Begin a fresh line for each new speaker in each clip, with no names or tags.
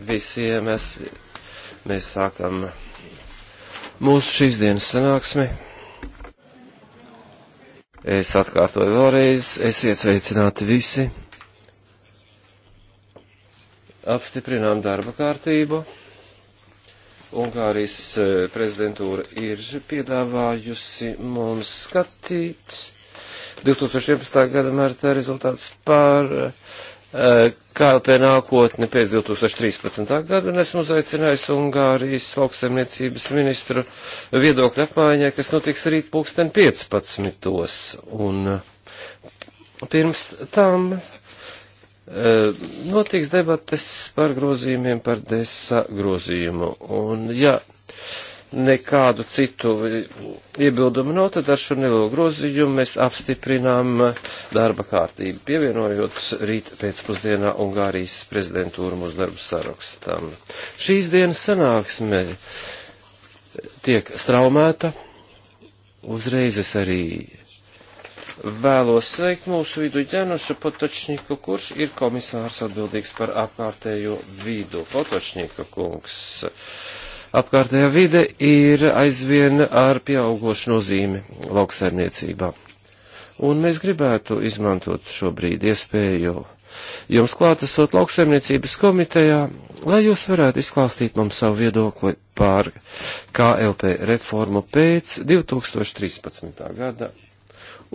visiem. Es, mēs sākam mūsu šīs dienas sanāksmi. Es atkārtoju vēlreiz, esiet sveicināti visi. Apstiprinām darba kārtību. Ungārijas eh, prezidentūra ir piedāvājusi mums skatīt 2011. gada martā rezultātus par KLP nākotne pēc 2013. gada, un esmu uzaicinājis Ungārijas lauksaimniecības ministru viedokļu apmaiņai, kas notiks rīt pulksten 15. Un uh, pirms tam uh, notiks debates par grozījumiem, par desa grozījumu. Un, ja, nekādu citu iebildumu nav, tad ar šo nelielu grozījumu mēs apstiprinām darba kārtību, pievienojot rīt pēcpusdienā Ungārijas prezidentūru mūsu darbu sarakstam. Šīs dienas sanāksme tiek straumēta, uzreiz es arī vēlos sveikt mūsu vidu Ģenušu Potočņiku, kurš ir komisārs atbildīgs par apkārtējo vidu. Potočņika kungs apkārtējā vide ir aizvien ar pieaugošu nozīmi lauksaimniecībā. Un mēs gribētu izmantot šobrīd iespēju jums klātesot lauksaimniecības komitejā, lai jūs varētu izklāstīt mums savu viedokli pār KLP reformu pēc 2013. gada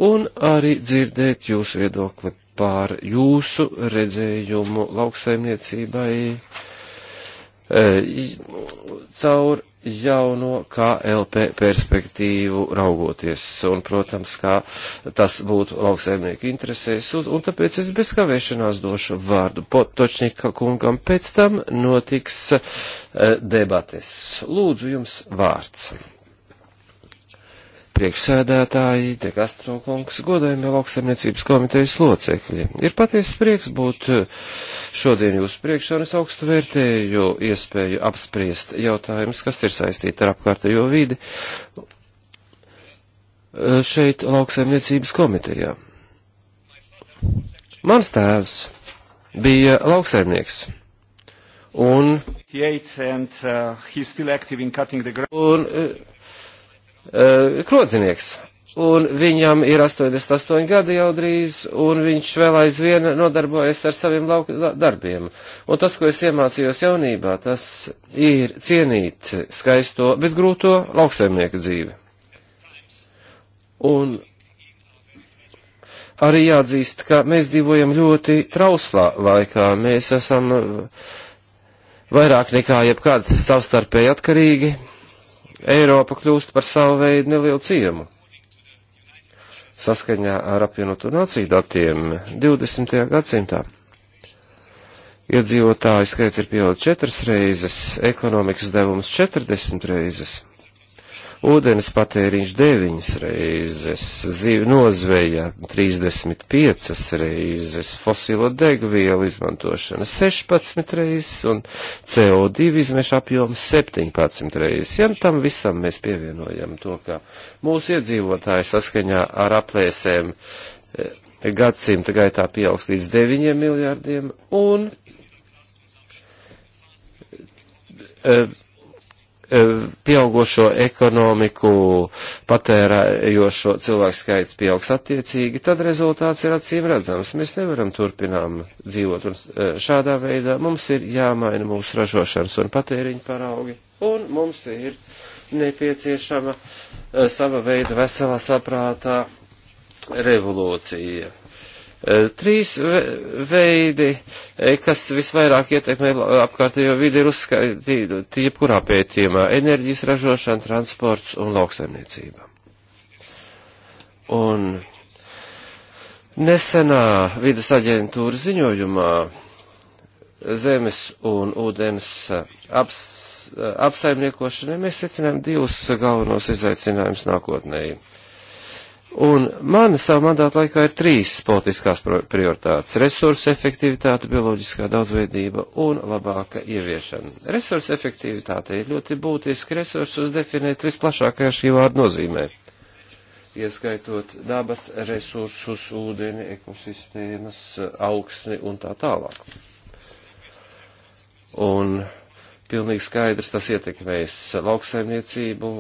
un arī dzirdēt jūsu viedokli pār jūsu redzējumu lauksaimniecībai Eh, caur jauno KLP perspektīvu raugoties. Un, protams, kā tas būtu lauksaimnieku interesēs. Un, un tāpēc es bez kavēšanās došu vārdu Potočnika kungam. Pēc tam notiks e, debates. Lūdzu, jums vārds priekšsēdētāji, Dekastro kungs, godējumie lauksaimniecības komitejas locekļi. Ir patiesas prieks būt šodien jūsu priekšā, un es augstu vērtēju iespēju apspriest jautājumus, kas ir saistīti ar apkārtējo vidi šeit lauksaimniecības komitejā. Mans tēvs bija lauksaimnieks. Un, and, uh, the... un uh, Eh, krodzinieks. Un viņam ir 88 gadi jau drīz, un viņš vēl aizvien nodarbojas ar saviem lauka darbiem. Un tas, ko es iemācījos jaunībā, tas ir cienīt skaisto, bet grūto lauksaimnieka dzīvi. Un arī jāatzīst, ka mēs dzīvojam ļoti trauslā laikā. Mēs esam eh, vairāk nekā jebkad savstarpēji atkarīgi Eiropa kļūst par savu veidu nelielu ciemu. Saskaņā ar apvienoto nāciju datiem 20. gadsimtā iedzīvotāju skaits ir pieaudzis četras reizes, ekonomikas devums 40 reizes ūdens patēriņš 9 reizes, zīve nozveja 35 reizes, fosilo degvielu izmantošana 16 reizes un CO2 izmeša apjoms 17 reizes. Ja tam visam mēs pievienojam to, ka mūsu iedzīvotāji saskaņā ar aplēsēm eh, gadsimta gaitā pieaugs līdz 9 miljārdiem un e, pieaugošo ekonomiku patērējošo cilvēku skaits pieaugs attiecīgi, tad rezultāts ir acīm redzams. Mēs nevaram turpinām dzīvot un e, šādā veidā. Mums ir jāmaina mūsu ražošanas un patēriņu paraugi, un mums ir nepieciešama e, sava veida veselā saprātā revolūcija. Eh, trīs veidi, eh, kas visvairāk ietekmē apkārtējo vidi, ir uzskaitīti jebkurā pētījumā - enerģijas ražošana, transports un lauksaimniecība. Un nesenā vidas aģentūra ziņojumā zemes un ūdens eh, aps, apsaimniekošanai mēs secinām divus galvenos izaicinājumus nākotnēji Un mana savu mandātu laikā ir trīs politiskās prioritātes - resursa efektivitāte, bioloģiskā daudzveidība un labāka ieviešana. Resursa efektivitāte ir ļoti būtiski resursus definēt visplašākajā šī vārda nozīmē, ieskaitot dabas resursus, ūdeni, ekosistēmas, augsni un tā tālāk. Un pilnīgi skaidrs tas ietekmēs lauksaimniecību,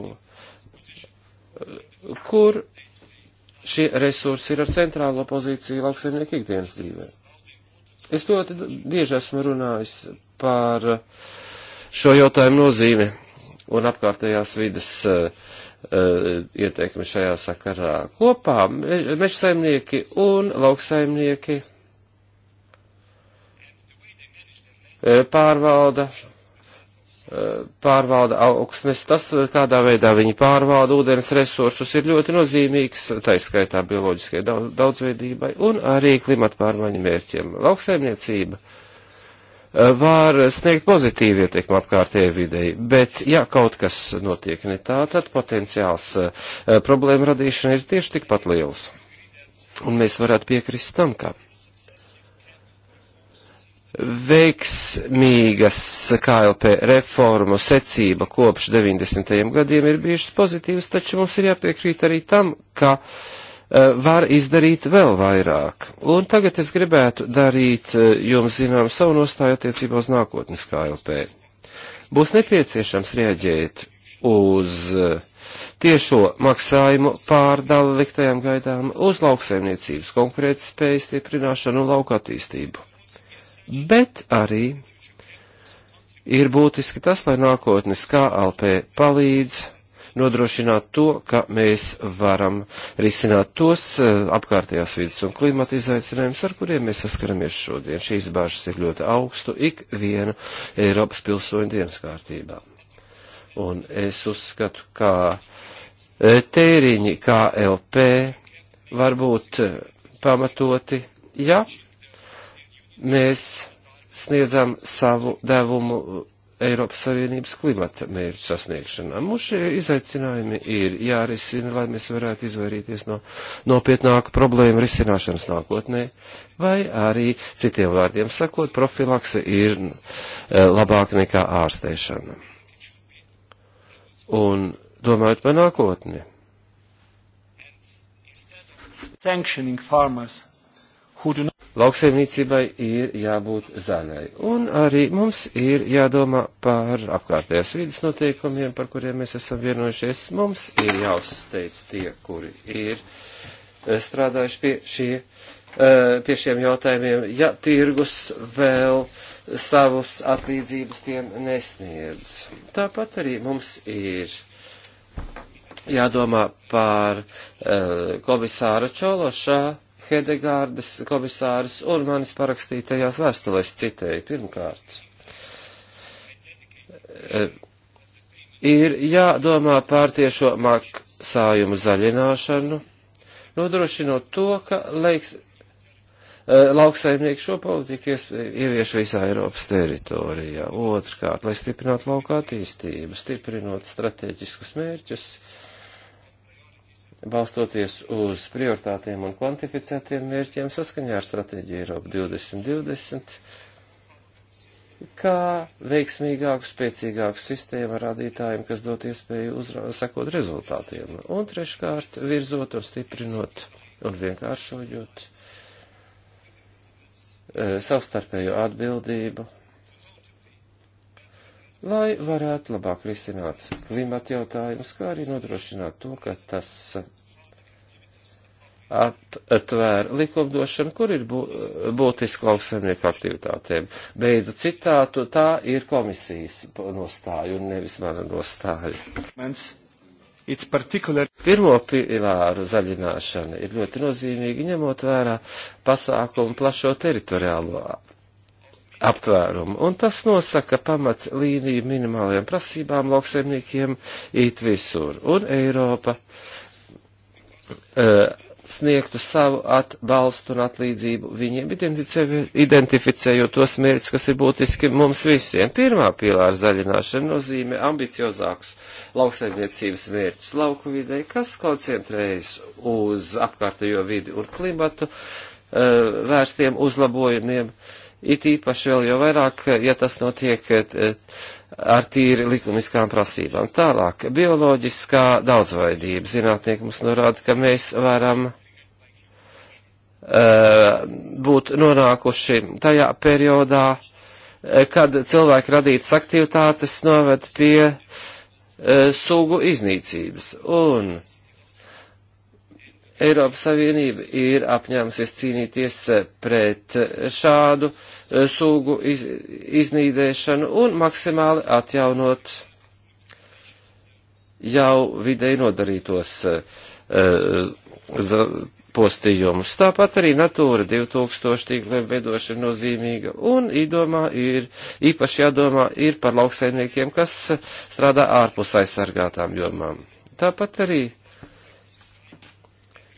kur šie resursi ir ar centrālo pozīciju lauksaimnieku ikdienas dzīvē. Es ļoti bieži esmu runājis par šo jautājumu nozīmi un apkārtējās vidas uh, eh, uh, eh, ieteikumi šajā sakarā. Kopā me, mežsaimnieki un lauksaimnieki eh, pārvalda pārvalda augsnes, tas, eh, kādā veidā viņi pārvalda ūdens resursus, ir ļoti nozīmīgs, taiskaitā bioloģiskai daudzveidībai un arī klimata pārmaiņu mērķiem. Lauksaimniecība eh, var sniegt pozitīvu ietekmi apkārtējai videi, bet ja kaut kas notiek ne tā, tad potenciāls eh, problēma radīšana ir tieši tikpat liels. Un mēs varētu piekrist tam, ka. Kā veiksmīgas KLP reformu secība kopš 90. gadiem ir bijušas pozitīvas, taču mums ir jāpiekrīt arī tam, ka uh, var izdarīt vēl vairāk. Un tagad es gribētu darīt uh, jums zinām savu nostāju attiecībā uz nākotnes KLP. Būs nepieciešams rieģēt uz uh, tiešo maksājumu pārdala liktajām gaidām, uz lauksaimniecības konkurētspējas stiprināšanu un lauka attīstību bet arī ir būtiski tas, lai nākotnes KLP palīdz nodrošināt to, ka mēs varam risināt tos eh, apkārtējās vidas un klimata izaicinājumus, ar kuriem mēs saskaramies šodien. Šīs bāžas ir ļoti augstu ikviena Eiropas pilsoņu dienas kārtībā. Un es uzskatu, ka eh, tēriņi KLP var būt eh, pamatoti, ja mēs sniedzam savu devumu Eiropas Savienības klimata mērķu sasniegšanā. Mums šie izaicinājumi ir jārisina, lai mēs varētu izvairīties no nopietnāku problēmu risināšanas nākotnē, vai arī, citiem vārdiem sakot, profilakse ir eh, labāk nekā ārstēšana. Un domājot par nākotni. Sanctioning farmers who do not lauksaimniecībai ir jābūt zaļai. Un arī mums ir jādomā par apkārtējās vidas noteikumiem, par kuriem mēs esam vienojušies. Mums ir jāuzsteidz tie, kuri ir eh, strādājuši pie, šie, eh, pie šiem jautājumiem, ja tirgus vēl savus atlīdzības tiem nesniedz. Tāpat arī mums ir jādomā par eh, komisāra Čološā Hedegārdas komisārs un manis parakstītajās vēstulēs citēju pirmkārt. E, ir jādomā pār tiešo maksājumu zaļināšanu, nodrošinot to, ka leiks, e, lauksaimnieki šo politiku ievieš visā Eiropas teritorijā. Otrkārt, lai stiprinātu lauka attīstību, stiprinot strateģiskus mērķus balstoties uz prioritātiem un kvantificētiem mērķiem saskaņā ar stratēģiju Eiropa 2020, kā veiksmīgāku, spēcīgāku sistēmu radītājiem, kas dot iespēju uzra... sakot rezultātiem, un treškārt virzot un stiprinot un vienkāršojot eh, savstarpējo atbildību lai varētu labāk risināt klimata jautājumus, kā arī nodrošināt to, ka tas atvēra likumdošanu, kur ir būtiski lauksaimnieku aktivitātēm. Beidzu citātu, tā ir komisijas nostāja un nevis mana nostāja. Mans. Particular... Pirmo pilāru zaļināšana ir ļoti nozīmīga, ņemot vērā pasākumu plašo teritoriālo aptvērumu, un tas nosaka pamat līniju minimālajām prasībām lauksaimniekiem it visur, un Eiropa uh, sniegtu savu atbalstu un atlīdzību viņiem, identificējot tos mērķus, kas ir būtiski mums visiem. Pirmā pīlāra zaļināšana nozīmē ambiciozākus lauksaimniecības mērķus lauku vidē, kas koncentrējas uz apkārtējo vidi un klimatu uh, vērstiem uzlabojumiem. Uh, It īpaši vēl jau vairāk, ja tas notiek eh, ar tīri likumiskām prasībām. Tālāk, bioloģiskā daudzveidība. Zinātnieki mums norāda, ka mēs varam eh, būt nonākuši tajā periodā, eh, kad cilvēki radītas aktivitātes noved pie sugu iznīcības. Un Eiropas Savienība ir apņēmusies cīnīties pret šādu eh, sūgu iz, iznīdēšanu un maksimāli atjaunot jau videi nodarītos uh, postījumus. Tāpat arī Natūra 2000 tīkliem veidoši ir nozīmīga un īdomā ir, īpaši jādomā ir par lauksaimniekiem, kas strādā ārpus aizsargātām jomām. Tāpat arī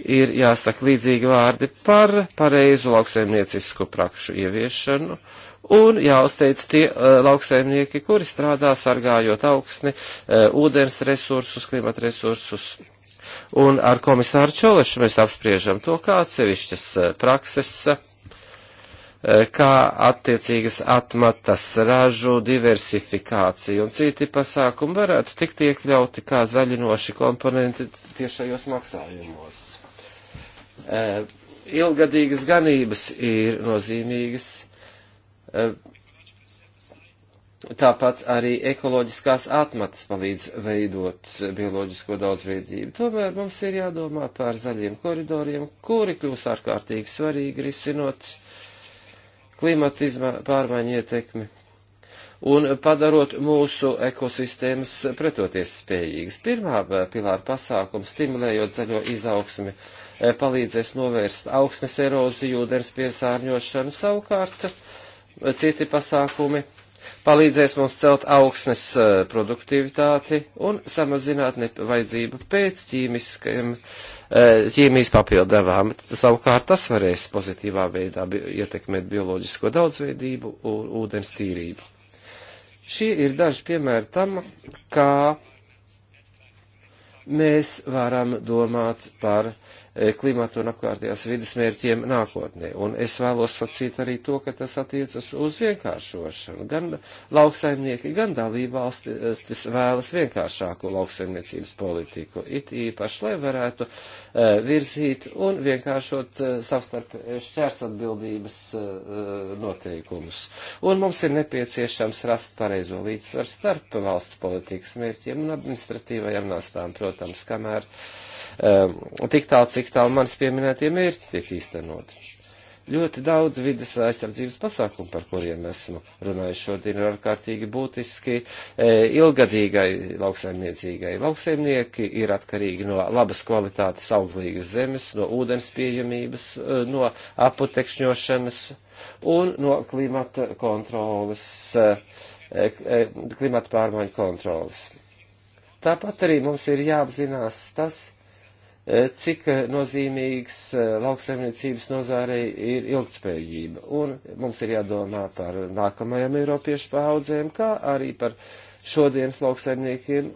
ir jāsaka līdzīgi vārdi par pareizu lauksaimniecisku prakšu ieviešanu un jāuzteic tie uh, lauksaimnieki, kuri strādā sargājot augsni, uh, ūdens resursus, klimata resursus. Un ar komisāru Čolešu mēs apspriežam to, kā atsevišķas uh, prakses, kā attiecīgas atmatas, ražu diversifikācija un citi pasākumi varētu tikt iekļauti kā zaļinoši komponenti tiešajos maksājumos Eh, ilgadīgas ganības ir nozīmīgas. Eh, tāpat arī ekoloģiskās atmatas palīdz veidot bioloģisko daudzveidību. Tomēr mums ir jādomā par zaļiem koridoriem, kuri kļūs ārkārtīgi svarīgi risinot klimata izmā, pārmaiņu ietekmi un padarot mūsu ekosistēmas pretoties spējīgas. Pirmā eh, pilāra pasākums stimulējot zaļo izaugsmi Eh, palīdzēs novērst augsnes eroziju, ūdens piesārņošanu. Savukārt eh, citi pasākumi palīdzēs mums celt augsnes eh, produktivitāti un samazināt vajadzību pēc ķīmiskiem, ķīmijas papildevām. Savukārt tas varēs pozitīvā veidā ietekmēt bioloģisko daudzveidību un ūdens tīrību. Šie ir daži piemēri tam, kā mēs varam domāt par uh, E, klimatu un apkārtējās vidas mērķiem nākotnē. Un es vēlos sacīt arī to, ka tas attiecas uz vienkāršošanu. Gan lauksaimnieki, gan dalībvalstis vēlas vienkāršāku lauksaimniecības politiku. It īpaši, lai varētu e, virzīt un vienkāršot e, savstarp šķērs atbildības noteikumus. Un mums ir nepieciešams rast pareizo līdzsvaru starp valsts politikas mērķiem un administratīvajām nastām, protams, kamēr uh, Ehm, tik tālu, cik tālu manis pieminētie mērķi tiek īstenoti ļoti daudz vidas aizsardzības pasākumu, par kuriem esmu runājis šodien, ir ārkārtīgi būtiski e, ilgadīgai lauksaimniecīgai. Lauksaimnieki ir atkarīgi no labas kvalitātes auglīgas zemes, no ūdens pieejamības, e, no aputekšņošanas un no klimata kontrolas, e, e, e, klimata pārmaiņu kontrolas. Tāpat arī mums ir jāapzinās tas, cik nozīmīgs eh, lauksaimniecības nozārei ir ilgtspējība. Un mums ir jādomā par nākamajām Eiropiešu paudzēm, kā arī par šodienas lauksaimniekiem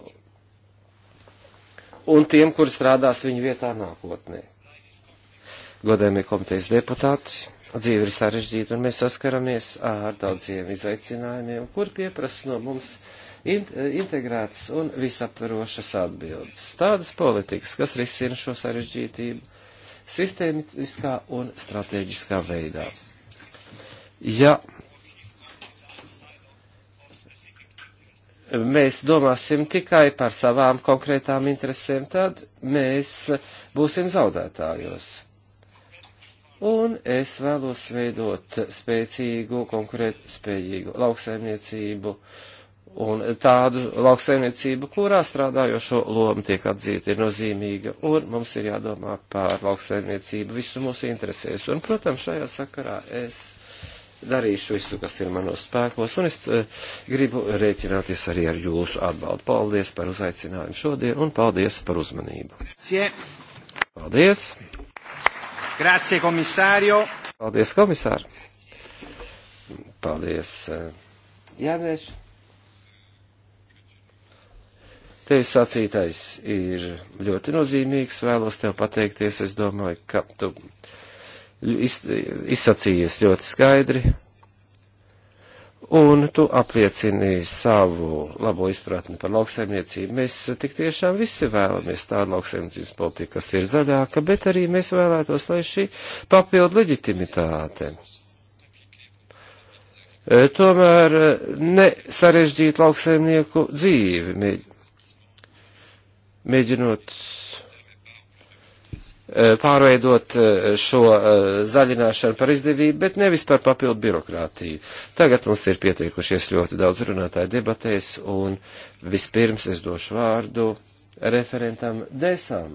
un tiem, kur strādās viņu vietā nākotnē. Godējumie komitejas deputāti, dzīve ir sarežģīta un mēs saskaramies ar daudziem izaicinājumiem, kur pieprasa no mums Eh, integrētas un visaptverošas atbildes. Tādas politikas, kas risina šo sarežģītību sistēmiskā un strateģiskā veidā. Ja mēs domāsim tikai par savām konkrētām interesēm, tad mēs būsim zaudētājos. Un es vēlos veidot spēcīgu, konkurētspējīgu lauksaimniecību, uh, un tādu lauksaimniecību, kurā strādājošo loma tiek atzīta, ir nozīmīga, un mums ir jādomā par lauksaimniecību visu mūsu interesēs. Un, protams, šajā sakarā es darīšu visu, kas ir manos spēkos, un es eh, gribu rēķināties arī ar jūsu atbaldu. Paldies par uzaicinājumu šodien, un paldies par uzmanību. Paldies! Grazie, komisārio! Paldies, komisār! Paldies, eh, Jānēš! Tevis sacītais ir ļoti nozīmīgs, vēlos tev pateikties, es domāju, ka tu izsacījies ļoti skaidri, un tu apliecini savu labo izpratni par lauksaimniecību. Mēs tik tiešām visi vēlamies tādu lauksaimniecības politiku, kas ir zaļāka, bet arī mēs vēlētos, lai šī papildu leģitimitāte e, tomēr e, nesarežģīt lauksaimnieku dzīvi mēģinot eh, pārveidot eh, šo eh, zaļināšanu par izdevību, bet nevis par papildu birokrātiju. Tagad mums ir pietiekušies ļoti daudz runātāju debatēs, un vispirms es došu vārdu referentam desam,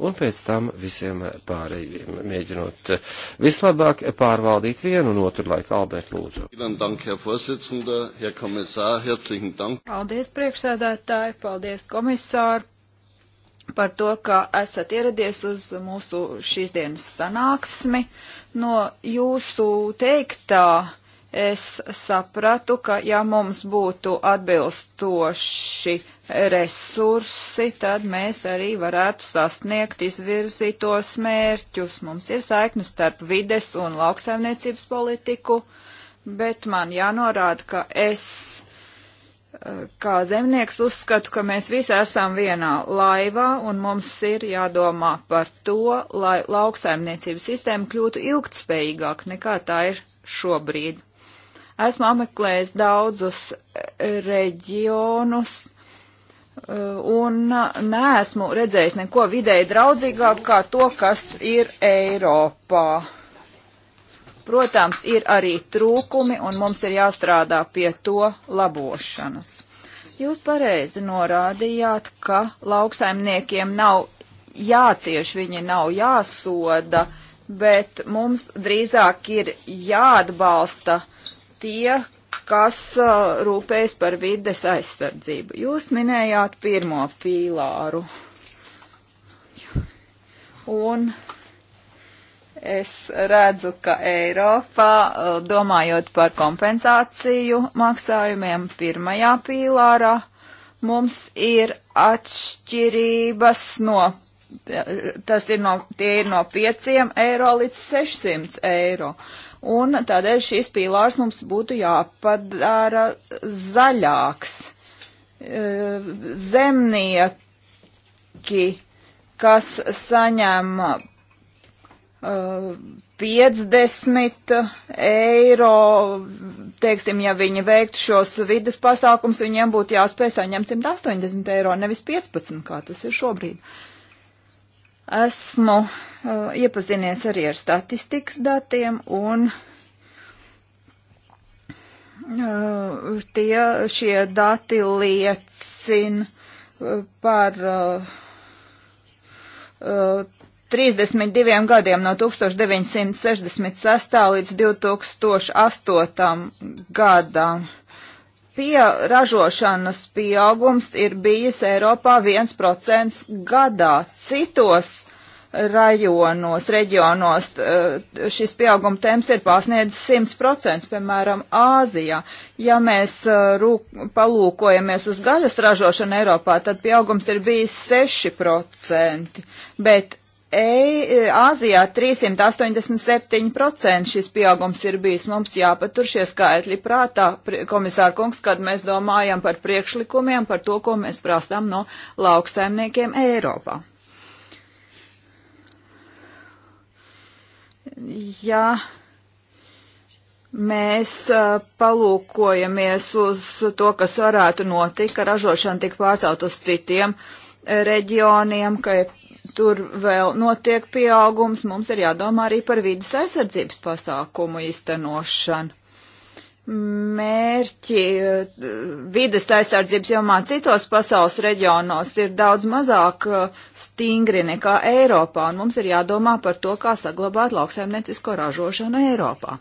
un pēc tam visiem pārējiem, mēģinot vislabāk pārvaldīt vienu un otru laiku. Albert, lūdzu.
Paldies, priekšsēdētāji, paldies, komisāri, par to, ka esat ieradies uz mūsu šīs dienas sanāksmi. No jūsu teiktā es sapratu, ka ja mums būtu atbilstoši resursi, tad mēs arī varētu sasniegt izvirzītos mērķus. Mums ir saiknes starp vides un lauksaimniecības politiku, bet man jānorāda, ka es kā zemnieks uzskatu, ka mēs visi esam vienā laivā un mums ir jādomā par to, lai lauksaimniecības sistēma kļūtu ilgtspējīgāk nekā tā ir šobrīd. Esmu apmeklējis daudzus reģionus uh, un neesmu redzējis neko vidēji draudzīgāk kā to, kas ir Eiropā Protams, ir arī trūkumi, un mums ir jāstrādā pie to labošanas. Jūs pareizi norādījāt, ka lauksaimniekiem nav jācieš, viņi nav jāsoda, bet mums drīzāk ir jāatbalsta tie, kas uh, rūpēs par vides aizsardzību. Jūs minējāt pirmo pīlāru. Un uh, Es redzu, ka Eiropā, domājot par kompensāciju maksājumiem pirmajā pīlārā, mums ir atšķirības no, tas ir no, tie ir no 5 eiro līdz 600 eiro. Un tādēļ šīs pīlārs mums būtu jāpadara zaļāks. Zemnieki, kas saņem 50 eiro, teiksim, ja viņi veiktu šos vidas pasākums, viņiem būtu jāspēj saņemt 180 eiro, nevis 15, kā tas ir šobrīd. Esmu uh, iepazinies arī ar statistikas datiem un uh, tie, šie dati liecina uh, par uh, uh 32 gadiem no 1966. līdz 2008. gadam. Pie ražošanas pieaugums ir bijis Eiropā 1% gadā. Citos rajonos, reģionos eh, šis pieauguma temps ir pārsniedzis 100%, piemēram, Āzijā. Ja mēs eh, rūk, palūkojamies uz gaļas ražošanu Eiropā, tad pieaugums ir bijis 6%, bet E, Āzijā 387% šis pieaugums ir bijis. Mums jāpatur šie skaitļi prātā, komisāra kungs, kad mēs domājam par priekšlikumiem, par to, ko mēs prasām no lauksaimniekiem Eiropā. Ja mēs e, palūkojamies uz to, kas varētu notikt, ka ražošana tik pārcelt uz citiem reģioniem, ka tur vēl notiek pieaugums, mums ir jādomā arī par vidas aizsardzības pasākumu īstenošanu. Mērķi eh, vidas aizsardzības jomā citos pasaules reģionos ir daudz mazāk eh, stingri nekā Eiropā, un mums ir jādomā par to, kā saglabāt lauksaimniecisko ražošanu Eiropā.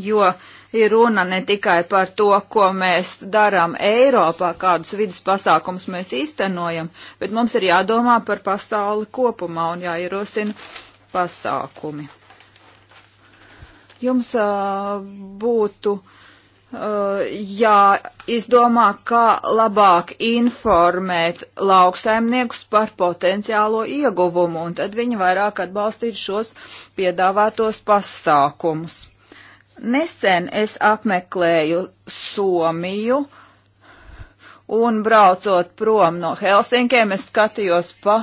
Jo uh, ir runa ne tikai par to, ko mēs darām Eiropā, kādus vidas pasākums mēs īstenojam, bet mums ir jādomā par pasauli kopumā un jāierosina pasākumi. Jums uh, būtu uh, jāizdomā, kā labāk informēt lauksaimniekus par potenciālo ieguvumu, un tad viņi vairāk atbalstītu šos piedāvātos pasākumus. Nesen es apmeklēju Somiju un braucot prom no Helsinkiem, es skatījos pa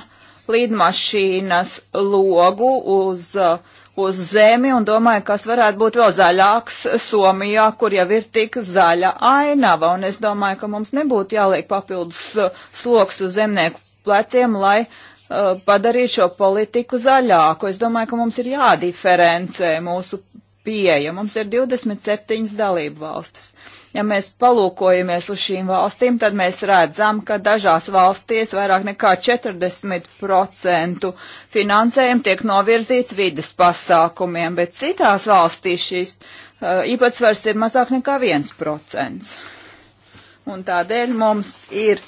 lidmašīnas logu uz, uz zemi un domāju, kas varētu būt vēl zaļāks Somijā, kur jau ir tik zaļa ainava. Un es domāju, ka mums nebūtu jāliek papildus sloks uz zemnieku pleciem, lai uh, padarītu šo politiku zaļāku. Es domāju, ka mums ir jādiferencē mūsu pieeja. Mums ir 27 dalību valstis. Ja mēs palūkojamies uz šīm valstīm, tad mēs redzam, ka dažās valstīs vairāk nekā 40% finansējumu tiek novirzīts vidas pasākumiem, bet citās valstīs šīs uh, īpatsvars ir mazāk nekā 1%. Un tādēļ mums ir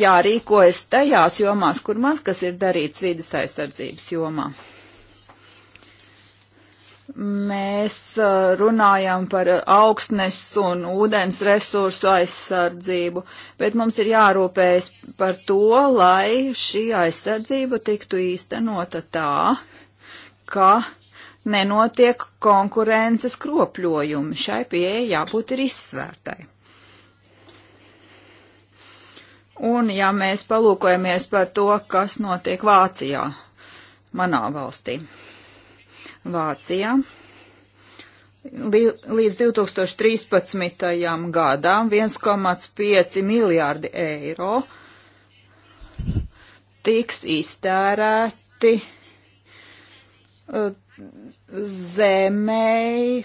jārīkojas tajās jomās, kur maz kas ir darīts vidas aizsardzības jomā. Mēs uh, runājam par augstnes un ūdens resursu aizsardzību, bet mums ir jārūpējas par to, lai šī aizsardzība tiktu īstenota tā, ka nenotiek konkurences kropļojumi. Šai pieeja jābūt ir izsvērtai. Un ja mēs palūkojamies par to, kas notiek Vācijā, manā valstī. Vācijā. Līdz 2013. gadam 1,5 miljārdi eiro tiks iztērēti eh, zemei,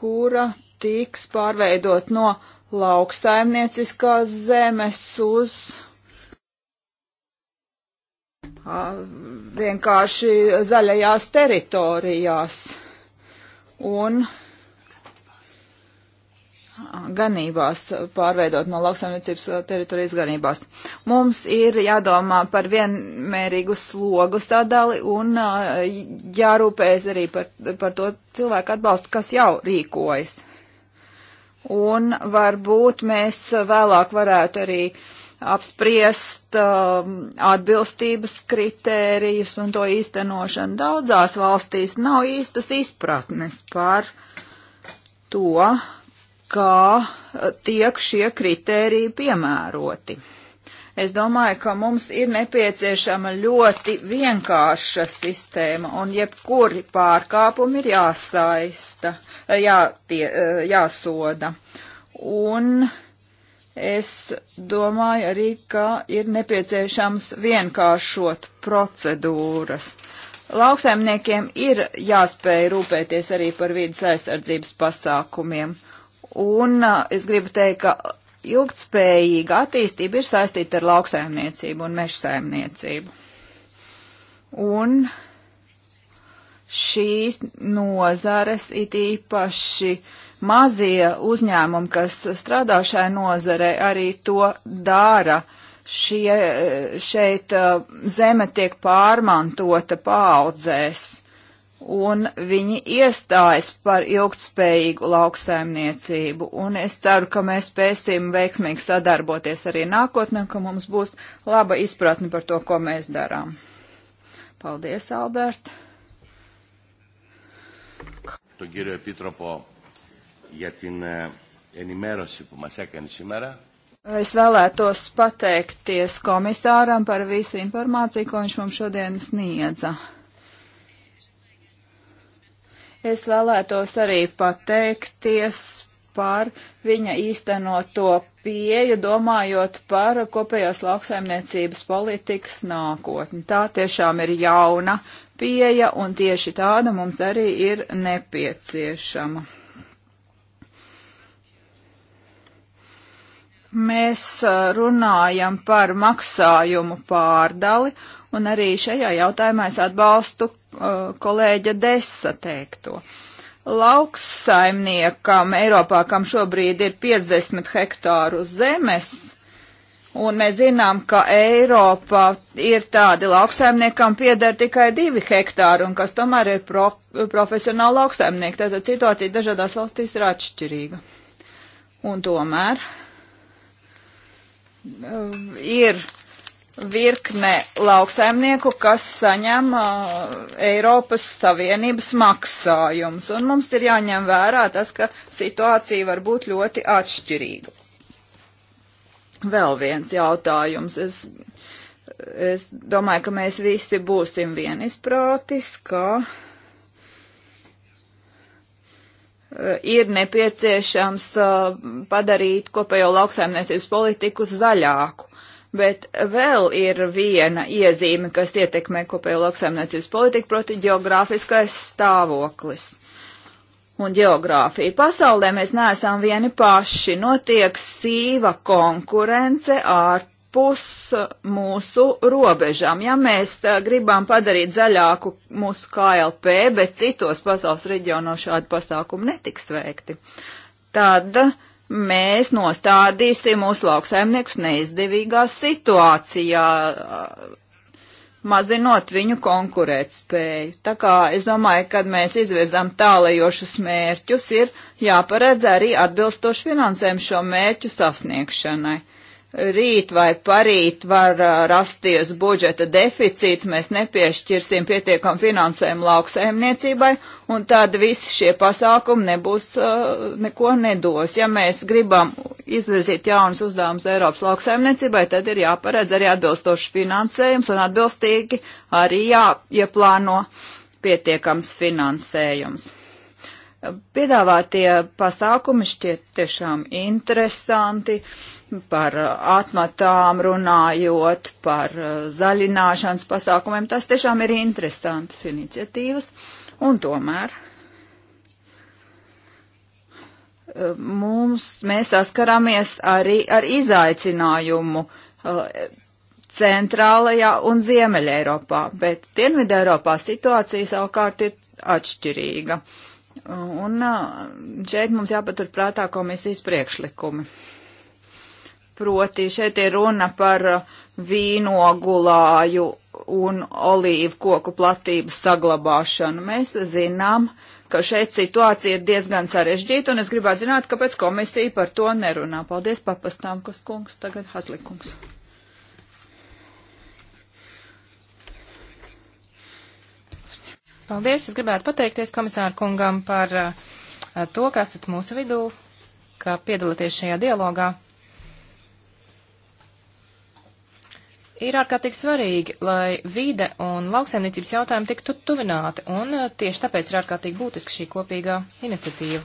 kura tiks pārveidot no lauksaimnieciskās zemes uz vienkārši zaļajās teritorijās un ganībās, pārveidot no lauksaimniecības teritorijas ganībās. Mums ir jādomā par vienmērīgu slogu sadali un jārūpējas arī par, par to cilvēku atbalstu, kas jau rīkojas. Un varbūt mēs vēlāk varētu arī uh, apspriest um, atbilstības kritērijus un to īstenošanu. Daudzās valstīs nav īstas izpratnes par to, kā uh, tiek šie kritēriji piemēroti. Es domāju, ka mums ir nepieciešama ļoti vienkārša sistēma, un jebkuri pārkāpumi ir jāsaista, jā, tie, uh, jāsoda. Un uh, Es domāju arī, ka ir nepieciešams vienkāršot procedūras. Lauksaimniekiem ir jāspēj rūpēties arī par vidas aizsardzības pasākumiem. Un es gribu teikt, ka ilgtspējīga attīstība ir saistīta ar lauksaimniecību un mežsaimniecību. Un šīs nozares it īpaši uh, mazie uzņēmumi, kas strādā šai nozarei, arī to dara. Šie, šeit uh, zeme tiek pārmantota paudzēs, un viņi iestājas par ilgtspējīgu lauksaimniecību, un es ceru, ka mēs spēsim veiksmīgi sadarboties arī nākotnē, ka mums būs laba izpratne par to, ko mēs darām. Paldies, Alberta!
Τον κύριο Επίτροπο για την
ενημέρωση που μας έκανε σήμερα.
Es vēlētos pateikties komisāram par visu informāciju, ko viņš mums šodien sniedza. Es vēlētos arī pateikties par viņa īstenoto pieju, domājot par kopējās lauksaimniecības politikas nākotni. Tā tiešām ir jauna pieeja, un tieši tāda mums arī ir nepieciešama. mēs runājam par maksājumu pārdali, un arī šajā jautājumā es atbalstu kolēģa Dessa teikto. Lauksaimniekam Eiropā, kam šobrīd ir 50 hektāru zemes, Un mēs zinām, ka Eiropā ir tādi lauksaimnieki, kam pieder tikai divi hektāri un kas tomēr ir pro, profesionāli lauksaimnieki. Tātad situācija dažādās valstīs ir atšķirīga. Un tomēr ir virkne lauksaimnieku, kas saņem uh, Eiropas Savienības maksājumus. Un mums ir jāņem vērā tas, ka situācija var būt ļoti atšķirīga. Vēl viens jautājums. Es, es domāju, ka mēs visi būsim vienisprātis, ka uh, Eh, ir nepieciešams eh, padarīt kopējo lauksaimniecības politiku zaļāku. Bet vēl ir viena iezīme, kas ietekmē kopējo lauksaimniecības politiku, proti geogrāfiskais stāvoklis. Un geogrāfija. Pasaulē mēs neesam vieni paši. Notiek sīva konkurence ar ārpus mūsu robežām. Ja mēs eh, gribam padarīt zaļāku mūsu KLP, bet citos pasaules reģionos šādi pasākumi netiks veikti, tad mēs nostādīsim mūsu lauksaimniekus neizdevīgā situācijā, mazinot viņu konkurētspēju. Tā kā es domāju, kad mēs izvirzam tālajošus mērķus, ir jāparedz arī atbilstoši finansējumu šo mērķu sasniegšanai rīt vai parīt var uh, rasties budžeta deficīts, mēs nepiešķirsim pietiekam finansējumu lauksaimniecībai, un tad visi šie pasākumi nebūs, uh, neko nedos. Ja mēs gribam izvirzīt jaunas uzdevumus Eiropas lauksaimniecībai, tad ir jāparedz arī atbilstošs finansējums un atbilstīgi arī jāieplāno pietiekams finansējums. Piedāvātie pasākumi šķiet tiešām interesanti. Uh, par uh, atmatām runājot, par uh, zaļināšanas pasākumiem. Tas tiešām ir interesantas iniciatīvas. Un tomēr uh, mums, mēs saskaramies arī ar izaicinājumu centrālajā un ziemeļa Eiropā, bet dienvidē Eiropā situācija savukārt ir atšķirīga. Un šeit mums jāpatur prātā komisijas priekšlikumi. Proti šeit ir runa par uh, vīnogulāju un olīvu koku platību saglabāšanu. Mēs zinām, ka šeit situācija ir diezgan sarežģīta, un es gribētu zināt, kāpēc komisija par to nerunā. Paldies papastām, kas kungs, tagad Hazlikungs. Paldies, es gribētu
pateikties komisāru kungam par uh, to, ka esat mūsu vidū, ka piedalāties šajā dialogā. ir ārkārtīgi svarīgi, lai vide un lauksaimniecības jautājumi tiktu tuvināti, un eh, tieši tāpēc ir ārkārtīgi būtiska šī kopīgā iniciatīva.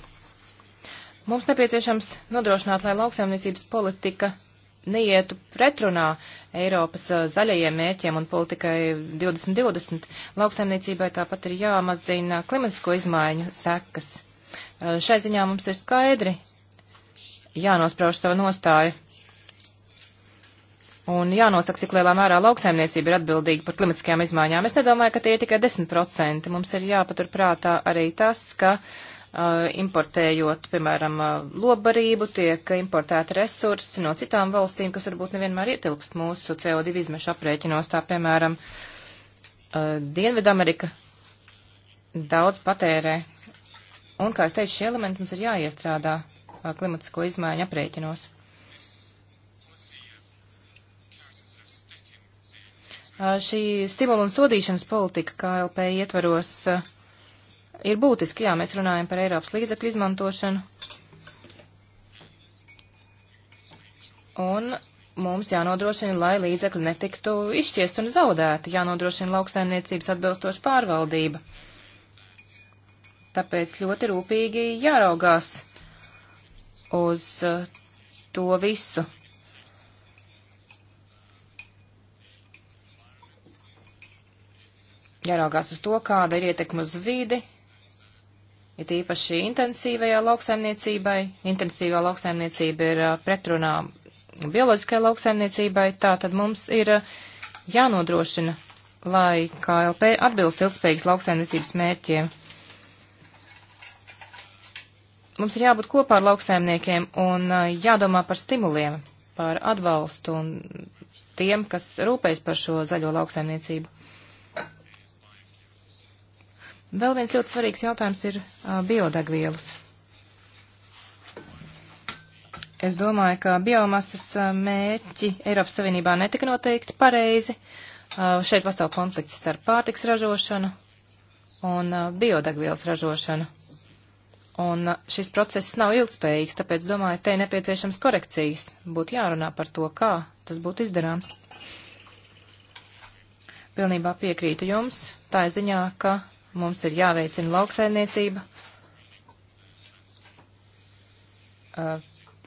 Mums nepieciešams nodrošināt, lai lauksaimniecības politika neietu pretrunā Eiropas eh, zaļajiem mērķiem un politikai 2020. Lauksaimniecībai tāpat ir jāmazina klimatisko izmaiņu sekas. Eh, šai ziņā mums ir skaidri jānosprauž savu nostāju Un jānosaka, cik lielā mērā lauksaimniecība ir atbildīga par klimatiskajām izmaiņām. Es nedomāju, ka tie ir tikai 10%. Mums ir jāpaturprātā arī tas, ka uh, importējot, piemēram, uh, lobarību, tiek importēti resursi no citām valstīm, kas varbūt nevienmēr ietilpst mūsu CO2 izmešu aprēķinos. Tā, piemēram, uh, Dienvidamerika daudz patērē. Un, kā es teicu, šie elementi mums ir jāiestrādā uh, klimatisko izmaiņu aprēķinos. Šī stimula un sodīšanas politika KLP ietvaros ir būtiski, jā, mēs runājam par Eiropas līdzekļu izmantošanu. Un mums jānodrošina, lai līdzekļi netiktu izšķiest un zaudēti, jānodrošina lauksaimniecības atbilstoša pārvaldība. Tāpēc ļoti rūpīgi jāraugās uz to visu. jāraugās uz to, kāda ir ietekma uz vidi, ir ja īpaši intensīvajā lauksaimniecībai. Intensīvā lauksaimniecība ir pretrunā bioloģiskajai lauksaimniecībai, tā tad mums ir jānodrošina, lai KLP atbilst ilgspējīgas lauksaimniecības mērķiem. Mums ir jābūt kopā ar lauksaimniekiem un jādomā par stimuliem, par atbalstu un tiem, kas rūpējas par šo zaļo lauksaimniecību. Vēl viens ļoti svarīgs jautājums ir uh, biodegvielas. Es domāju, ka biomasas uh, mērķi Eiropas Savienībā netika noteikti pareizi. Uh, šeit pastāv konflikts starp pārtiks ražošanu un biodegvielas ražošanu. Un šis process nav ilgspējīgs, tāpēc domāju, te nepieciešams korekcijas. Būtu jārunā par to, kā tas būtu izdarāms. Pilnībā piekrītu jums, tā ziņā, ka Mums ir jāveicina lauksaimniecība. Uh,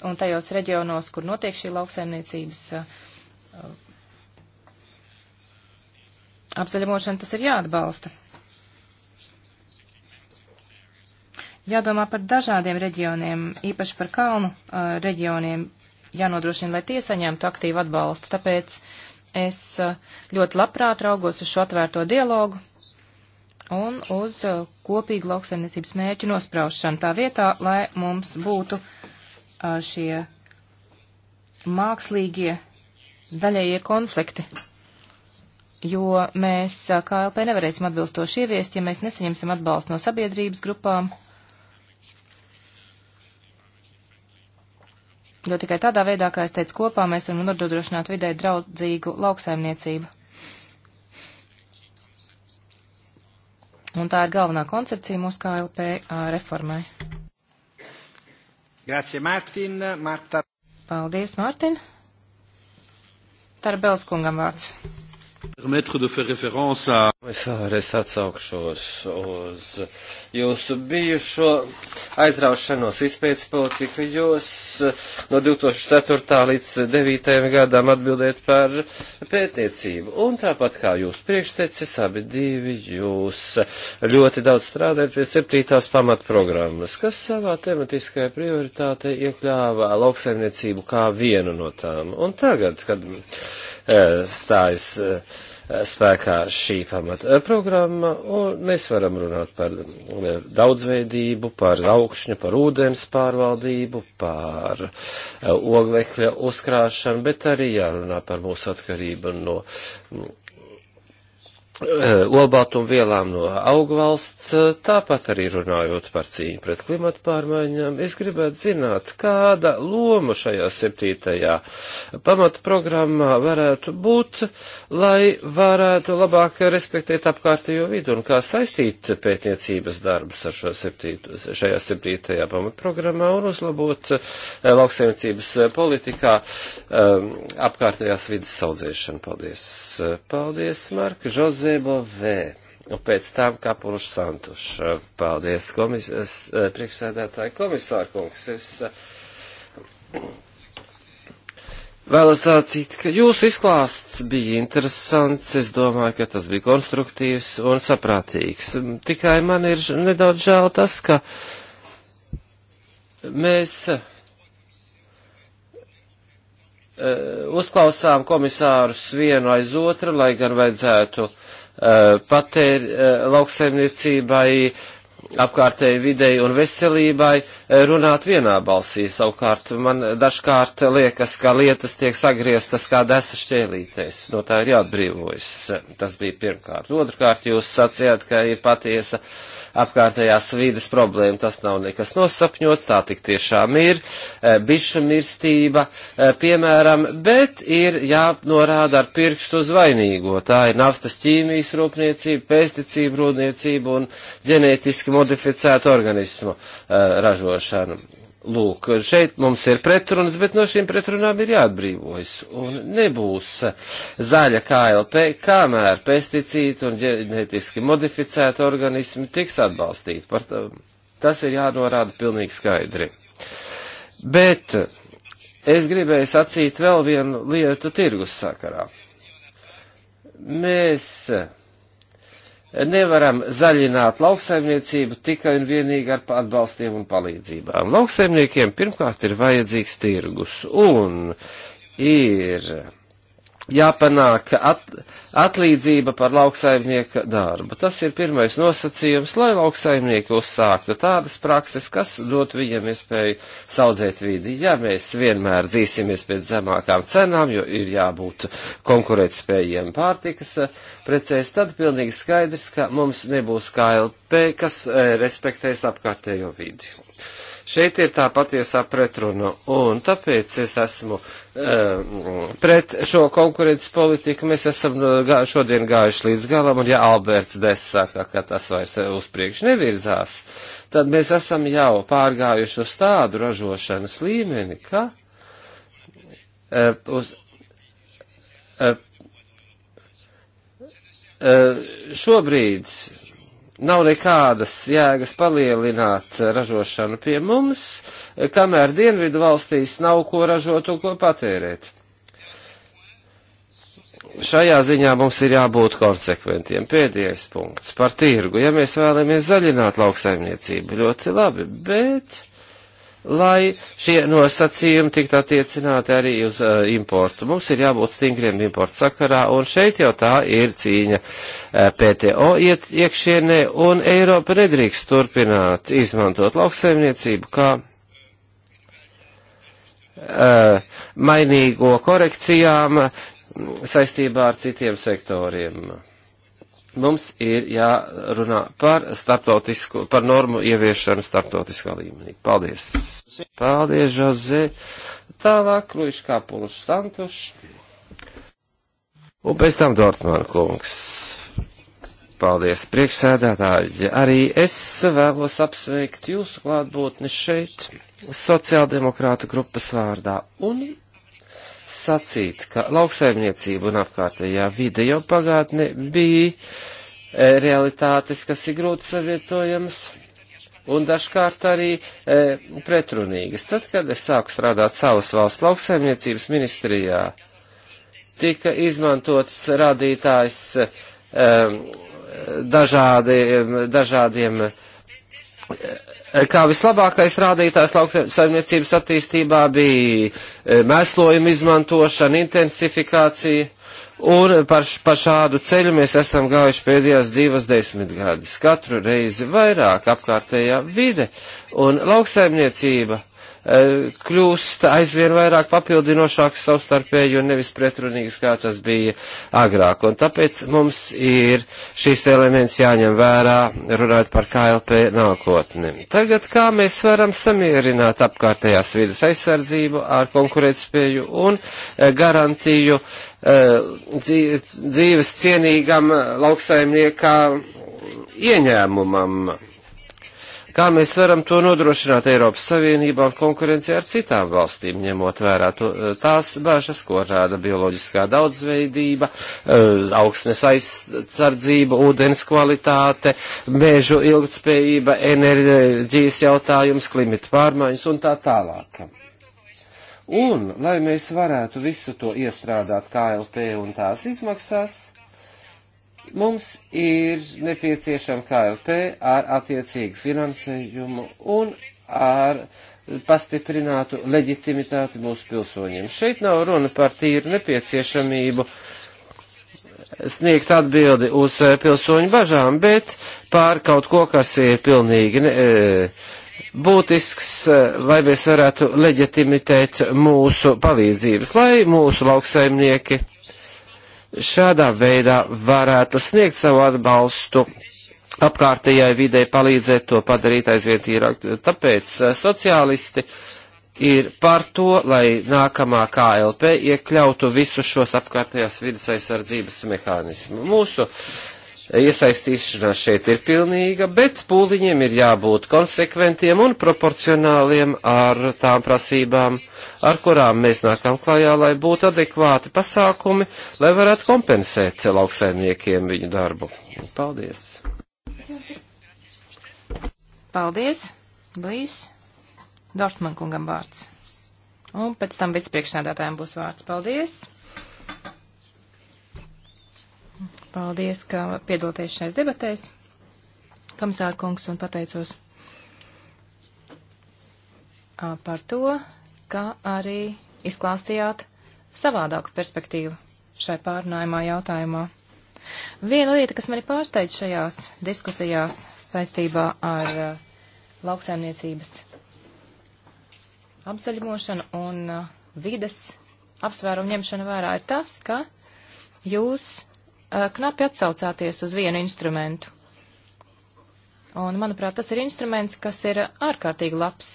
un tajos reģionos, kur notiek šī lauksaimniecības uh, apzaļumošana, tas ir jāatbalsta. Jādomā par dažādiem reģioniem, īpaši par kalnu uh, reģioniem, jānodrošina, lai tie saņemtu aktīvu atbalstu. Tāpēc es uh, ļoti labprāt raugos uz šo atvērto dialogu un uz uh, kopīgu lauksaimniecības mērķu nospraušanu tā vietā, lai mums būtu uh, šie mākslīgie daļējie konflikti. Jo mēs uh, KLP nevarēsim atbilstoši ieviest, ja mēs nesaņemsim atbalstu no sabiedrības grupām. Jo tikai tādā veidā, kā es teicu, kopā mēs varam nodrošināt vidē draudzīgu lauksaimniecību. Un tā ir galvenā koncepcija mūsu KLP reformai.
Grazie, Mārtiņ.
Marta. Paldies, Mārtiņ. Tarbels kungam vārds.
Komisāres atsaukšos uz jūsu bijušo aizraušanos izpēc politiku. Jūs no 2004. līdz 2009. gadām atbildēt par pētniecību. Un tāpat kā jūs priekštecis, abi divi jūs ļoti daudz strādājat pie septītās pamatprogrammas, kas savā tematiskajā prioritātei iekļāvā lauksaimniecību kā vienu no tām. Un tagad, kad Eh, stājas eh, spēkā šī pamata eh, programma, un mēs varam runāt par daudzveidību, par augšņu, par ūdens pārvaldību, par oglekļa uzkrāšanu, bet arī jārunā par mūsu atkarību no mm, Eh, olbaltumvielām no augvalsts, eh, tāpat arī runājot par cīņu pret klimatu pārmaiņām, es gribētu zināt, kāda loma šajā septītajā pamata programmā varētu būt, lai varētu labāk respektēt apkārtējo vidu un kā saistīt pētniecības darbus ar šo septītu, šajā septītajā pamata programmā un uzlabot eh, lauksaimniecības politikā um, apkārtējās vidas saudzēšanu. Paldies. Paldies, Marka. Žoz Zebovē. Un pēc tam Kapuluš Santuš. Paldies, komis es, eh, priekšsēdētāji komisārkungs. Es eh, vēlos sacīt, ka jūsu izklāsts bija interesants. Es domāju, ka tas bija konstruktīvs un saprātīgs. Tikai man ir nedaudz žēl tas, ka mēs. Uh, Eh, uzklausām komisārus vienu aiz otru, lai gan vajadzētu eh, patēri eh, lauksaimniecībai, apkārtēji videi un veselībai runāt vienā balsī. Savukārt man dažkārt liekas, ka lietas tiek sagrieztas kā desa šķēlītēs. No tā ir jāatbrīvojas. Tas bija pirmkārt. Otrkārt, jūs sacījāt, ka ir patiesa uh, apkārtējās vīdes problēma. Tas nav nekas nosapņots, tā tik tiešām ir, e, bišu mirstība, e, piemēram, bet ir jānorāda ar pirkstu uz vainīgo. Tā ir naftas ķīmijas rūpniecība, pesticību rūpniecība un ģenētiski modificētu organismu e, ražošanu Lūk, šeit mums ir pretrunas, bet no šīm pretrunām ir jāatbrīvojas. Un nebūs zaļa KLP, kamēr pesticīti un ģenetiski modificēti organismi tiks atbalstīti. Par tā, tas ir jānorāda pilnīgi skaidri. Bet es gribēju sacīt vēl vienu lietu tirgus sakarā. Mēs nevaram zaļināt lauksaimniecību tikai un vienīgi ar atbalstiem un palīdzībām. Lauksaimniekiem pirmkārt ir vajadzīgs tirgus un ir jāpanāk at, atlīdzība par lauksaimnieka darbu. Tas ir pirmais nosacījums, lai lauksaimnieki uzsāktu tādas prakses, kas dot viņiem iespēju saudzēt vidi. Ja mēs vienmēr dzīsimies pēc zemākām cenām, jo ir jābūt konkurētspējiem pārtikas eh, precēs, tad pilnīgi skaidrs, ka mums nebūs KLP, kas eh, respektēs apkārtējo vidi. Šeit ir tā patiesā pretruna, un tāpēc es esmu uh, Eh, pret šo konkurences politiku mēs esam eh, gā, šodien gājuši līdz galam, un ja Alberts Des saka, ka tas vairs eh, uz priekšu nevirzās, tad mēs esam jau pārgājuši uz tādu ražošanas līmeni, ka uh, uz, uh, uh, šobrīd nav nekādas jēgas palielināt ražošanu pie mums, kamēr dienvidu valstīs nav ko ražot un ko patērēt. Šajā ziņā mums ir jābūt konsekventiem. Pēdējais punkts par tirgu. Ja mēs vēlamies zaļināt lauksaimniecību, ļoti labi, bet lai šie nosacījumi tiktu attiecināti arī uz uh, importu. Mums ir jābūt stingriem importu sakarā, un šeit jau tā ir cīņa uh, PTO iet, iekšienē, un Eiropa nedrīkst turpināt izmantot lauksaimniecību kā uh, mainīgo korekcijām saistībā ar citiem sektoriem mums ir jārunā par starptautisku, par normu ieviešanu starptautiskā līmenī. Paldies! Paldies, Žozē! Tālāk, Luiš Kāpuluš Santuš. Un pēc tam Dortmāna kungs. Paldies, priekšsēdētāji! Arī es vēlos apsveikt jūsu klātbūtni šeit, sociāldemokrāta grupas vārdā. Un sacīt, ka lauksaimniecība un apkārtējā vide jau pagātne bija e, realitātes, kas ir grūti savietojamas un dažkārt arī e, pretrunīgas. Tad, kad es sāku strādāt savas valsts lauksaimniecības ministrijā, tika izmantots rādītājs e, dažādi, dažādiem e, Eh, kā vislabākais rādītājs lauksaimniecības attīstībā bija eh, mēslojuma izmantošana, intensifikācija, un par, par šādu ceļu mēs esam gājuši pēdējās divas desmitgades. Katru reizi vairāk apkārtējā vide un lauksaimniecība E, kļūst aizvien vairāk papildinošāks savstarpēji un nevis pretrunīgs, kā tas bija agrāk. Un tāpēc mums ir šīs elements jāņem vērā, runājot par KLP nākotni. Tagad kā mēs varam samierināt apkārtējās vidas aizsardzību ar konkurētspēju un e, garantiju e, dzīves cienīgam lauksaimniekam ieņēmumam? Kā mēs varam to nodrošināt Eiropas Savienībām konkurencē ar citām valstīm, ņemot vērā to, eh, tās bāžas, ko rāda bioloģiskā daudzveidība, eh, augsnes aizsardzība, ūdens kvalitāte, mēžu ilgtspējība, enerģijas jautājums, klimata pārmaiņas un tā tālāk. Un, lai mēs varētu visu to iestrādāt KLP un tās izmaksās, Mums ir nepieciešama KLP ar attiecīgu finansējumu un ar pastiprinātu leģitimitāti mūsu pilsoņiem. Šeit nav runa par tīru nepieciešamību sniegt atbildi uz eh, pilsoņu bažām, bet pār kaut ko, kas ir pilnīgi ne, eh, būtisks, eh, lai mēs varētu leģitimitēt mūsu palīdzības, lai mūsu lauksaimnieki šādā veidā varētu sniegt savu atbalstu apkārtējai videi, palīdzēt to padarīt aizvien tīrāk. Tāpēc eh, sociālisti ir par to, lai nākamā KLP iekļautu visus šos apkārtējās vidas aizsardzības mehānismus. Mūsu uh, iesaistīšanās šeit ir pilnīga, bet pūliņiem ir jābūt konsekventiem un proporcionāliem ar tām prasībām, ar kurām mēs nākam klajā, lai būtu adekvāti pasākumi, lai varētu kompensēt lauksaimniekiem viņu darbu. Paldies!
Paldies! Blīs! Dortmankungam vārds. Un pēc tam vicepriekšnādātājiem būs vārds. Paldies! Paldies, ka piedalāties šajās debatēs, komisāra kungs, un pateicos par to, ka arī izklāstījāt savādāku perspektīvu šai pārunājumā jautājumā. Viena lieta, kas mani pārsteidz šajās diskusijās saistībā ar uh, lauksaimniecības apzaļumošanu un uh, vides apsvērumu ņemšanu vērā, ir tas, ka jūs Eh, knapi atsaucāties uz vienu instrumentu. Un, manuprāt, tas ir instruments, kas ir ārkārtīgi labs.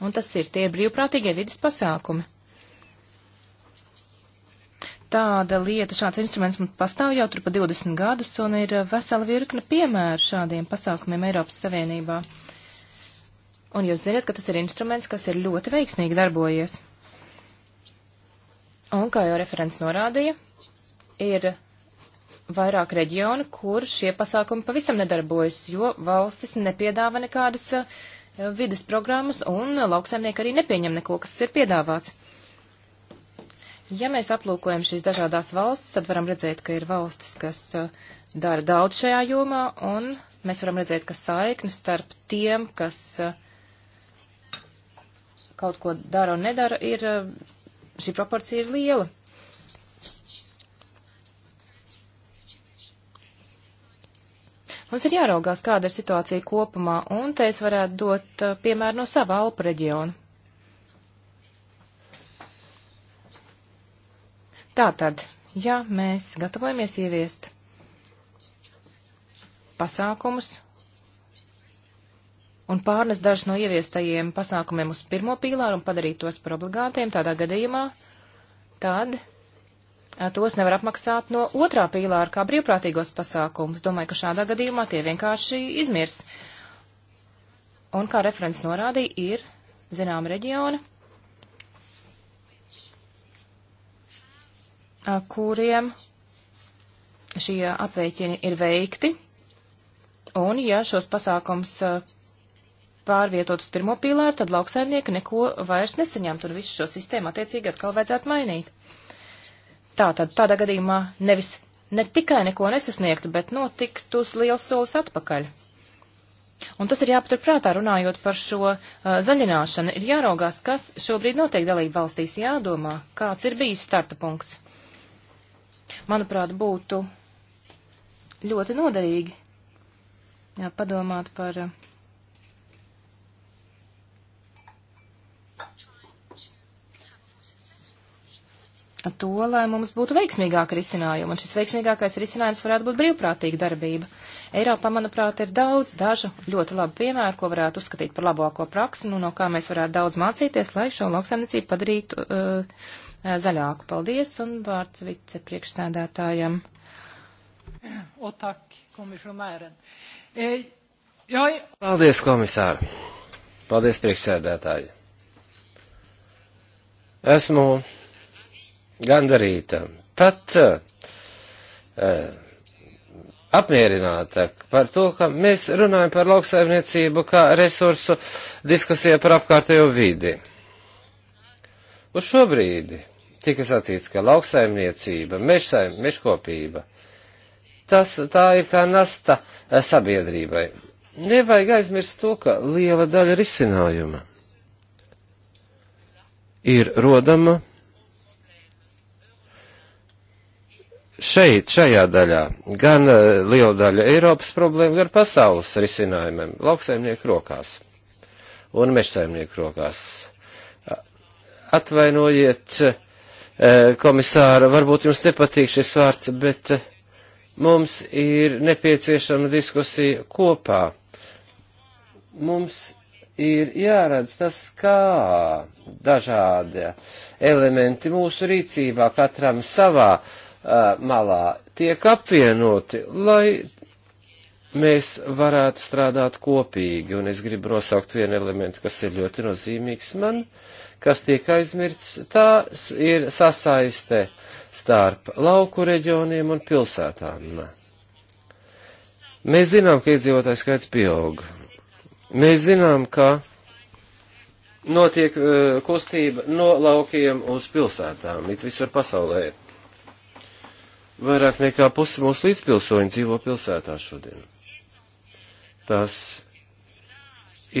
Un tas ir tie brīvprātīgie vidas pasākumi. Tāda lieta, šāds instruments mums pastāv jau tur pa 20 gadus, un ir vesela virkne piemēru šādiem pasākumiem Eiropas Savienībā. Un jūs zināt, ka tas ir instruments, kas ir ļoti veiksmīgi darbojies. Un, kā jau referents norādīja, ir vairāk reģionu, kur šie pasākumi pavisam nedarbojas, jo valstis nepiedāva nekādas eh, vides programmas un lauksaimnieki arī nepieņem neko, kas ir piedāvāts. Ja mēs aplūkojam šīs dažādās valstis, tad varam redzēt, ka ir valstis, kas eh, dara daudz šajā jomā, un mēs varam redzēt, ka saiknes starp tiem, kas eh, kaut ko dara un nedara, ir šī proporcija ir liela. Mums ir jāraugās, kāda ir situācija kopumā, un te es varētu dot uh, piemēru no sava Alpu reģiona. Tātad, ja mēs gatavojamies ieviest pasākumus un pārnes dažus no ieviestajiem pasākumiem uz pirmo pīlāru un padarīt tos par obligātiem tādā gadījumā, tad Eh, tos nevar apmaksāt no otrā pīlāra kā brīvprātīgos pasākumus. Domāju, ka šādā gadījumā tie vienkārši izmirs. Un kā referents norādīja, ir zināma reģiona, eh, kuriem šie apveikini ir veikti, un ja šos pasākums eh, pārvietot uz pirmo pīlāru, tad lauksaimnieki neko vairs nesaņemtu, un visu šo sistēmu attiecīgi atkal vajadzētu mainīt. Tātad tādā gadījumā nevis ne tikai neko nesasniegtu, bet notiktu uz liels solis atpakaļ. Un tas ir jāpaturprātā runājot par šo uh, zaļināšanu. Ir jāraugās, kas šobrīd notiek dalību valstīs, jādomā, kāds ir bijis starta punkts. Manuprāt, būtu ļoti noderīgi jā, padomāt par uh, to, lai mums būtu veiksmīgāka risinājuma, un šis veiksmīgākais risinājums varētu būt brīvprātīga darbība. Eiropā, manuprāt, ir daudz dažu ļoti labu piemēru, ko varētu uzskatīt par labāko praksi, un nu, no kā mēs varētu daudz mācīties, lai šo lauksaimniecību padarītu uh, zaļāku. Paldies, un vārds vicepriekšsēdētājam. O, tak, komisionēren. E, joj...
Paldies, komisāri. Paldies, priekšsēdētāji. Esmu gandarīta, pat uh, uh, apmierināta par to, ka mēs runājam par lauksaimniecību kā resursu diskusijā par apkārtējo vidi. Uz šo brīdi tika sacīts, ka lauksaimniecība, mešsaim, meškopība, tas tā ir kā nasta sabiedrībai. Nevajag aizmirst to, ka liela daļa risinājuma ir rodama šeit, šajā daļā, gan eh, liela daļa Eiropas problēma, gan pasaules risinājumiem, lauksaimnieku rokās un mežsaimnieku rokās. Atvainojiet, eh, komisāra, varbūt jums nepatīk šis vārds, bet eh, mums ir nepieciešama diskusija kopā. Mums ir jāredz tas, kā dažādi elementi mūsu rīcībā, katram savā uh, malā tiek apvienoti, lai mēs varētu strādāt kopīgi, un es gribu nosaukt vienu elementu, kas ir ļoti nozīmīgs man, kas tiek aizmirsts, tās ir sasaiste starp lauku reģioniem un pilsētām. Mēs zinām, ka iedzīvotāju skaits pieaug. Mēs zinām, ka notiek uh, kustība no laukiem uz pilsētām, it visur pasaulē. Vairāk nekā pusi mūsu līdzpilsoņi dzīvo pilsētā šodien. Tas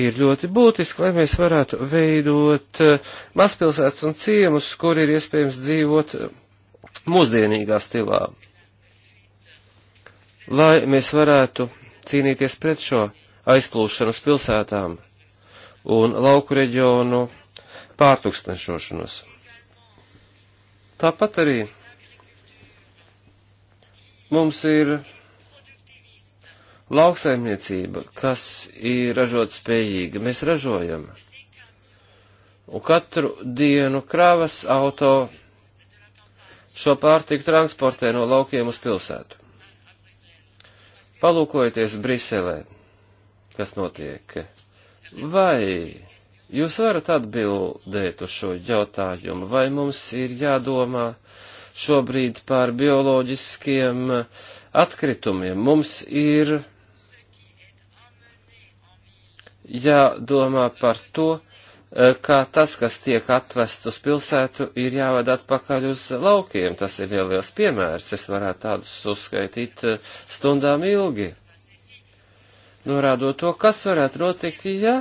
ir ļoti būtiski, lai mēs varētu veidot eh, mazpilsētas un ciemus, kur ir iespējams dzīvot eh, mūsdienīgā stilā. Lai mēs varētu cīnīties pret šo aizplūšanu uz pilsētām un lauku reģionu pārtūkstnešošanos. Tāpat arī Mums ir lauksaimniecība, kas ir ražot spējīga. Mēs ražojam. Un katru dienu kravas auto šo pārtiku transportē no laukiem uz pilsētu. Palūkojieties Briselē, kas notiek. Vai jūs varat atbildēt uz šo jautājumu, vai mums ir jādomā šobrīd par bioloģiskiem atkritumiem. Mums ir jādomā par to, kā tas, kas tiek atvests uz pilsētu, ir jāved atpakaļ uz laukiem. Tas ir jau liels piemērs, es varētu tādus uzskaitīt stundām ilgi. Norādot to, kas varētu notikt, ja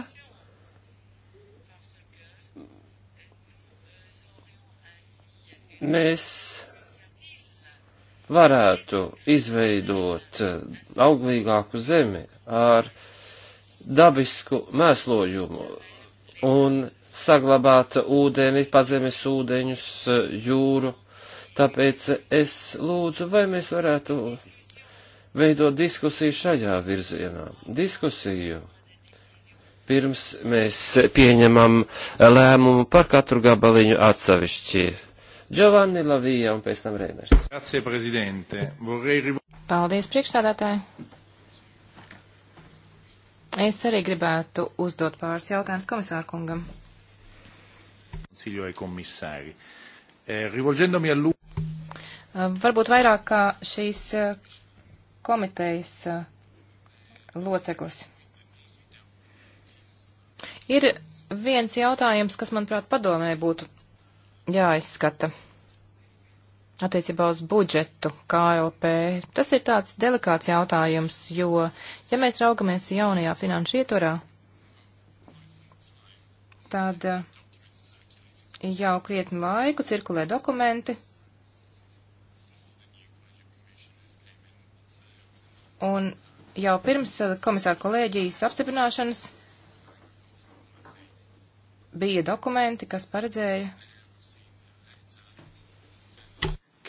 mēs varētu izveidot eh, auglīgāku zemi ar dabisku mēslojumu un saglabāt ūdeni, pazemes ūdeņus, eh, jūru. Tāpēc es lūdzu, vai mēs varētu veidot diskusiju šajā virzienā. Diskusiju pirms mēs pieņemam eh, lēmumu par katru gabaliņu atsevišķi. Giovanni Lavija un pēc tam Reimers.
Paldies, priekšsādātāji! Es arī gribētu uzdot pāris jautājumus komisāru kungam. Eh, eh, varbūt vairāk kā šīs eh, komitejas loceklis. Ir viens jautājums, kas, manuprāt, padomē būtu jāizskata attiecībā uz budžetu KLP. Tas ir tāds delikāts jautājums, jo, ja mēs raugamies jaunajā finanšu ietvarā, tad eh, jau krietni laiku cirkulē dokumenti. Un jau pirms eh, komisāra kolēģijas apstiprināšanas bija dokumenti, kas paredzēja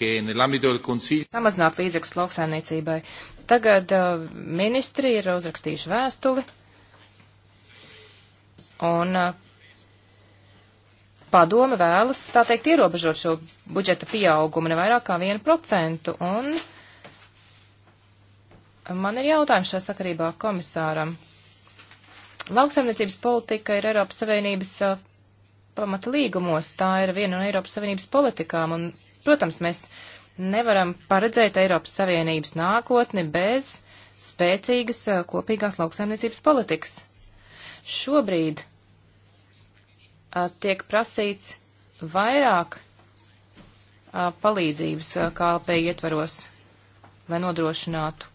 samazināt
līdzekļus lauksaimniecībai. Tagad uh, ministri ir uzrakstījuši vēstuli un uh, padome vēlas, tā teikt, ierobežot šo budžeta pieaugumu ne vairāk kā 1%. Un man ir jautājums šajā sakarībā komisāram. Lauksaimniecības politika ir Eiropas Savienības uh, pamata līgumos, tā ir viena no Eiropas Savienības politikām, un Protams, mēs nevaram paredzēt Eiropas Savienības nākotni bez spēcīgas eh, kopīgās lauksaimniecības politikas. Šobrīd a, eh, tiek prasīts vairāk a, eh, palīdzības KLP ietvaros, lai nodrošinātu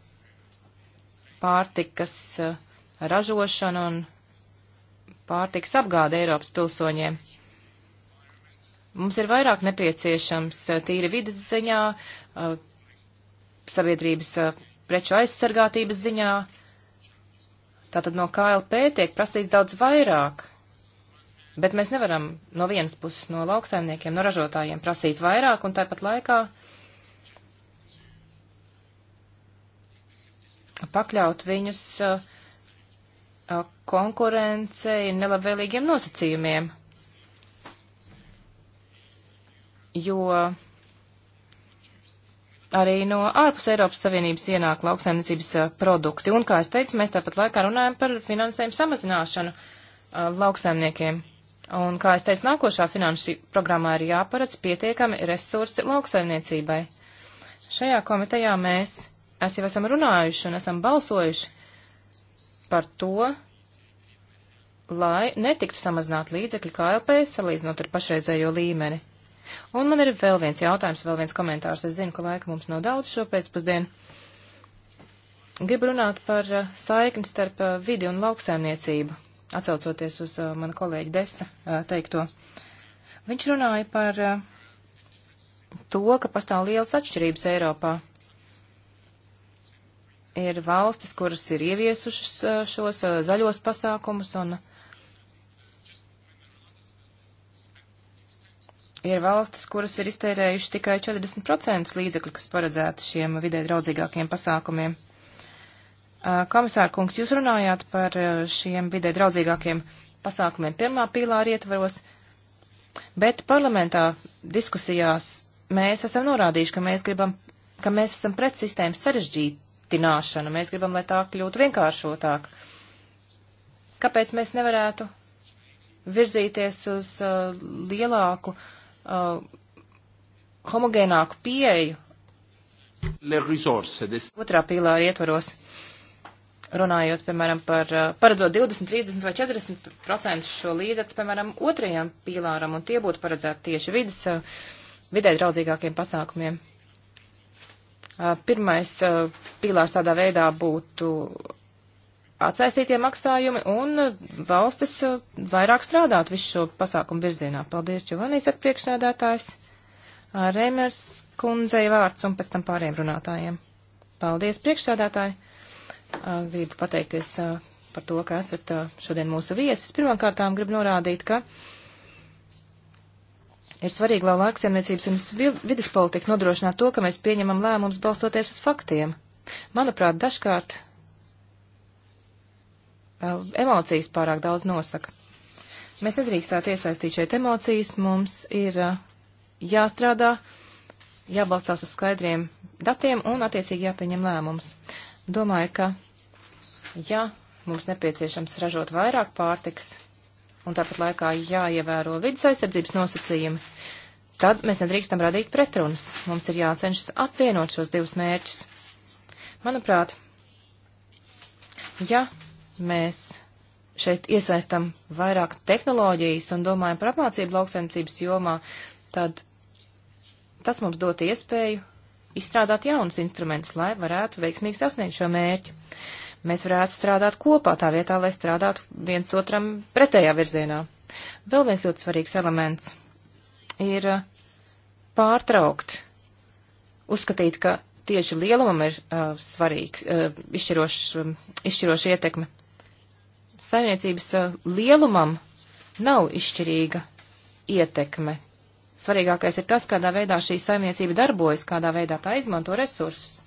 pārtikas a, ražošanu un pārtikas apgādi Eiropas pilsoņiem. Mums ir vairāk nepieciešams eh, tīri vidas ziņā, eh, sabiedrības eh, preču aizsargātības ziņā. Tātad no KLP tiek prasīts daudz vairāk. Bet mēs nevaram no vienas puses no lauksaimniekiem, no ražotājiem prasīt vairāk un tāpat laikā pakļaut viņus konkurencei nelabvēlīgiem nosacījumiem. jo arī no ārpus Eiropas Savienības ienāk lauksaimniecības uh, produkti. Un, kā es teicu, mēs tāpat laikā runājam par finansējumu samazināšanu uh, lauksaimniekiem. Un, kā es teicu, nākošā finanšu programmā ir jāparedz pietiekami resursi lauksaimniecībai. Šajā komitejā mēs es jau esam runājuši un esam balsojuši par to, lai netiktu samazināt līdzekļu KLP salīdzinot ar pašreizējo līmeni. Un man ir vēl viens jautājums, vēl viens komentārs. Es zinu, ka laika mums nav daudz šo pēcpusdienu. Gribu runāt par uh, saikni starp uh, vidi un lauksaimniecību, atcaucoties uz uh, mana kolēģa Desa teikto. Viņš runāja par to, ka pastāv lielas atšķirības Eiropā. Ir valstis, kuras ir ieviesušas šos zaļos pasākumus un uh, Ir valstis, kuras ir iztērējuši tikai 40% līdzekļu, kas paredzēti šiem vidē draudzīgākiem pasākumiem. Komisāra kungs, jūs runājāt par šiem vidē draudzīgākiem pasākumiem pirmā pīlāra ietvaros, bet parlamentā diskusijās mēs esam norādījuši, ka mēs gribam, ka mēs esam pret sistēmas sarežģītināšanu, mēs gribam, lai tā kļūtu vienkāršotāk. Kāpēc mēs nevarētu virzīties uz uh, lielāku uh, uh, homogēnāku pieeju.
Otrā
pīlāra ietvaros, runājot, piemēram, par uh, paredzot 20, 30 vai 40 procentus šo līdzekļu, piemēram, otrajam pīlāram, un tie būtu paredzēti tieši vidas, uh, vidē draudzīgākiem pasākumiem. Uh, pirmais uh, pīlārs tādā veidā būtu atsaistītie maksājumi un valstis uh, vairāk strādāt visu šo pasākumu virzienā. Paldies, Čuvanīs, ar priekšsēdētājs. Rēmers kundzei vārds un pēc tam pāriem runātājiem. Paldies, priekšsēdētāji. Gribu pateikties par to, ka esat šodien mūsu viesis. Pirmkārtām gribu norādīt, ka ir svarīgi, lai lauksaimniecības un vidas politika nodrošinātu to, ka mēs pieņemam lēmumus balstoties uz faktiem. Manuprāt, dažkārt Eh, emocijas pārāk daudz nosaka. Mēs nedrīkstētu iesaistīt šeit emocijas, mums ir eh, jāstrādā, jābalstās uz skaidriem datiem un attiecīgi jāpieņem lēmums. Domāju, ka ja mums nepieciešams ražot vairāk pārtiks un tāpat laikā jāievēro vidas aizsardzības nosacījumi, tad mēs nedrīkstam radīt pretrunas. Mums ir jācenšas apvienot šos divus mērķus. Manuprāt, ja Mēs šeit iesaistam vairāk tehnoloģijas un domājam par apmācību lauksaimniecības jomā, tad tas mums dot iespēju izstrādāt jaunus instrumentus, lai varētu veiksmīgi sasniegt šo mērķu. Mēs varētu strādāt kopā tā vietā, lai strādātu viens otram pretējā virzienā. Vēl viens ļoti svarīgs elements ir uh, pārtraukt, uzskatīt, ka tieši lielumam ir uh, svarīgs, uh, um, izšķiroša uh, ietekme saimniecības eh, lielumam nav izšķirīga ietekme. Svarīgākais ir tas, kādā veidā šī saimniecība darbojas, kādā veidā tā izmanto resursus.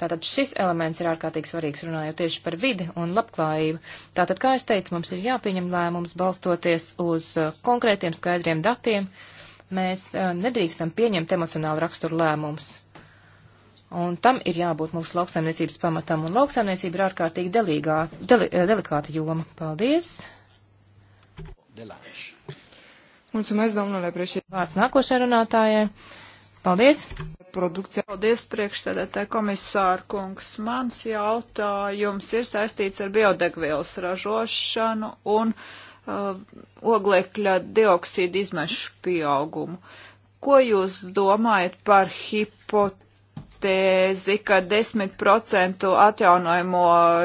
Tātad šis elements ir ārkārtīgi svarīgs runājot tieši par vidi un labklājību. Tātad, kā es teicu, mums ir jāpieņem lēmums balstoties uz eh, konkrētiem skaidriem datiem. Mēs eh, nedrīkstam pieņemt emocionālu raksturu lēmumus. Un tam ir jābūt mūsu lauksaimniecības pamatam, un lauksaimniecība ir ārkārtīgi delīgā, deli, eh, delikāta joma. Paldies!
Delāž.
Mulțumesc, domnule președinte. Vārds nākošajai runātājai. Paldies! Produkcija. Paldies, priekšsēdētāji komisāra kungs. Mans jautājums ir saistīts ar biodegvielas ražošanu un uh, oglekļa dioksīda izmešu pieaugumu. Ko jūs domājat par hipotēmu? tēzi, ka 10% atjaunojamo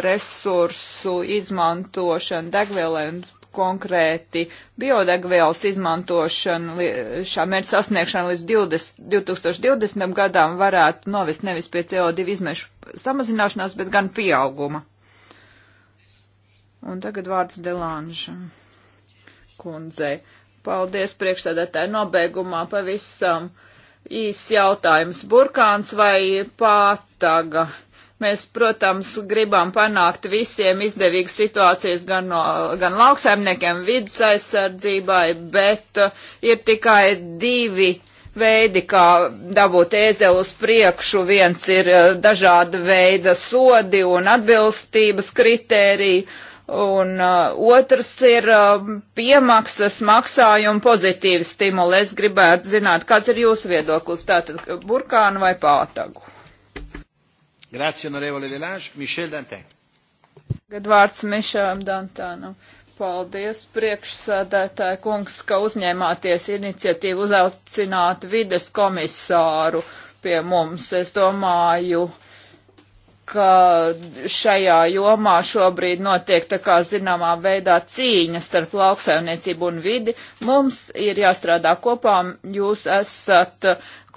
resursu izmantošana degvielai un konkrēti biodegvielas izmantošana šā mērķa sasniegšana līdz 20, 2020. gadām varētu novest nevis pie CO2 izmešu samazināšanās, bet gan pieauguma. Un tagad vārds Delanža kundzei. Paldies priekšsēdētāji nobeigumā pavisam. Uh, Īs jautājums. Burkāns vai pātaga? Mēs, protams, gribam panākt visiem izdevīgas situācijas gan, no, gan lauksaimniekiem, vidas aizsardzībai, bet uh, ir tikai divi veidi, kā dabūt ēzeli uz priekšu. Viens ir uh, dažāda veida sodi un atbilstības kritērija, Un uh, otrs ir uh, piemaksas maksājuma pozitīvi stimuli. Es gribētu zināt, kāds ir jūsu viedoklis, tātad burkānu vai pātagu? Grazie, onorevole Delāž, Mišel Dantē. Gad vārds Mišelam Dantānam. Paldies, priekšsēdētāji kungs, ka uzņēmāties iniciatīvu uzaucināt vides komisāru pie mums. Es domāju, uh, ka šajā jomā šobrīd notiek tā kā zināmā veidā cīņa starp lauksaimniecību un vidi. Mums ir jāstrādā kopā, jūs esat,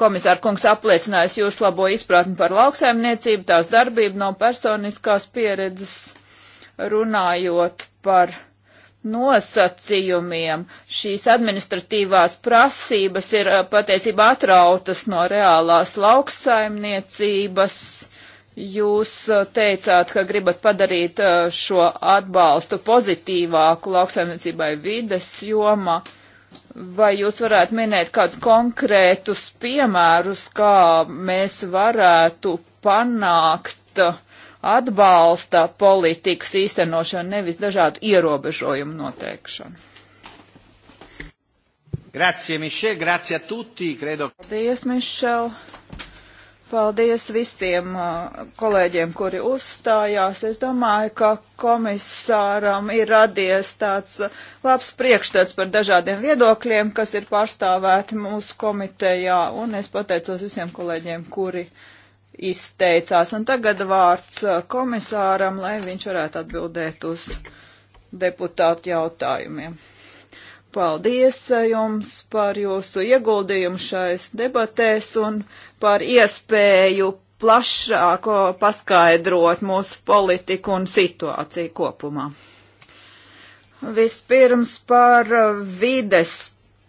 komisāra kungs apliecinājis jūs labo izpratni par lauksaimniecību, tās darbību no personiskās pieredzes runājot par nosacījumiem. Šīs administratīvās prasības ir patiesībā atrautas no reālās lauksaimniecības Jūs uh, teicāt, ka gribat padarīt uh, šo atbalstu pozitīvāku lauksaimniecībai vides jomā. Vai jūs varētu minēt kādus konkrētus piemērus, kā mēs varētu panākt uh, atbalsta politikas īstenošanu, nevis dažādu ierobežojumu noteikšanu? Grazie, Mišel, grazie a tutti, credo. Paldies, Mišel. Paldies visiem uh, kolēģiem, kuri uzstājās. Es domāju, ka komisāram ir radies tāds uh, labs priekšstats par dažādiem viedokļiem, kas ir pārstāvēti mūsu komitejā, un es pateicos visiem kolēģiem, kuri izteicās. Un tagad vārds uh, komisāram, lai viņš varētu atbildēt uz deputātu jautājumiem. Paldies jums par jūsu ieguldījumu šais debatēs un par iespēju plašāk paskaidrot mūsu politiku un situāciju kopumā. Vispirms par vides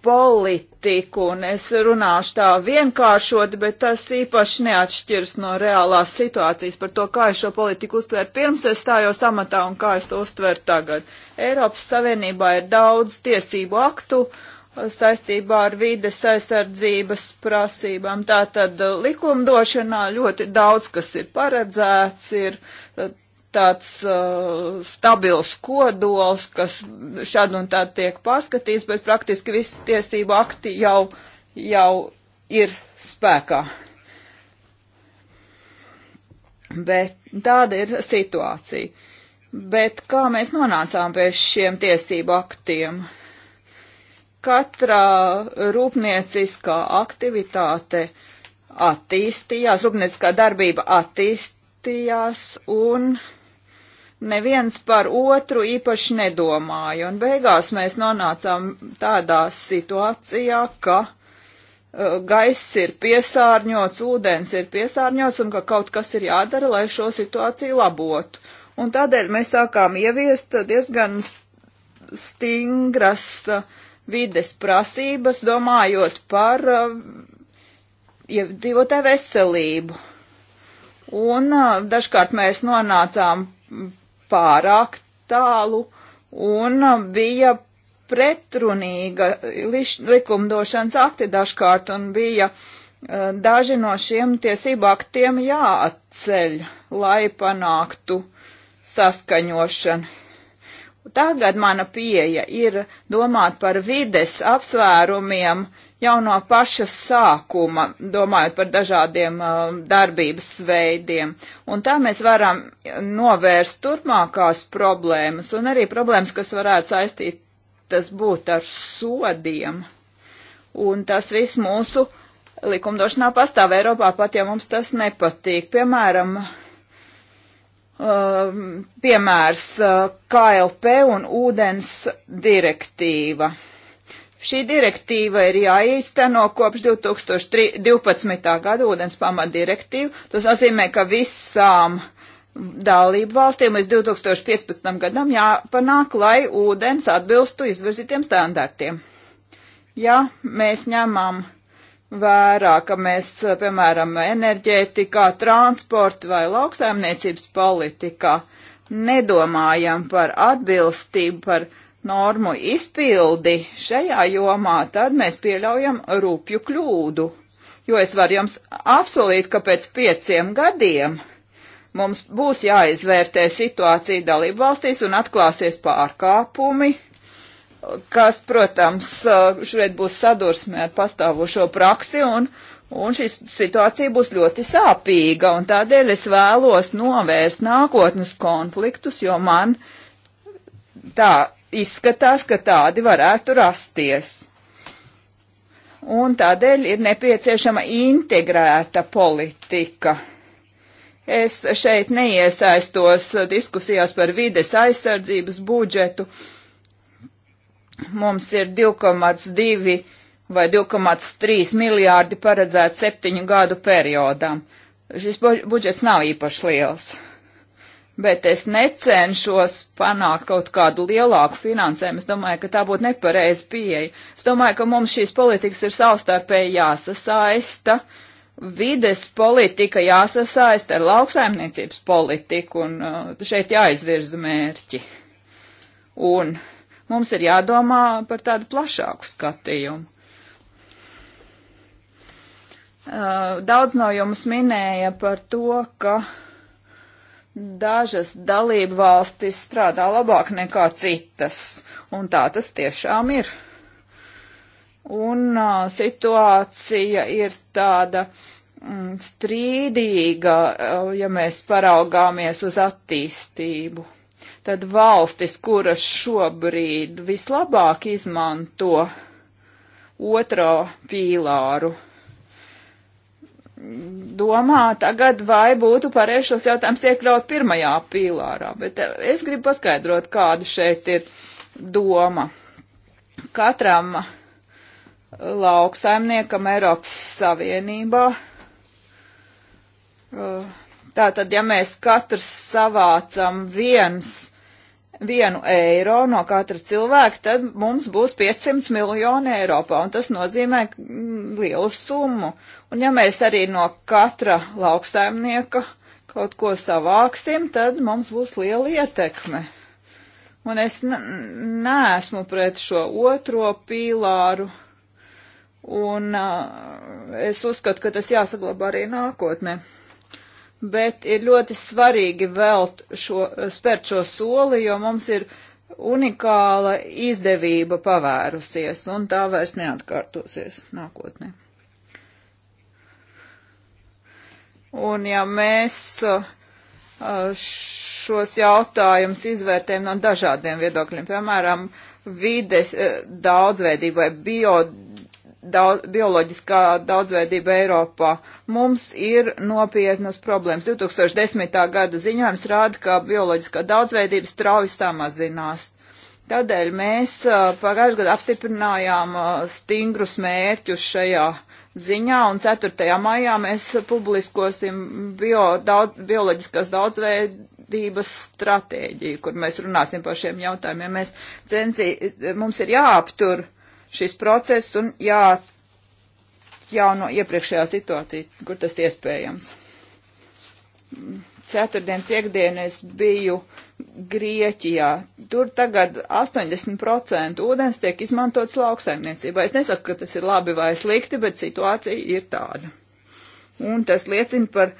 politiku, un es runāšu tā vienkāršot, bet tas īpaši neatšķirs no reālās situācijas par to, kā es šo politiku uztveru pirms es stājos amatā un kā es to uztveru tagad. Eiropas Savienībā ir daudz tiesību aktu, uh, saistībā ar vides aizsardzības prasībām. Tātad uh, likumdošanā ļoti daudz, kas ir paredzēts, ir uh, tāds uh, stabils kodols, kas šad un tā tiek paskatīts, bet praktiski visi tiesību akti jau, jau ir spēkā. Bet tāda ir situācija. Bet kā mēs nonācām pie šiem tiesību aktiem? Uh, katrā rūpnieciskā aktivitāte attīstījās, rūpnieciskā darbība attīstījās un neviens par otru īpaši nedomāja. Un beigās mēs nonācām tādā situācijā, ka uh, gaiss ir piesārņots, ūdens ir piesārņots un ka kaut kas ir jādara, lai šo situāciju labotu. Un tādēļ mēs sākām ieviest diezgan stingras uh, vides prasības, domājot par iedzīvotāju uh, ja veselību. Un uh, dažkārt mēs nonācām pārāk tālu un uh, bija pretrunīga likumdošanas akti dažkārt un bija daži no šiem tiesību aktiem jāatceļ, lai panāktu saskaņošanu. Tagad mana pieeja ir domāt par vides apsvērumiem jau no paša sākuma, domājot par dažādiem uh, darbības veidiem. Un tā mēs varam novērst turpmākās problēmas un arī problēmas, kas varētu saistīt tas būt ar sodiem. Un tas viss mūsu likumdošanā pastāv Eiropā, pat ja mums tas nepatīk. Piemēram, uh, Um, piemērs uh, KLP un ūdens direktīva. Šī direktīva ir jāīsteno kopš 2012. gada ūdens pamatdirektīva. Tas nozīmē, ka visām dalību valstīm līdz 2015. gadam jāpanāk, lai ūdens atbilstu izvirzītiem standartiem. Ja mēs ņemam uh, vērā, ka mēs, piemēram, enerģētikā, transporta vai lauksaimniecības politikā nedomājam par atbilstību, par normu izpildi šajā jomā, tad mēs pieļaujam rūpju kļūdu. Jo es varu jums apsolīt, ka pēc pieciem gadiem mums būs jāizvērtē situācija dalību valstīs un atklāsies pārkāpumi, kas, protams, uh, šeit būs sadursmē ar pastāvošo praksi un, un šī situācija būs ļoti sāpīga. Un tādēļ es vēlos novērst nākotnes konfliktus, jo man tā izskatās, ka tādi varētu rasties. Un tādēļ ir nepieciešama integrēta politika. Es šeit neiesaistos diskusijās par vides aizsardzības budžetu. Uh, Mums ir 2,2 vai 2,3 miljārdi paredzēti septiņu gadu periodām. Šis budžets nav īpaši liels, bet es necenšos panākt kaut kādu lielāku finansējumu. Es domāju, ka tā būtu nepareiza pieeja. Es domāju, ka mums šīs politikas ir savstarpēji jāsasaista vides politika jāsasaista ar lauksaimniecības politiku, un uh, šeit jāizvirza mērķi. Un Mums ir jādomā par tādu plašāku skatījumu. Uh, daudz no jums minēja par to, ka dažas dalību valstis strādā labāk nekā citas, un tā tas tiešām ir. Un uh, situācija ir tāda mm, strīdīga, uh, ja mēs paraugāmies uz attīstību. Tad valstis, kuras šobrīd vislabāk izmanto otro pīlāru, domā tagad, vai būtu pareizi šos jautājumus iekļaut pirmajā pīlārā, bet es gribu paskaidrot, kāda šeit ir doma. Katram lauksaimniekam Eiropas Savienībā. Uh, tātad, ja mēs katrs savācam viens vienu eiro no katra cilvēka, tad mums būs 500 miljoni Eiropā, un tas nozīmē mm, lielu summu. Un ja mēs arī no katra lauksaimnieka kaut ko savāksim, tad mums būs liela ietekme. Un es neesmu pret šo otro pīlāru, un uh, es uzskatu, ka tas jāsaglabā arī nākotnē bet ir ļoti svarīgi velt šo, spērt šo soli, jo mums ir unikāla izdevība pavērusies, un tā vairs neatkārtosies nākotnē. Un ja mēs uh, uh, šos jautājumus izvērtējam no dažādiem viedokļiem, piemēram, vides uh, daudzveidībai, biodiversitātei, daudz, bioloģiskā daudzveidība Eiropā. Mums ir nopietnas problēmas. 2010. gada ziņojums rāda, ka bioloģiskā daudzveidība strauji samazinās. Tādēļ mēs pagājušajā gadā apstiprinājām stingrus mērķus šajā ziņā, un 4. maijā mēs publiskosim bio, daudz, bioloģiskās daudzveidības stratēģiju, kur mēs runāsim par šiem jautājumiem. Mēs censī, mums ir jāaptur uh, šis process un jāatjauno iepriekšējā situācija, kur tas iespējams. Ceturtdien, piekdien es biju Grieķijā. Tur tagad 80% ūdens tiek izmantots lauksaimniecībā. Es nesaku, ka tas ir labi vai slikti, bet situācija ir tāda. Un tas liecina par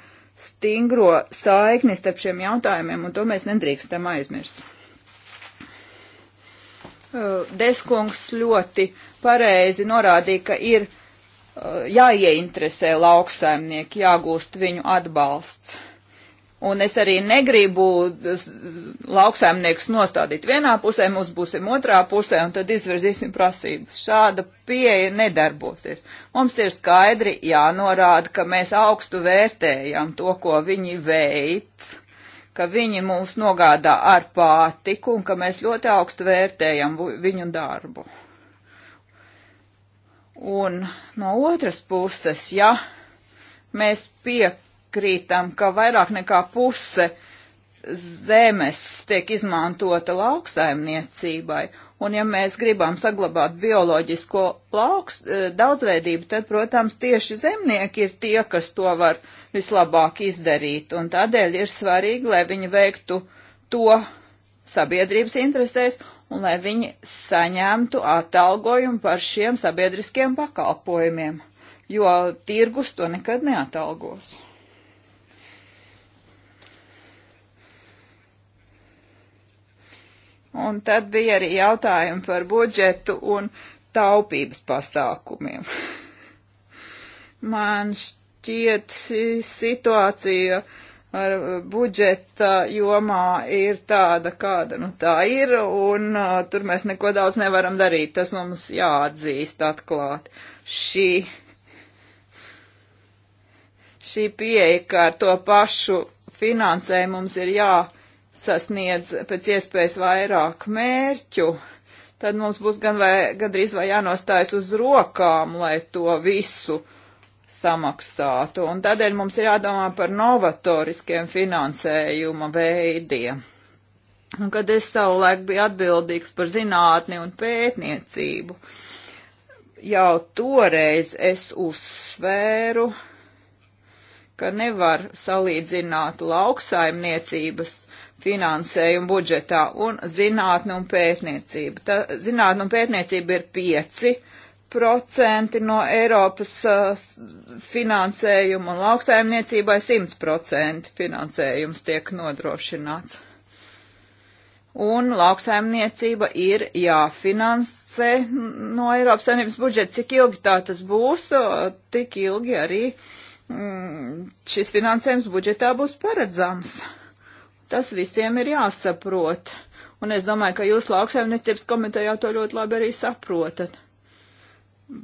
stingro saikni starp šiem jautājumiem, un to mēs nedrīkstam aizmirst. Eh, Deskungs ļoti pareizi norādīja, ka ir eh, jāieinteresē lauksaimnieki, jāgūst viņu atbalsts. Un es arī negribu lauksaimniekus nostādīt vienā pusē, mums būsim otrā pusē, un tad izvirzīsim prasības. Šāda pieeja nedarbosies. Mums ir skaidri jānorāda, ka mēs augstu vērtējam to, ko viņi veids ka viņi mūs nogādā ar pārtiku un ka mēs ļoti augstu vērtējam viņu darbu. Un no otras puses, ja mēs piekrītam, ka vairāk nekā puse zemes tiek izmantota lauksaimniecībai, un ja mēs gribam saglabāt bioloģisko lauks, e, daudzveidību, tad, protams, tieši zemnieki ir tie, kas to var vislabāk izdarīt, un tādēļ ir svarīgi, lai viņi veiktu to sabiedrības interesēs, un lai viņi saņemtu atalgojumu par šiem sabiedriskiem pakalpojumiem, jo tirgus to nekad neatalgos. Un tad bija arī jautājumi par budžetu un taupības pasākumiem. Man šķiet šī situācija ar budžeta jomā ir tāda, kāda nu tā ir, un uh, tur mēs neko daudz nevaram darīt. Tas mums jāatzīst atklāt. Šī, šī pieeja, ka ar to pašu finansējumu mums ir jāatzīst sasniedz pēc iespējas vairāk mērķu, tad mums būs gan vai, gandrīz vai jānostājas uz rokām, lai to visu samaksātu. Un tādēļ mums ir jādomā par novatoriskiem finansējuma veidiem. Un kad es savulaik biju atbildīgs par zinātni un pētniecību, jau toreiz es uzsvēru, ka nevar salīdzināt lauksaimniecības uh, finansējumu budžetā un zinātne un pētniecība. Tā, zinātne un pētniecība ir 5% no Eiropas uh, finansējuma un lauksaimniecībai 100% finansējums tiek nodrošināts. Un lauksaimniecība ir jāfinansē no Eiropas Savienības budžeta. Cik ilgi tā tas būs, tik ilgi arī mm, šis finansējums budžetā būs paredzams. Tas visiem ir jāsaprot. Un es domāju, ka jūs lauksaimniecības komitejā to ļoti labi arī saprotat.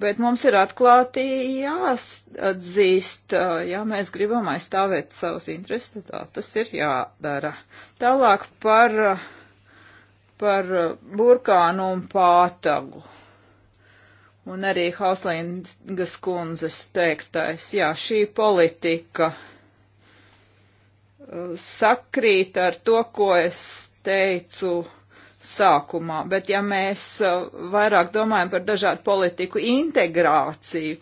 Bet mums ir atklāti jāatzīst, ja mēs gribam aizstāvēt savus intereses, tā tas ir jādara. Tālāk par, par burkānu un pātagu. Un arī Hauslīngas kundzes teiktais, jā, šī politika sakrīt ar to, ko es teicu sākumā, bet ja mēs uh, vairāk domājam par dažādu politiku integrāciju,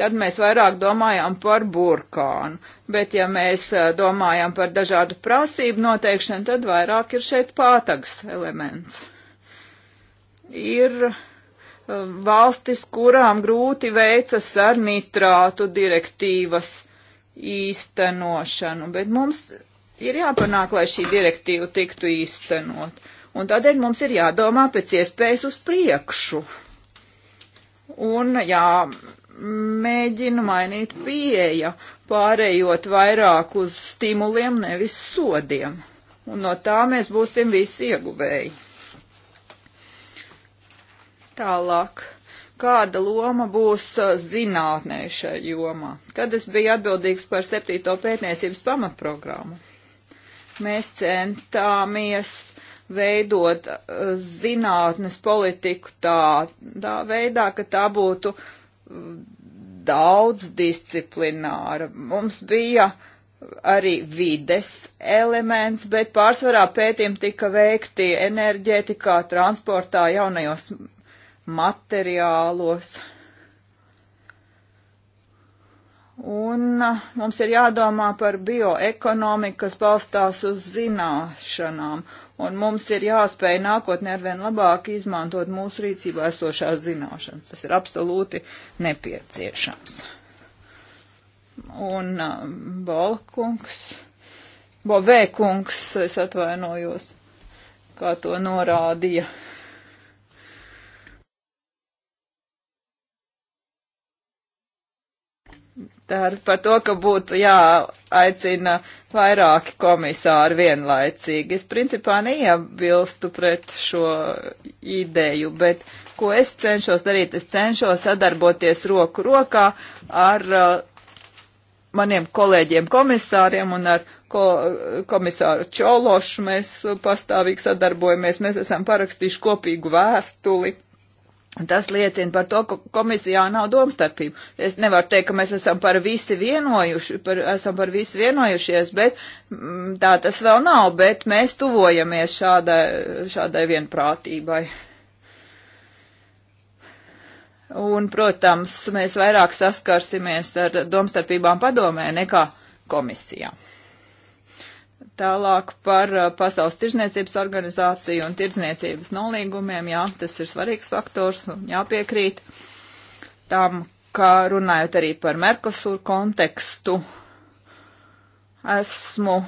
tad mēs vairāk domājam par burkānu, bet ja mēs uh, domājam par dažādu prasību noteikšanu, tad vairāk ir šeit pātags elements. Ir uh, valstis, kurām grūti veicas ar nitrātu direktīvas īstenošanu, bet mums ir jāpanāk, lai šī direktīva tiktu īstenot. Un tādēļ mums ir jādomā pēc iespējas uz priekšu. Un jā, mēģinu mainīt pieeja, pārējot vairāk uz stimuliem, nevis sodiem. Un no tā mēs būsim visi ieguvēji. Tālāk kāda loma būs uh, zinātnē šajā jomā. Kad es biju atbildīgs par septīto pētniecības pamatprogrammu, mēs centāmies veidot uh, zinātnes politiku tā, tā veidā, ka tā būtu mm, daudz disciplināra. Mums bija arī vides elements, bet pārsvarā pētījumi tika veikti enerģētikā, transportā, jaunajos materiālos. Un mums ir jādomā par bioekonomiku, kas balstās uz zināšanām, un mums ir jāspēj nākotnē arvien labāk izmantot mūsu rīcībā esošās zināšanas. Tas ir absolūti nepieciešams. Un um, Balkungs, Bovēkungs, es atvainojos, kā to norādīja Tātad par to, ka būtu jāaicina vairāki komisāri vienlaicīgi. Es principā neiebilstu pret šo ideju, bet ko es cenšos darīt? Es cenšos sadarboties roku rokā ar uh, maniem kolēģiem komisāriem un ar ko, komisāru Čološu. Mēs pastāvīgi sadarbojamies, mēs esam parakstījuši kopīgu vēstuli Tas liecina par to, ka komisijā nav domstarpība. Es nevaru teikt, ka mēs esam par visi vienojuši, par, esam par visi vienojušies, bet m, mm, tā tas vēl nav, bet mēs tuvojamies šādai, šādai vienprātībai. Un, protams, mēs vairāk saskarsimies ar domstarpībām padomē nekā komisijā. Tālāk par uh, Pasaules tirzniecības organizāciju un tirzniecības nolīgumiem. Jā, tas ir svarīgs faktors un jāpiekrīt tam, kā runājot arī par Merkosur kontekstu. Esmu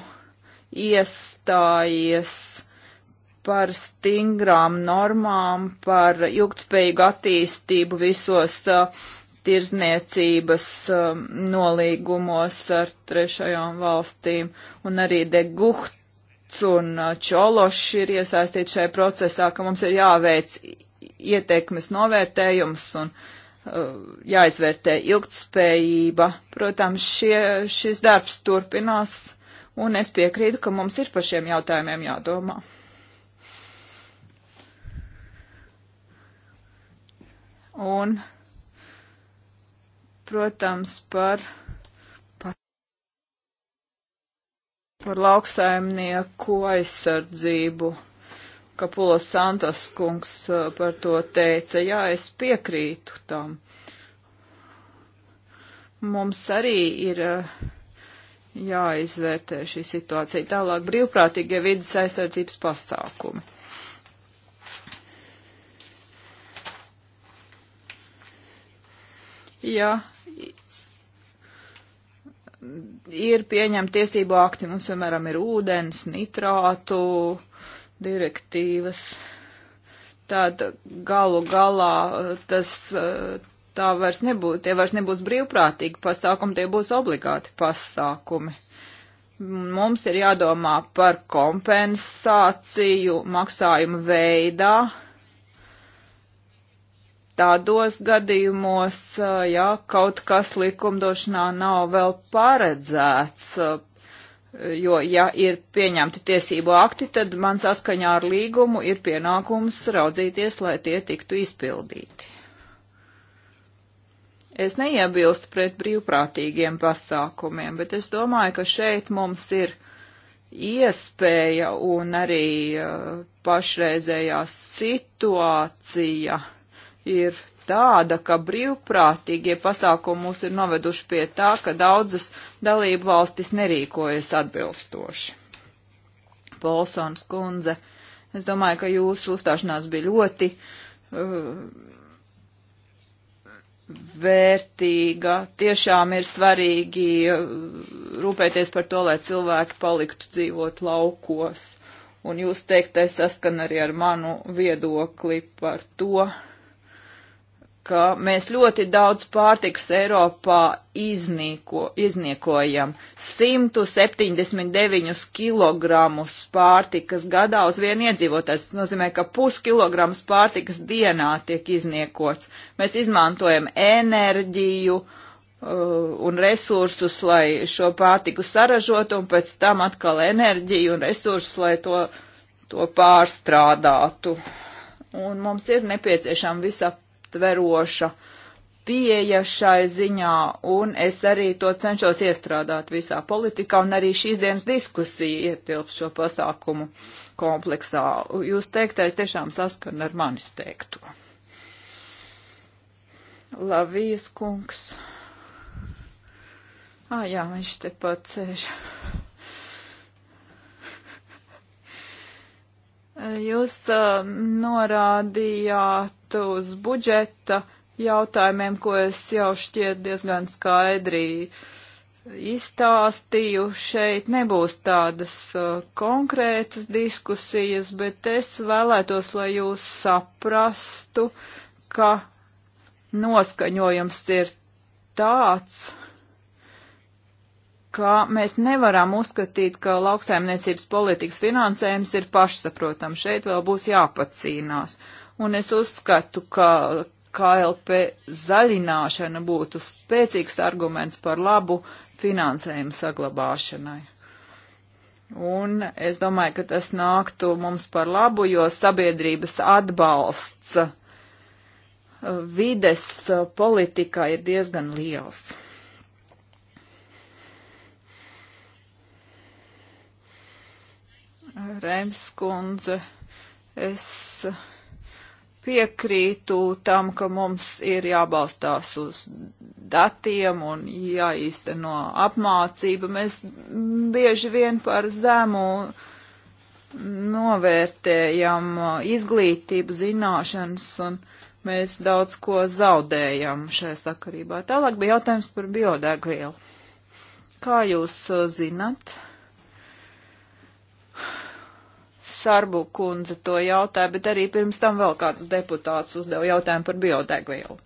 iestājies par stingrām normām, par ilgtspējīgu attīstību visos uh, tirzniecības um, nolīgumos ar trešajām valstīm, un arī Degukts un uh, Čološs ir iesaistīti šajā procesā, ka mums ir jāveic ietekmes novērtējums un uh, jāizvērtē ilgtspējība. Protams, šie, šis darbs turpinās, un es piekrītu, ka mums ir par šiem jautājumiem jādomā. Un protams, par, par, par lauksaimnieku aizsardzību. Kapulo Santos kungs uh, par to teica, jā, es piekrītu tam. Mums arī ir uh, jāizvērtē šī situācija tālāk brīvprātīgie vidas aizsardzības pasākumi. Ja ir pieņemti tiesību akti. Mums, piemēram, ir ūdens, nitrātu direktīvas. Tad galu galā eh, tas eh, tā vairs nebūs, tie vairs nebūs brīvprātīgi pasākumi, tie būs obligāti pasākumi. Mums ir jādomā par kompensāciju maksājumu veidā tādos gadījumos, eh, ja kaut kas likumdošanā nav vēl paredzēts, eh, jo, ja ir pieņemti tiesību akti, tad man saskaņā ar līgumu ir pienākums raudzīties, lai tie tiktu izpildīti. Es neiebilstu pret brīvprātīgiem pasākumiem, bet es domāju, ka šeit mums ir iespēja un arī uh, pašreizējā situācija uh, ir tāda, ka brīvprātīgie pasākumi mūs ir noveduši pie tā, ka daudzas dalību valstis nerīkojas atbilstoši. Polsons kundze, es domāju, ka jūsu uzstāšanās bija ļoti uh, vērtīga. Tiešām ir svarīgi uh, rūpēties par to, lai cilvēki paliktu dzīvot laukos. Un jūs teiktais saskan arī ar manu viedokli par to, ka mēs ļoti daudz pārtikas Eiropā iznīko, izniekojam. 179 kilogramus pārtikas gadā uz vienu iedzīvotāju. Tas nozīmē, ka puskilograms pārtikas dienā tiek izniekots. Mēs izmantojam enerģiju uh, un resursus, lai šo pārtiku saražotu, un pēc tam atkal enerģiju un resursus, lai to, to pārstrādātu. Un mums ir nepieciešama visa visaptveroša pieeja šai ziņā, un es arī to cenšos iestrādāt visā politikā, un arī šīs dienas diskusija ietilps šo pasākumu kompleksā. Jūs teiktais tiešām saskan ar manis teikto. Lavijas kungs. Ā, ah, jā, viņš te pat sēž. Jūs uh, norādījāt uz budžeta jautājumiem, ko es jau šķiet diezgan skaidri izstāstīju. Šeit nebūs tādas uh, konkrētas diskusijas, bet es vēlētos, lai jūs saprastu, ka noskaņojums ir tāds, ka mēs nevaram uzskatīt, ka lauksaimniecības politikas finansējums ir pašsaprotams. Šeit vēl būs jāpacīnās. Uh, un es uzskatu, ka KLP zaļināšana būtu spēcīgs arguments par labu finansējumu saglabāšanai. Un es domāju, ka tas nāktu mums par labu, jo sabiedrības atbalsts uh, vides uh, politikā ir diezgan liels. Rēms kundze, es. Uh, piekrītu tam, ka mums ir jābalstās uz datiem un jāīsteno apmācība. Mēs bieži vien par zemu novērtējam izglītību, zināšanas un mēs daudz ko zaudējam šajā sakarībā. Tālāk bija jautājums par biodegvielu. Kā jūs uh, zinat? Sarbu kundze to jautāja, bet arī pirms tam vēl kāds deputāts uzdeva jautājumu par biodegvielu.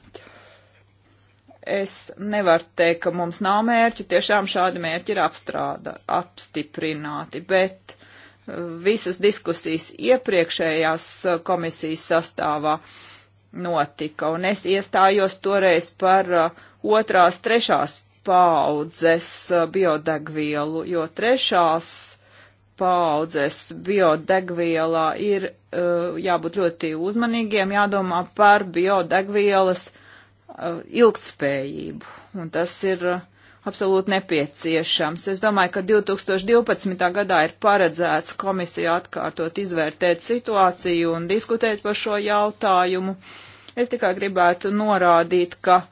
Es nevaru teikt, ka mums nav mērķi, tiešām šādi mērķi ir apstrāda, apstiprināti, bet uh, visas diskusijas iepriekšējās uh, komisijas sastāvā notika, un es iestājos toreiz par uh, otrās, trešās paudzes biodegvielu, jo trešās paudzes biodegvielā ir uh, jābūt ļoti uzmanīgiem, jādomā par biodegvielas uh, ilgtspējību. Un tas ir uh, absolūti nepieciešams. Es domāju, ka 2012. gadā ir paredzēts komisija atkārtot izvērtēt situāciju un diskutēt par šo jautājumu. Es tikai gribētu norādīt, ka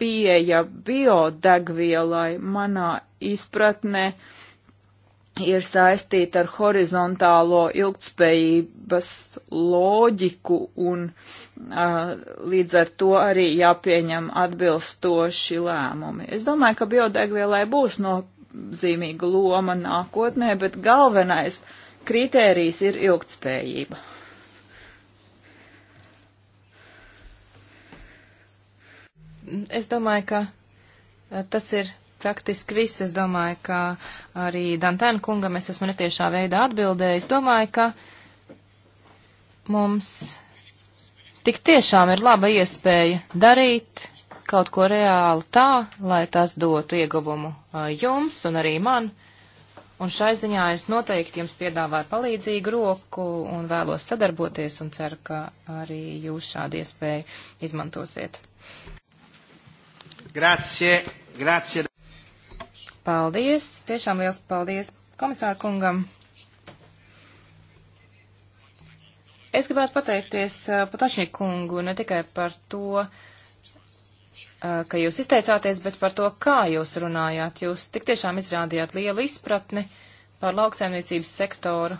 pieeja biodegvielai manā izpratnē uh, ir saistīta ar horizontālo ilgtspējības loģiku un uh, līdz ar to arī jāpieņem atbilstoši lēmumi. Es domāju, ka biodegvielai būs nozīmīga loma nākotnē, bet galvenais kritērijs ir ilgtspējība.
Es domāju, ka tas ir praktiski viss. Es domāju, ka arī Dantēna kungam es esmu netiešā veidā atbildējis. Domāju, ka mums tik tiešām ir laba iespēja darīt kaut ko reāli tā, lai tas dotu ieguvumu uh, jums un arī man. Un šai ziņā es noteikti jums piedāvāju palīdzīgu roku un vēlos sadarboties un ceru, ka arī jūs šādu iespēju izmantosiet.
Grazie, grazie.
Paldies, tiešām liels paldies komisāru kungam. Es gribētu pateikties uh, eh, Patašņiku kungu ne tikai par to, eh, ka jūs izteicāties, bet par to, kā jūs runājāt. Jūs tik tiešām izrādījāt lielu izpratni par lauksaimniecības sektoru.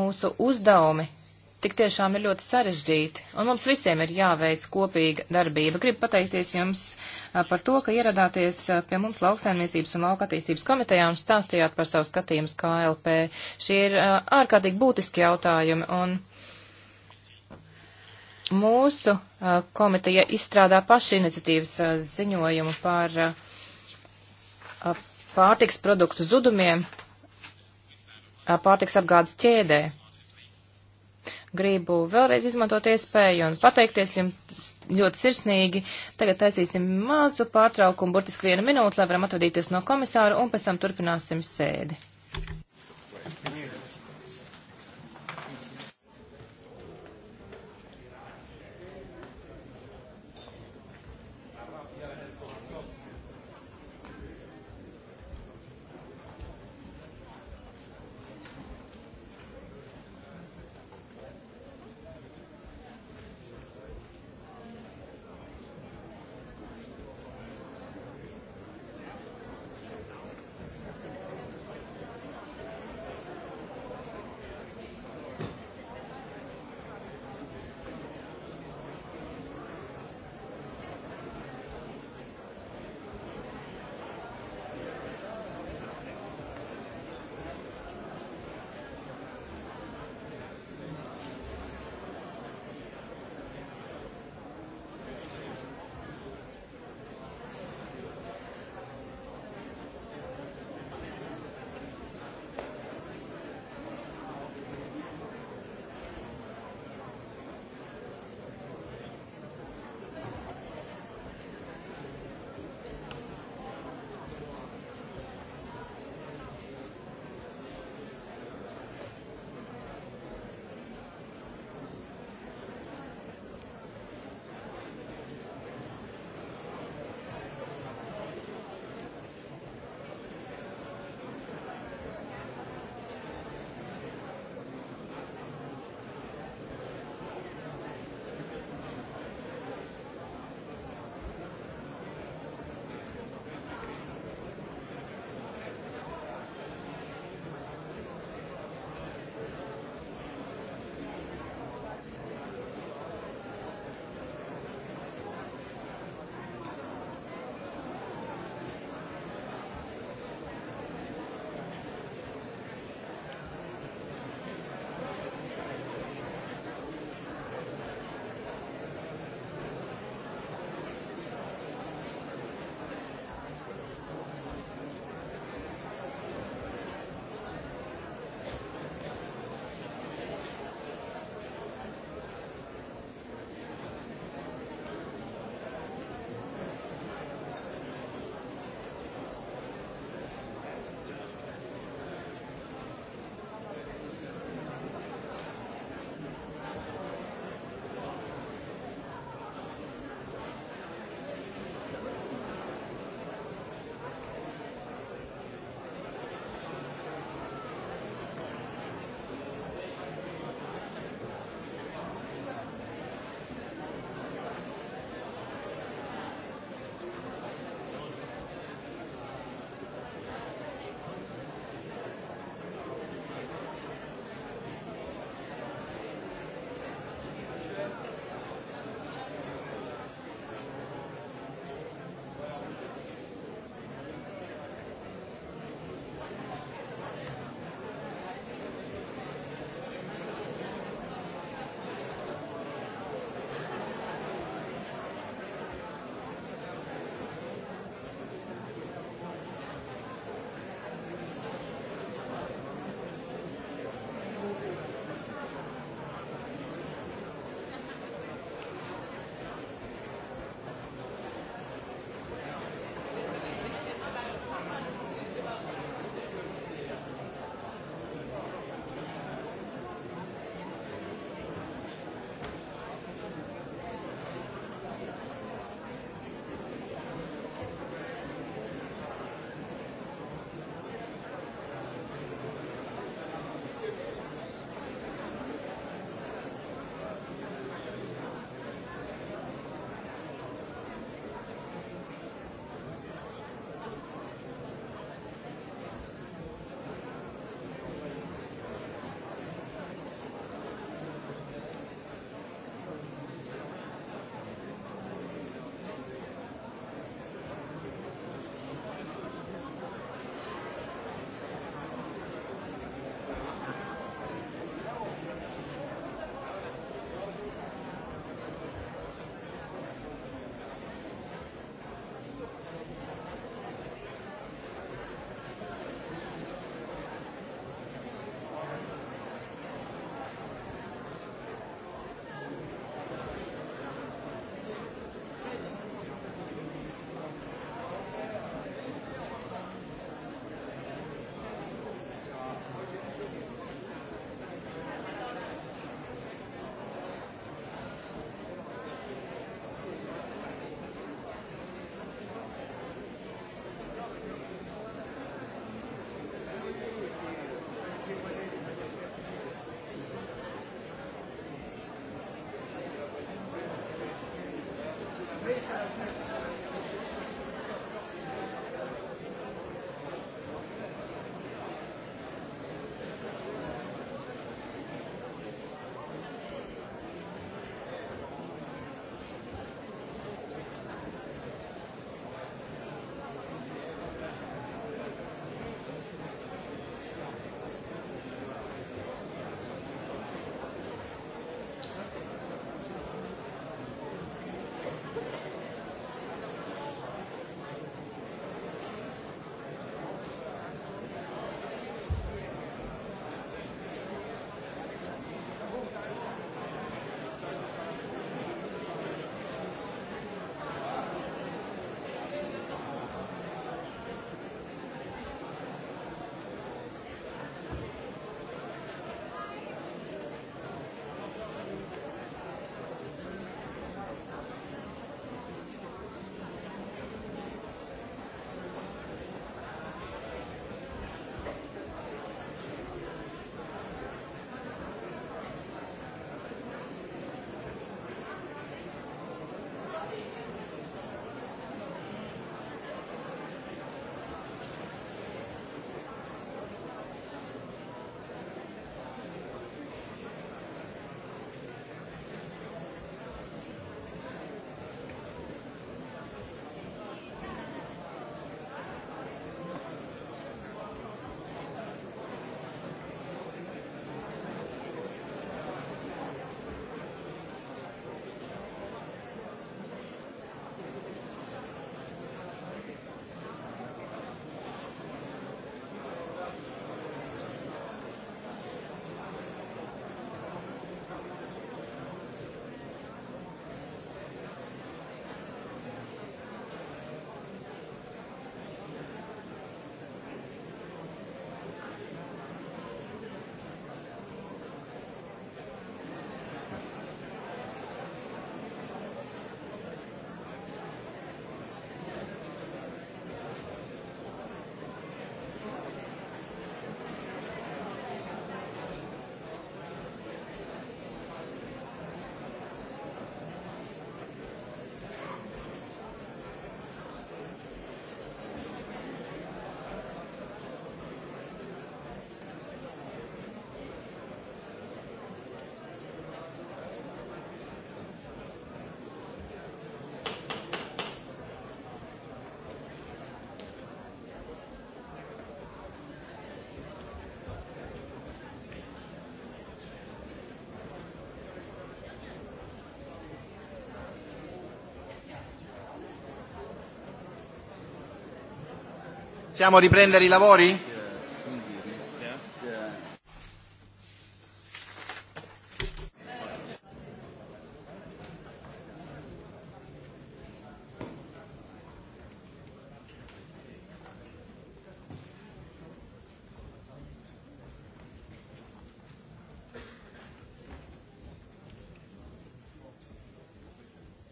Mūsu uzdevumi tik tiešām ir ļoti sarežģīti, un mums visiem ir jāveic kopīga darbība. Gribu pateikties jums par to, ka ieradāties pie mums lauksaimniecības un lauka attīstības komitejā un stāstījāt par savu skatījumus KLP. Šie ir ārkārtīgi būtiski jautājumi, un mūsu komiteja izstrādā paši iniciatīvas ziņojumu par pārtiks produktu zudumiem pārtiks apgādes ķēdē gribu vēlreiz izmantot iespēju un pateikties jums ļoti sirsnīgi. Tagad taisīsim mazu pārtraukumu, burtiski vienu minūti, lai varam atvadīties no komisāra un pēc tam turpināsim sēdi. Right. Possiamo riprendere i lavori?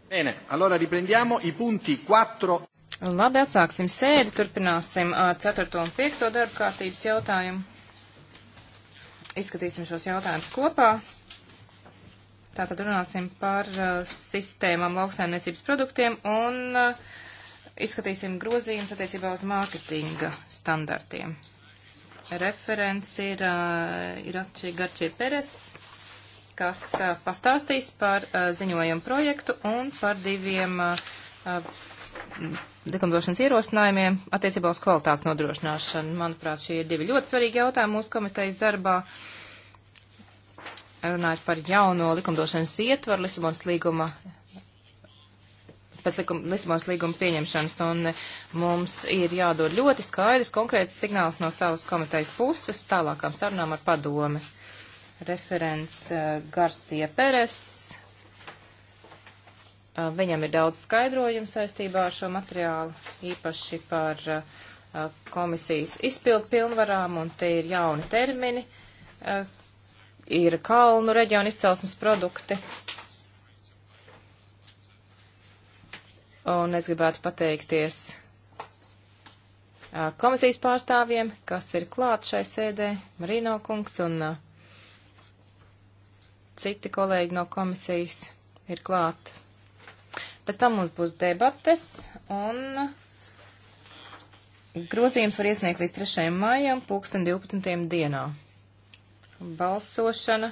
Bene, allora riprendiamo i punti 4.
Labi, atsāksim sēdi, turpināsim ar 4. un 5. darba kārtības jautājumu. Izskatīsim šos jautājumus kopā. Tātad runāsim par uh, sistēmām lauksaimniecības produktiem un uh, izskatīsim grozījumus attiecībā uz mārketinga standartiem. Referents ir uh, Irači Garčie Peres, kas uh, pastāstīs par uh, ziņojumu projektu un par diviem uh, likumdošanas ierosinājumiem attiecībā uz kvalitātes nodrošināšanu. Manuprāt, šie ir divi ļoti svarīgi jautājumi mūsu komitejas darbā. Runājot par jauno likumdošanas ietvaru Lisabonas līguma pēc likuma, Lisabonas līguma pieņemšanas, un mums ir jādod ļoti skaidrs, konkrēts signāls no savas komitejas puses tālākām sarunām ar padomi. Referents eh, Garcija Peres Uh, viņam ir daudz skaidrojumu saistībā ar šo materiālu, īpaši par uh, uh, komisijas izpildu pilnvarām, un te ir jauni termini, ir kalnu reģionu izcelsmes produkti. Un es gribētu pateikties komisijas pārstāvjiem, kas ir klāt šai sēdē, Marino kungs un citi kolēģi no komisijas ir klāt Pēc tam mums būs debates un grozījums var iesniegt līdz 3. maijam, pulksten 12. dienā. Balsošana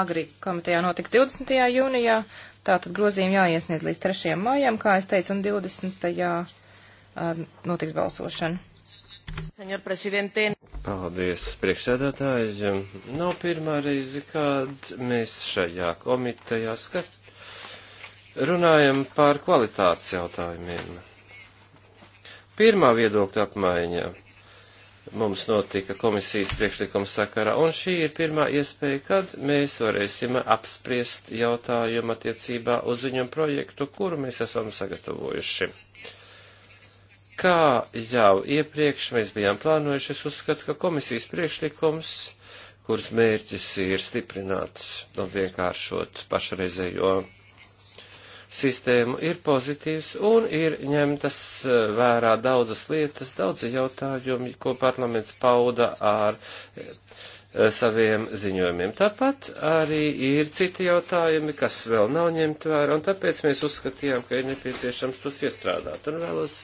agri komitejā notiks 20. jūnijā, tātad grozījumi jāiesniedz līdz 3. maijam, kā es teicu, un 20. notiks balsošana.
Paldies, priekšsēdētāji. Nav pirmā reize, kad mēs šajā komitejā skatām Runājam par kvalitātes jautājumiem. Pirmā viedokļa apmaiņa mums notika komisijas priekšlikuma sakarā, un šī ir pirmā iespēja, kad mēs varēsim apspriest jautājumu attiecībā uz viņam projektu, kuru mēs esam sagatavojuši. Kā jau iepriekš mēs bijām plānojuši, es uzskatu, ka komisijas priekšlikums, kuras mērķis ir stiprināt un vienkāršot pašreizējo sistēmu ir pozitīvs un ir ņemtas eh, vērā daudzas lietas, daudzi jautājumi, ko parlaments pauda ar eh, saviem ziņojumiem. Tāpat arī ir citi jautājumi, kas vēl nav ņemti vērā, un tāpēc mēs uzskatījām, ka ir nepieciešams tos iestrādāt. Un vēlos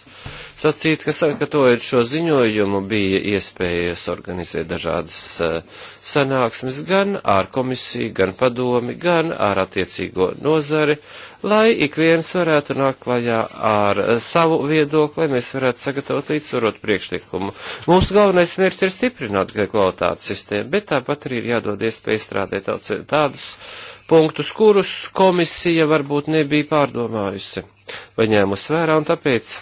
sacīt, ka sagatavojot šo ziņojumu bija iespējas organizēt dažādas eh, sanāksmes gan ar komisiju, gan padomi, gan ar attiecīgo nozari, lai ik viens varētu nākt klajā ar savu viedokli, lai mēs varētu sagatavot līdzsvarot priekšlikumu. Mūsu galvenais mērķis ir stiprināt kvalitātes sistēmu, bet tāpat arī ir jādod iespēja izstrādēt tādus punktus, kurus komisija varbūt nebija pārdomājusi vai ņēmusi vērā, un tāpēc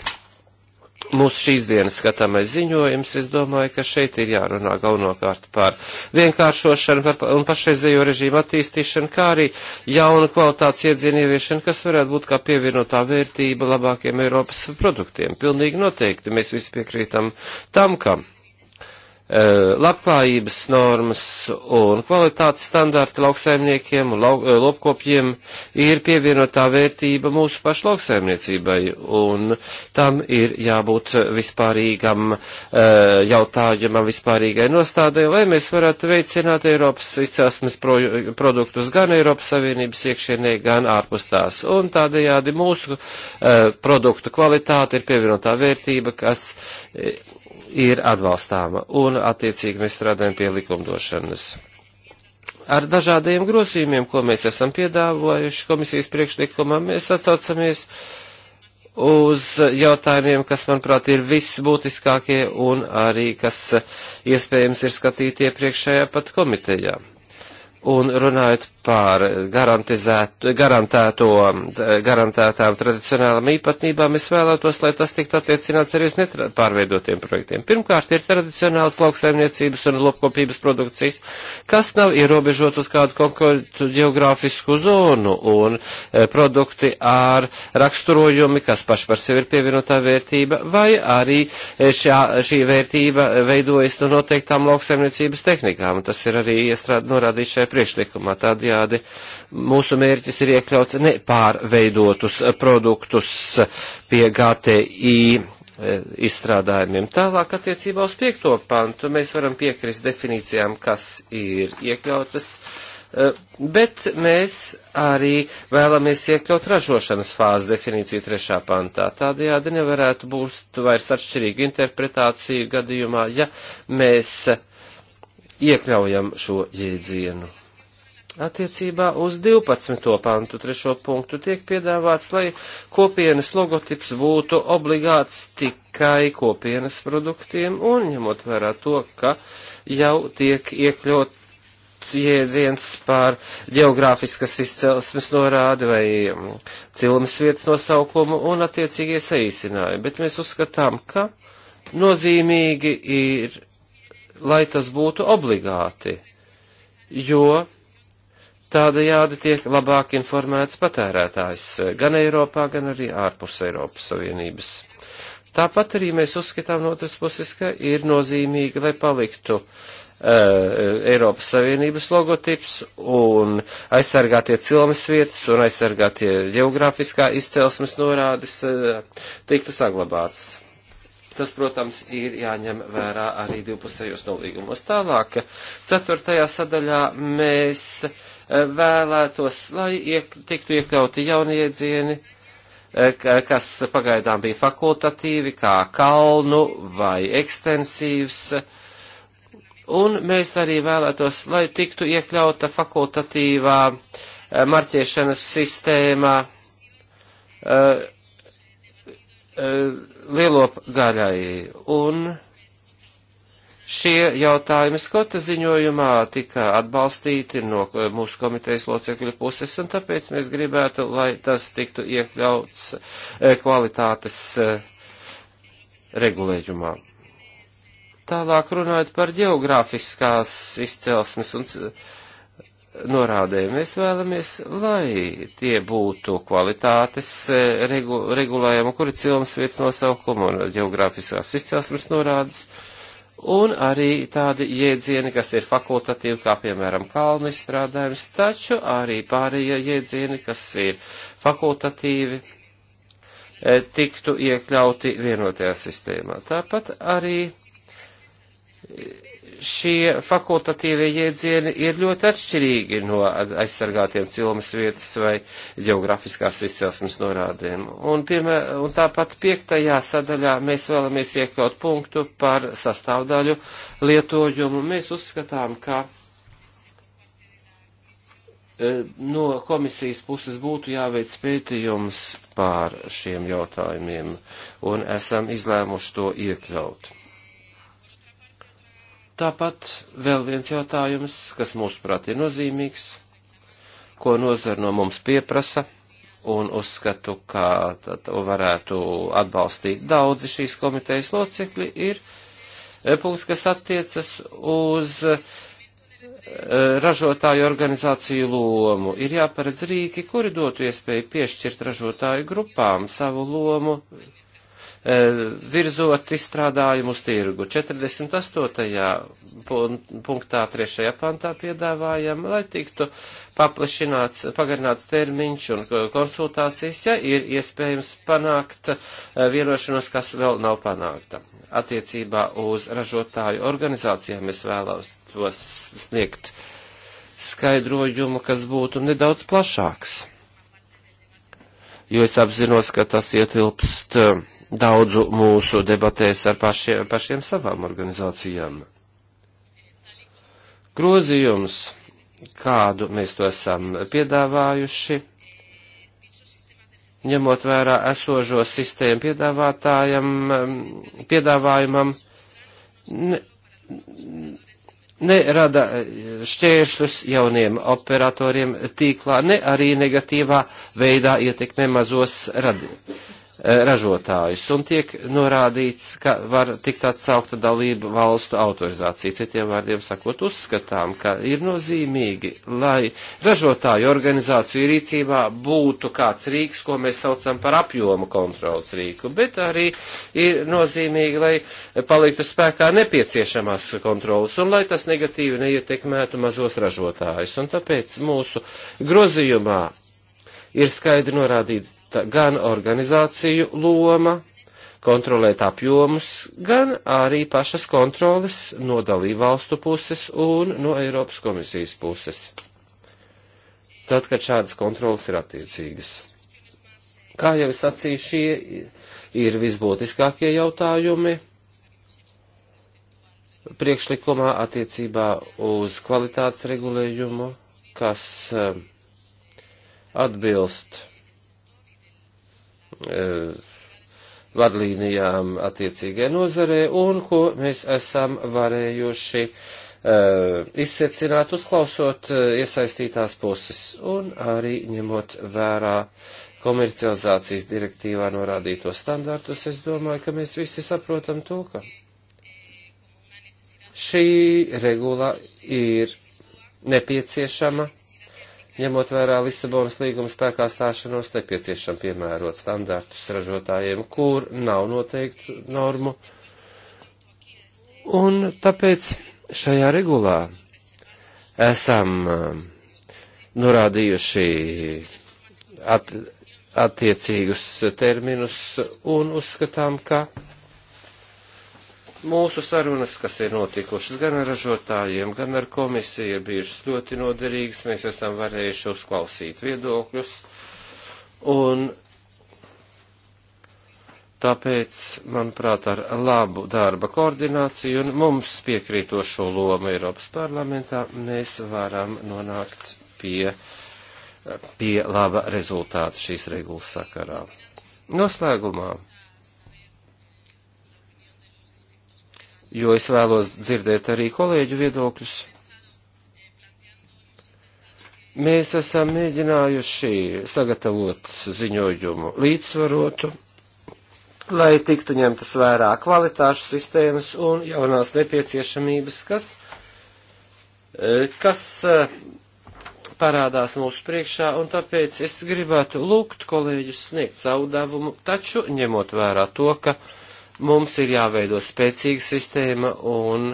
mūsu šīs dienas skatāmais ziņojums, es domāju, ka šeit ir jārunā galvenokārt par vienkāršošanu un pašreizējo režīmu attīstīšanu, kā arī jaunu kvalitātes iedzienu ieviešanu, kas varētu būt kā pievienotā vērtība labākiem Eiropas produktiem. Pilnīgi noteikti mēs visi piekrītam tam, kam Eh, labklājības normas un kvalitātes standarti lauksaimniekiem un lau, eh, lopkopjiem ir pievienotā vērtība mūsu pašu lauksaimniecībai, un tam ir jābūt vispārīgam eh, jautājumam, vispārīgai nostādai, lai mēs varētu veicināt Eiropas izcelsmes pro, produktus gan Eiropas Savienības iekšienē, gan ārpus tās. Un tādējādi mūsu produktu kvalitāte ir pievienotā vērtība, kas ir atbalstāma, un attiecīgi mēs strādājam pie likumdošanas. Ar dažādiem grozījumiem, ko mēs esam piedāvojuši komisijas priekšlikumā, mēs atsaucamies uz jautājumiem, kas, manuprāt, ir visbūtiskākie un arī, kas iespējams ir skatīti iepriekšējā pat komitejā. Un runājot par garantēto, garantētām tradicionālām īpatnībām, es vēlētos, lai tas tiktu attiecināts arī uz nepārveidotiem projektiem. Pirmkārt, ir tradicionāls lauksaimniecības un lopkopības produkcijas, kas nav ierobežots uz kādu konkrētu geogrāfisku zonu un e, produkti ar raksturojumi, kas paši par sevi ir pievienotā vērtība, vai arī e, šā, šī vērtība veidojas no noteiktām lauksaimniecības tehnikām. Tas ir arī iestrād, norādīts šajā priekšlikumā. Tādēļ tādējādi mūsu mērķis ir iekļauts nepārveidotus produktus pie GTI eh, izstrādājumiem. Tālāk attiecībā uz piekto pantu mēs varam piekrist definīcijām, kas ir iekļautas, eh, bet mēs arī vēlamies iekļaut ražošanas fāzi definīciju trešā pantā. Tādējādi nevarētu būt vairs atšķirīga interpretācija gadījumā, ja mēs iekļaujam šo jēdzienu. Attiecībā uz 12. pantu trešo punktu tiek piedāvāts, lai kopienas logotips būtu obligāts tikai kopienas produktiem un ņemot vērā to, ka jau tiek iekļauts jēdziens par geogrāfiskas izcelsmes norādi vai mm, cilmes vietas nosaukumu un attiecīgie saīsinājumi, bet mēs uzskatām, ka nozīmīgi ir, lai tas būtu obligāti, jo Tādējādi tiek labāk informēts patērētājs gan Eiropā, gan arī ārpus Eiropas Savienības. Tāpat arī mēs uzskatām no otras puses, ka ir nozīmīgi, lai paliktu uh, Eiropas Savienības logotips un aizsargātie cilmes vietas un aizsargātie geogrāfiskā izcelsmes norādes uh, tiktu saglabāts. Tas, protams, ir jāņem vērā arī divpusējos nolīgumos. Tālāk, ceturtajā sadaļā mēs uh, vēlētos, lai iek, tiktu iekļauti jauniedzieni, eh, kas pagaidām bija fakultatīvi, kā kalnu vai ekstensīvs, un mēs arī vēlētos, lai tiktu iekļauta fakultatīvā eh, marķiešanas sistēmā eh, lielopgaļai. Un Šie jautājumi Skota ziņojumā tika atbalstīti no eh, mūsu komitejas locekļu puses, un tāpēc mēs gribētu, lai tas tiktu iekļauts eh, kvalitātes eh, regulējumā. Tālāk runājot par geogrāfiskās izcelsmes un norādēm, mēs vēlamies, lai tie būtu kvalitātes regu, regulējumi, kuri cilvēks vietas nosaukumu un geogrāfiskās izcelsmes norādes. Uh, un arī tādi jēdzieni, kas ir fakultatīvi, kā piemēram kalnu izstrādājums, taču arī pārējie jēdzieni, kas ir fakultatīvi, e, tiktu iekļauti vienotajā sistēmā. Tāpat arī šie fakultatīvie jēdzieni ir ļoti atšķirīgi no aizsargātiem cilvēks vietas vai geografiskās izcelsmes norādēm. Un, pirmā, un tāpat piektajā sadaļā mēs vēlamies iekļaut punktu par sastāvdaļu lietojumu. Mēs uzskatām, ka e, no komisijas puses būtu jāveic pētījums pār šiem jautājumiem, un esam izlēmuši to iekļaut. Tāpat vēl viens jautājums, kas mūsuprāt ir nozīmīgs, ko nozara no mums pieprasa, un uzskatu, ka to varētu atbalstīt daudzi šīs komitejas locekļi, ir e, punkts, kas attiecas uz e, ražotāju organizāciju lomu. Ir jāparedz rīki, kuri dotu iespēju piešķirt ražotāju grupām savu lomu E, virzot izstrādājumu uz tirgu. 48. punktā 3. pantā piedāvājam, lai tiktu paplašināts, pagarināts termiņš un konsultācijas, ja ir iespējams panākt e, vienošanos, kas vēl nav panākta. Attiecībā uz ražotāju organizācijām es vēlos tos sniegt skaidrojumu, kas būtu nedaudz plašāks. Jo es apzinos, ka tas ietilpst uh, daudzu mūsu debatēs ar pašiem, pašiem savām organizācijām. Grozījums, kādu mēs to esam piedāvājuši, ņemot vērā esožo sistēmu piedāvātājam, mm, piedāvājumam, ne, nerada šķēršļus jauniem operatoriem tīklā, ne arī negatīvā veidā ietekmē mazos radi, Eh, ražotājus, un tiek norādīts, ka var tikt atsaukta dalība valstu autorizācija. Citiem vārdiem sakot, uzskatām, ka ir nozīmīgi, lai ražotāju organizāciju rīcībā būtu kāds rīks, ko mēs saucam par apjomu kontrols rīku, bet arī ir nozīmīgi, lai paliktu spēkā nepieciešamās kontrolas un lai tas negatīvi neietekmētu mazos ražotājus. Un tāpēc mūsu grozījumā ir skaidri norādīts jāskata gan organizāciju loma, kontrolēt apjomus, gan arī pašas kontroles no dalībvalstu puses un no Eiropas komisijas puses. Tad, kad šādas kontrolas ir attiecīgas. Kā jau es sacīju, šie ir visbūtiskākie jautājumi priekšlikumā attiecībā uz kvalitātes regulējumu, kas eh, atbilst Eh, vadlīnijām attiecīgai nozarē un ko mēs esam varējuši eh, izsecināt, uzklausot eh, iesaistītās puses un arī ņemot vērā komercializācijas direktīvā norādīto standartus, es domāju, ka mēs visi saprotam to, ka šī regula ir nepieciešama ņemot vērā Lisabonas līguma spēkā stāšanos, nepieciešam piemērot standārtus ražotājiem, kur nav noteiktu normu. Un tāpēc šajā regulā esam um, norādījuši at, attiecīgus terminus un uzskatām, ka Mūsu sarunas, kas ir notikušas gan ar ražotājiem, gan ar komisiju, ir bijušas ļoti noderīgas. Mēs esam varējuši uzklausīt viedokļus. Un tāpēc, manuprāt, ar labu darba koordināciju un mums piekrītošo lomu Eiropas parlamentā mēs varam nonākt pie, pie laba rezultāta šīs regulas sakarā. Noslēgumā jo es vēlos dzirdēt arī kolēģu viedokļus. Mēs esam mēģinājuši sagatavot ziņojumu līdzsvarotu, lai tiktu ņemtas vērā kvalitāšu sistēmas un jaunās nepieciešamības, kas, e, kas e, parādās mūsu priekšā, un tāpēc es gribētu lūgt kolēģus sniegt savu devumu, taču ņemot vērā to, ka uh, Mums ir jāveido spēcīga sistēma un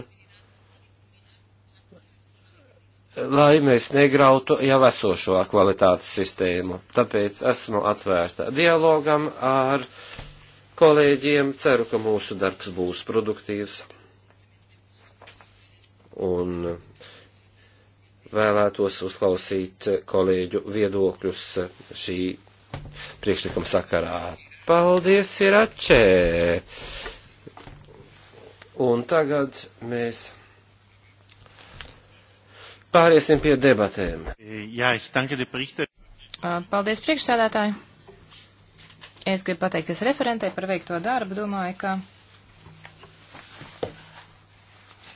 lai mēs negrautu jau esošo kvalitātes sistēmu. Tāpēc esmu atvērta dialogam ar kolēģiem. Ceru, ka mūsu darbs būs produktīvs. Un vēlētos uzklausīt kolēģu viedokļus šī priekšlikuma sakarā. Paldies, Iračē! Un tagad mēs pāriesim pie debatēm. Jā, es tanki deprichte.
Paldies, priekšsēdētāji! Es gribu pateikties referentei par veikto darbu. Domāju, ka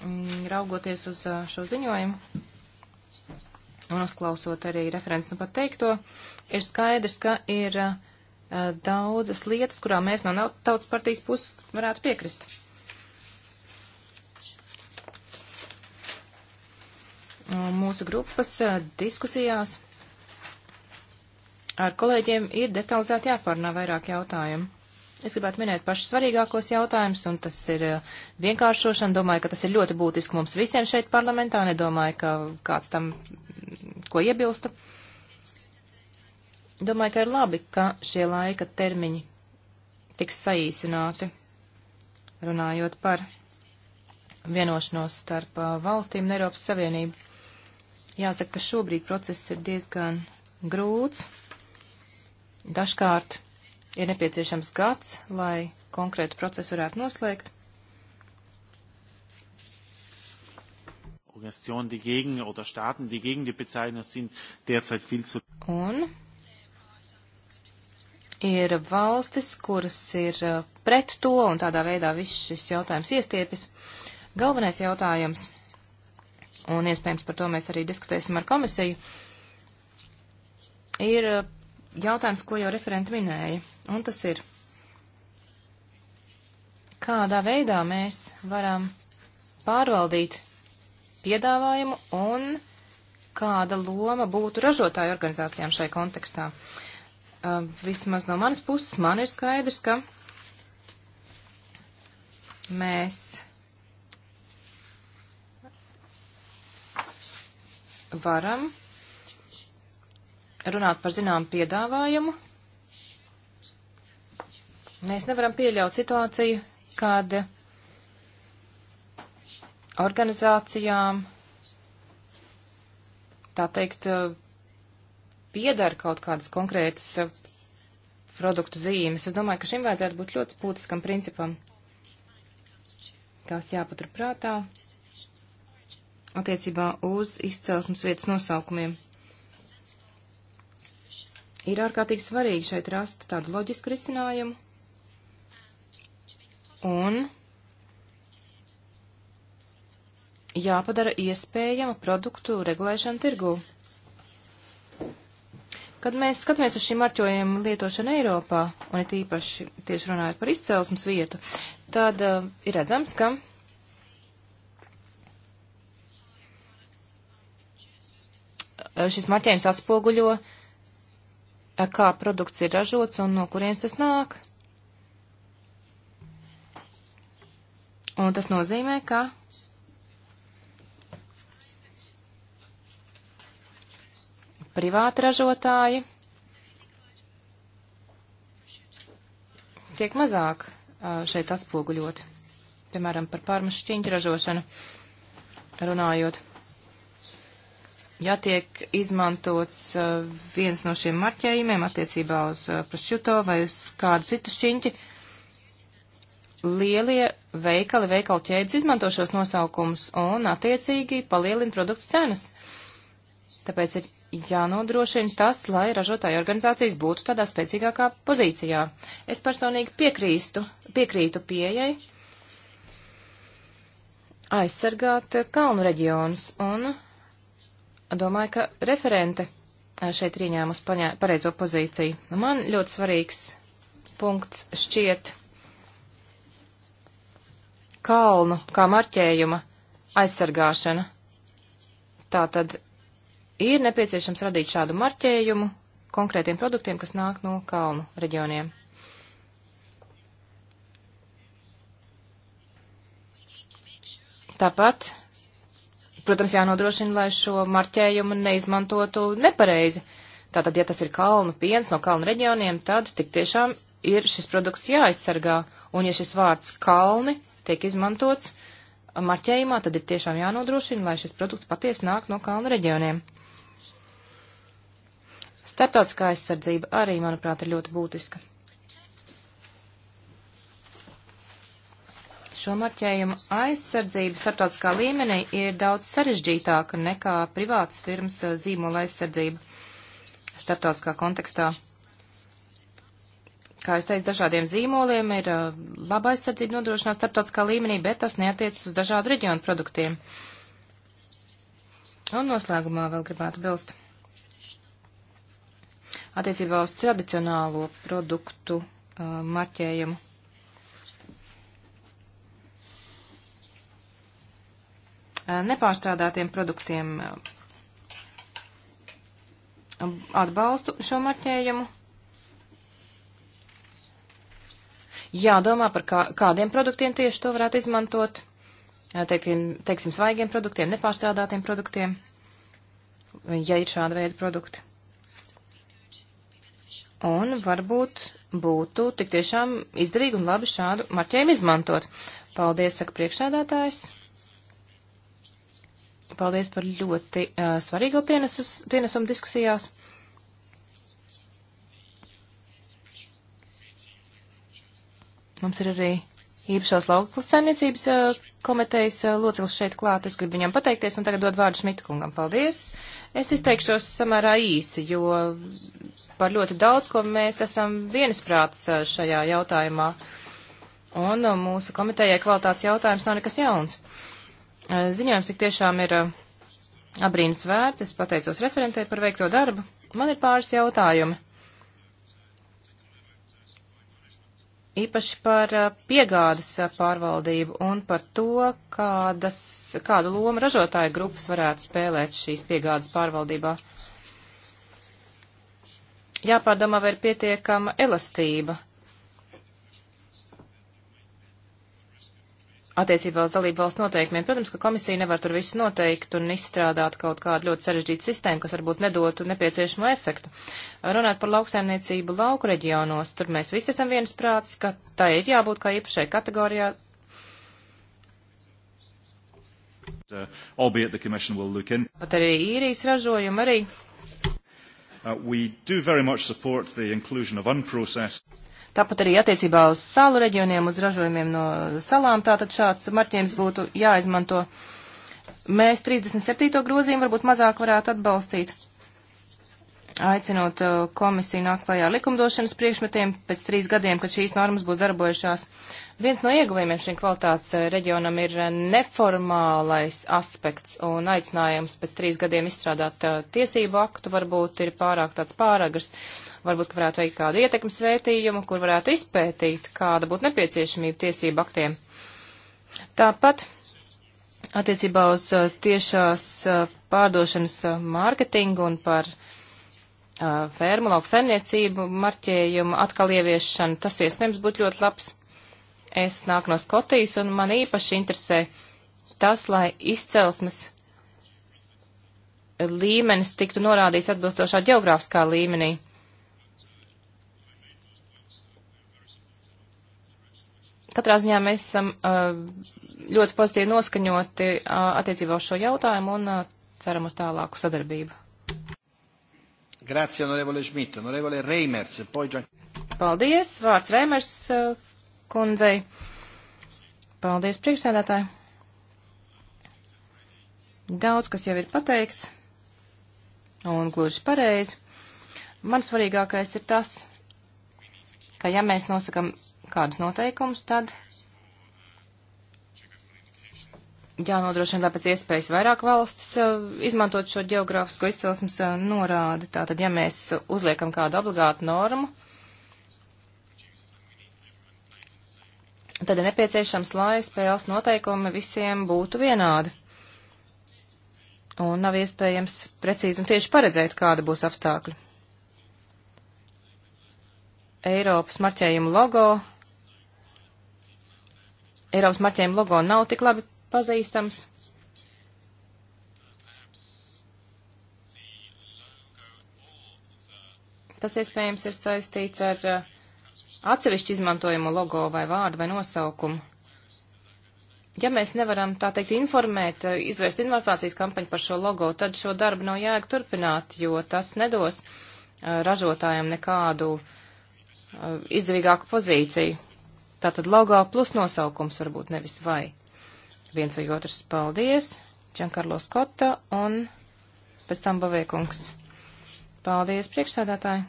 mm, raugoties uz šo ziņojumu un uzklausot arī referents nu pat teikto, ir skaidrs, ka ir uh, Eh, daudzas lietas, kurām mēs no tautas partijas puses varētu piekrist. Mūsu grupas eh, diskusijās ar kolēģiem ir detalizēti jāpārnā vairāk jautājumu. Es gribētu minēt pašus svarīgākos jautājumus, un tas ir eh, vienkāršošana. Domāju, ka tas ir ļoti būtiski mums visiem šeit parlamentā. Nedomāju, ka kāds tam mm, ko iebilstu. Uh, Domāju, ka ir labi, ka šie laika termiņi tiks saīsināti, runājot par vienošanos starp uh, valstīm un Eiropas Savienību. Jāsaka, ka šobrīd process ir diezgan grūts. Dažkārt ir nepieciešams gads, lai konkrētu procesu varētu noslēgt.
Organisationen, die gegen oder Staaten, die gegen die Bezeichnung sind, derzeit viel zu.
Und ir valstis, kuras ir uh, pret to, un tādā veidā viss šis jautājums iestiepjas. Galvenais jautājums, un iespējams par to mēs arī diskutēsim ar komisiju, ir uh, jautājums, ko jau referenti minēja, un tas ir, kādā veidā mēs varam pārvaldīt piedāvājumu un kāda loma būtu ražotāju organizācijām šai kontekstā. Uh, vismaz no manas puses man ir skaidrs, ka mēs varam runāt par zinām piedāvājumu. Mēs nevaram pieļaut situāciju, kad organizācijām, tā teikt, piedara kaut kādas konkrētas eh, produktu zīmes. Es domāju, ka šim vajadzētu būt ļoti būtiskam principam, kas jāpaturprātā attiecībā uz izcelsmes vietas nosaukumiem. Ir ārkārtīgi svarīgi šeit rast tādu loģisku risinājumu un jāpadara iespējama produktu regulēšana tirgū. Kad mēs skatāmies uz šīm marķojumu lietošanu Eiropā, un it īpaši tieši runājot par izcelsmes vietu, tad uh, ir redzams, ka šis marķējums atspoguļo, uh, kā produkts ir ražots un no kurienes tas nāk. Un tas nozīmē, ka privāti ražotāji tiek mazāk šeit atspoguļoti. Piemēram, par pārmas šķiņķu ražošanu runājot. Ja tiek izmantots viens no šiem marķējumiem attiecībā uz prosciuto vai uz kādu citu šķiņķi, lielie veikali, veikalu ķēdes izmanto šos nosaukumus un attiecīgi palielina produktu cenas. Tāpēc ir jānodrošina tas, lai ražotāju organizācijas būtu tādā spēcīgākā pozīcijā. Es personīgi piekrīstu, piekrītu pieejai aizsargāt kalnu reģionus un domāju, ka referente šeit ir ieņēmusi pareizo pozīciju. Nu, man ļoti svarīgs punkts šķiet kalnu kā marķējuma aizsargāšana. Tātad ir nepieciešams radīt šādu marķējumu konkrētiem produktiem, kas nāk no kalnu reģioniem. Tāpat, protams, jānodrošina, lai šo marķējumu neizmantotu nepareizi. Tātad, ja tas ir kalnu piens no kalnu reģioniem, tad tik tiešām ir šis produkts jāaizsargā. Un ja šis vārds kalni tiek izmantots marķējumā, tad ir tiešām jānodrošina, lai šis produkts patiesi nāk no kalnu reģioniem. Startautiskā aizsardzība arī, manuprāt, ir ļoti būtiska. Šo marķējumu aizsardzība starptautiskā līmenī ir daudz sarežģītāka nekā privātas firmas zīmola aizsardzība starptautiskā kontekstā. Kā es teicu, dažādiem zīmoliem ir laba aizsardzība nodrošināta starptautiskā līmenī, bet tas neatiecas uz dažādu reģionu produktiem. Un noslēgumā vēl gribētu bilst attiecībā uz tradicionālo produktu uh, marķējumu. Uh, nepārstrādātiem produktiem uh, atbalstu šo marķējumu. Jādomā par kā, kādiem produktiem tieši to varētu izmantot. Uh, teiksim, teiksim svaigiem produktiem, nepārstrādātiem produktiem, ja ir šāda veida produkti. Un varbūt būtu tik tiešām izdevīgi un labi šādu marķējumu izmantot. Paldies, saka priekšādātājs. Paldies par ļoti uh, svarīgo pienesus, pienesumu diskusijās. Mums ir arī īpašās laukas saimniecības uh, komitejas uh, loceklis šeit klāt. Es gribu viņam pateikties un tagad dod vārdu Šmitkungam. Paldies! Uh, Es izteikšos samērā īsi, jo par ļoti daudz, ko mēs esam vienisprāts eh, šajā jautājumā. Un eh, mūsu komitejai kvalitātes jautājums nav nekas jauns. Eh, ziņojums tik tiešām ir abrīnas vērts. Es pateicos referentē par veikto darbu. Man ir pāris jautājumi. īpaši par piegādes pārvaldību un par to, kādas, kādu lomu ražotāju grupas varētu spēlēt šīs piegādes pārvaldībā. Jāpārdomā, vai ir pietiekama elastība attiecībā uz dalību valsts noteikumiem. Protams, ka komisija nevar tur visu noteikt un izstrādāt kaut kādu ļoti sarežģītu sistēmu, kas varbūt nedotu nepieciešamo efektu. Runāt par lauksaimniecību lauku reģionos, tur mēs visi esam viens prāts, ka tā ir jābūt kā īpašai kategorijā. Uh, Pat arī īrijas ražojumu arī. Uh, we do very much support the inclusion of unprocessed Tāpat arī attiecībā uz salu reģioniem, uz ražojumiem no salām, tātad šāds marķējums būtu jāizmanto. Mēs 37. grozījumu varbūt mazāk varētu atbalstīt, aicinot uh, komisiju nākt klajā likumdošanas priekšmetiem pēc trīs gadiem, kad šīs normas būs darbojušās. Viens no ieguvējumiem šim kvalitātes uh, reģionam ir uh, neformālais aspekts un aicinājums pēc trīs gadiem izstrādāt tiesību aktu varbūt ir pārāk tāds pāragrs. Uh, varbūt, ka varētu veikt kādu ietekmes vērtījumu, kur varētu izpētīt, kāda būtu nepieciešamība tiesību aktiem. Tāpat attiecībā uz uh, tiešās uh, pārdošanas uh, mārketingu un par fermu lauksaimniecību marķējumu atkal ieviešanu, tas iespējams būtu ļoti labs. Es nāku no Skotijas un man īpaši interesē tas, lai izcelsmes līmenis tiktu norādīts atbilstošā geogrāfiskā līmenī. Katrā ziņā mēs esam eh, ļoti pozitīvi noskaņoti eh, attiecībā uz šo jautājumu un eh, ceram uz tālāku sadarbību.
Grazie, onorevole Schmidt,
onorevole Reimers, poi Gian...
Paldies, vārds Reimers kundzei. Paldies, priekšsēdētāji. Daudz, kas jau ir pateikts, un gluži pareizi. Man svarīgākais ir tas, ka ja mēs nosakam kādus noteikumus, tad jānodrošina, lai pēc iespējas vairāk valstis eh, izmantot šo geogrāfisko izcelsmes eh, norādi. Tātad, ja mēs uzliekam kādu obligātu normu, tad ir nepieciešams, lai spēles noteikumi visiem būtu vienādi. Un nav iespējams precīzi un tieši paredzēt, kāda būs apstākļa. Eiropas marķējuma logo Eiropas marķējuma logo nav tik labi pazīstams. Tas iespējams ir saistīts ar uh, atsevišķi izmantojumu logo vai vārdu vai nosaukumu. Ja mēs nevaram, tā teikt, informēt, uh, izvērst informācijas kampaņu par šo logo, tad šo darbu nav jēga turpināt, jo tas nedos uh, ražotājiem nekādu uh, izdevīgāku pozīciju. Tātad logā plus nosaukums varbūt nevis vai. Viens vai otrs paldies. Čankarlo Skota un pēc tam Bavēkungs. Paldies, priekšsādātāji.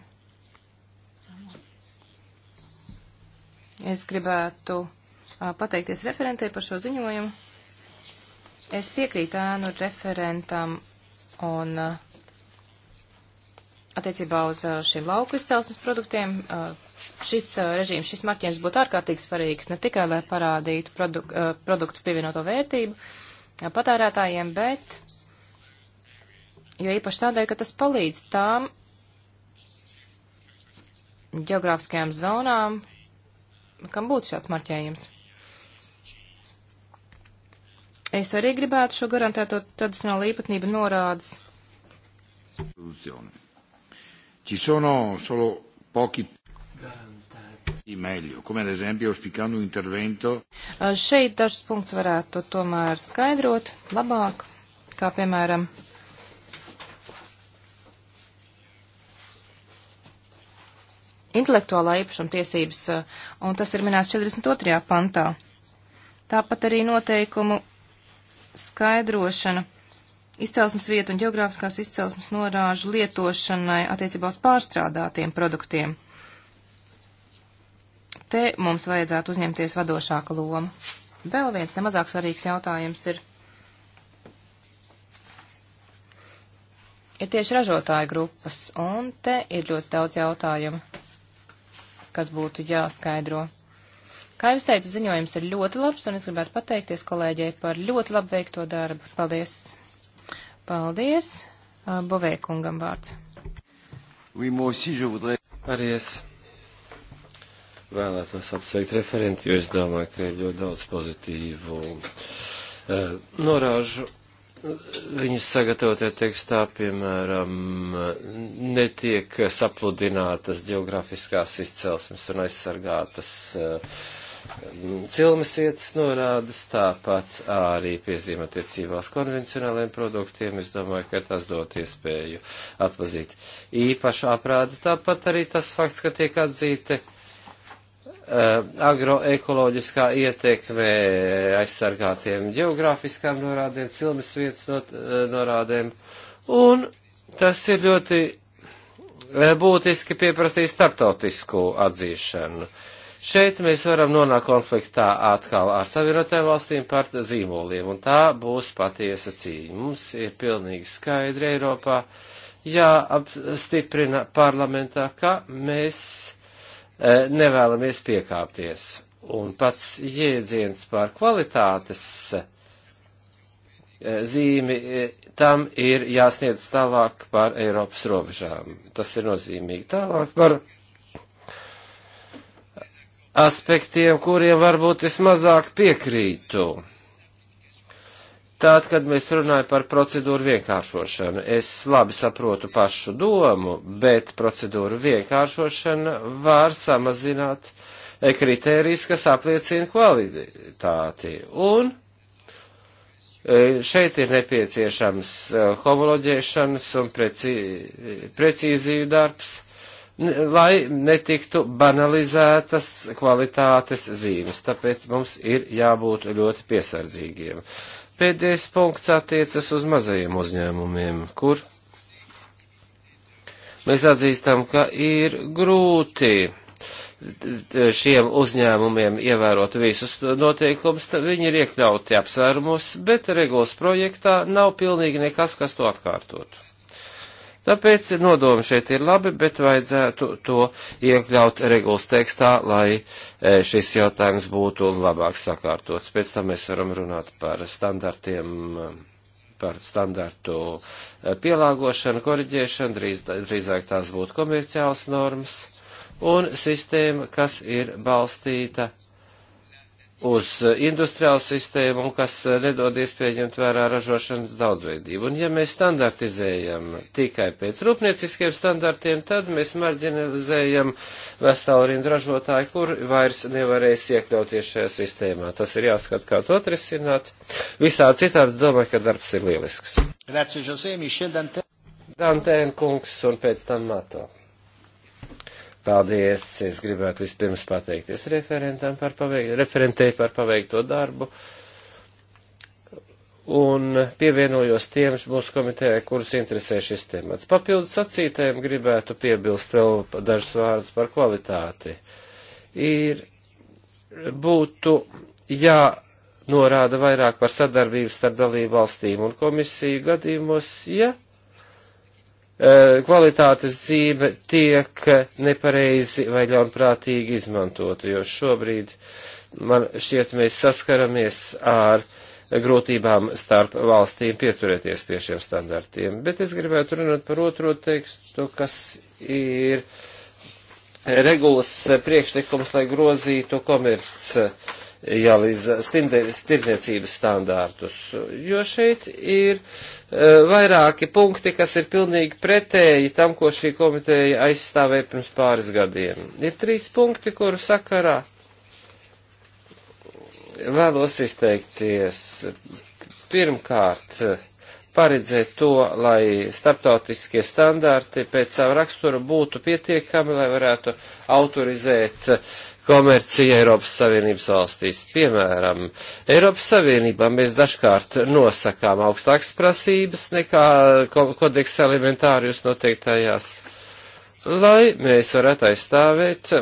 Es gribētu a, pateikties referentē par šo ziņojumu. Es piekrītu ēnu referentam un a, attiecībā uz a, šiem lauku izcelsmes produktiem. A, šis uh, režīms, šis marķējums būtu ārkārtīgi svarīgs ne tikai, lai parādītu produk, uh, produktu pievienoto vērtību uh, patērētājiem, bet jo īpaši tādēļ, ka tas palīdz tām geogrāfiskajām zonām, kam būtu šāds marķējums. Es arī gribētu šo garantēto tradicionālo īpatnību norādes.
Ci sono solo pochi
Šeit dažs punkts varētu tomēr skaidrot labāk, kā piemēram. Intelektuālā īpašuma tiesības, un tas ir minēts 42. pantā. Tāpat arī noteikumu skaidrošana izcelsmes vietu un geogrāfiskās izcelsmes norāžu lietošanai attiecībā uz pārstrādātiem produktiem. Te mums vajadzētu uzņemties vadošāka loma. Vēl viens nemazāk svarīgs jautājums ir. Ir tieši ražotāju grupas, un te ir ļoti daudz jautājumu, kas būtu jāskaidro. Kā jūs teicu, ziņojums ir ļoti labs, un es gribētu pateikties kolēģei par ļoti labu veikto darbu. Paldies! Paldies! Bovē kungam vārds.
Oui, aussi, voudrais... Paldies! vēlētos apsveikt referenti, jo es domāju, ka ir ļoti daudz pozitīvu eh, norāžu. Eh, viņas sagatavotie tekstā, piemēram, eh, netiek sapludinātas geogrāfiskās izcelsmes un aizsargātas cilmes vietas norādes, tāpat arī piezīme attiecībās konvencionāliem produktiem. Es domāju, ka tas dot iespēju atpazīt īpašu aprādi. Tāpat arī tas fakts, ka tiek atzīte Eh, agroekoloģiskā ietekme aizsargātiem geogrāfiskām norādēm, cilmes vietas not, eh, norādēm. Un tas ir ļoti eh, būtiski pieprasīt starptautisku atzīšanu. Šeit mēs varam nonākt konfliktā atkal ar savienotēm valstīm par zīmoliem, un tā būs patiesa cīņa. Mums ir pilnīgi skaidri Eiropā jāapstiprina parlamentā, ka mēs Eh, nevēlamies piekāpties. Un pats jēdziens par kvalitātes eh, zīmi eh, tam ir jāsniedz tālāk par Eiropas robežām. Tas ir nozīmīgi tālāk par aspektiem, kuriem varbūt vismazāk piekrītu Tātad, kad mēs runājam par procedūru vienkāršošanu, es labi saprotu pašu domu, bet procedūru vienkāršošana var samazināt e, kritērijas, kas apliecina kvalitāti. Un e, šeit ir nepieciešams e, homoloģēšanas un precī, precīziju darbs, lai netiktu banalizētas kvalitātes zīmes. Tāpēc mums ir jābūt ļoti piesardzīgiem. Uh, Pēdējais punkts attiecas uz mazajiem uzņēmumiem, kur mēs atzīstam, ka ir grūti šiem uzņēmumiem ievērot visus noteikumus, viņi ir iekļauti apsvērumos, bet regulas projektā nav pilnīgi nekas, kas to atkārtotu. Tāpēc nodomi šeit ir labi, bet vajadzētu to iekļaut regulas tekstā, lai e, šis jautājums būtu labāk sakārtots. Pēc tam mēs varam runāt par standartiem, par standartu e, pielāgošanu, koriģēšanu, drīz, drīzāk tās būtu komerciāls normas un sistēma, kas ir balstīta uz eh, industriālu sistēmu un kas eh, nedod iespēju ņemt vērā ražošanas daudzveidību. Un ja mēs standartizējam tikai pēc rūpnieciskiem standartiem, tad mēs marginalizējam veselu rindu ražotāju, kur vairs nevarēs iekļauties šajā sistēmā. Tas ir jāskat, kā to atrisināt. Visā citādi domāju, ka darbs ir lielisks. Dantēn kungs un pēc tam Mato. Paldies! Es gribētu vispirms pateikties referentam par paveikto, referentei par paveikto darbu. Un pievienojos tiem mūsu komitejai, kurus interesē šis temats. Papildus sacītēm gribētu piebilst vēl dažus vārdus par kvalitāti. Ir būtu jānorāda vairāk par sadarbību starp dalību valstīm un komisiju gadījumos, ja Eh, kvalitātes zīme tiek nepareizi vai ļaunprātīgi izmantota, jo šobrīd man šķiet mēs saskaramies ar grūtībām starp valstīm pieturēties pie šiem standartiem. Bet es gribētu runāt par otro tekstu, kas ir regulas priekšlikums, lai grozītu komerces jālīdz tirdzniecības standārtus, jo šeit ir e, vairāki punkti, kas ir pilnīgi pretēji tam, ko šī komiteja aizstāvēja pirms pāris gadiem. Ir trīs punkti, kuru sakarā vēlos izteikties. Pirmkārt, paredzēt to, lai starptautiskie standarti pēc savu raksturu būtu pietiekami, lai varētu autorizēt uh, komercija Eiropas Savienības valstīs. Piemēram, Eiropas Savienībā mēs dažkārt nosakām augstākas prasības nekā kodeks elementārius noteiktajās, lai mēs varētu aizstāvēt e,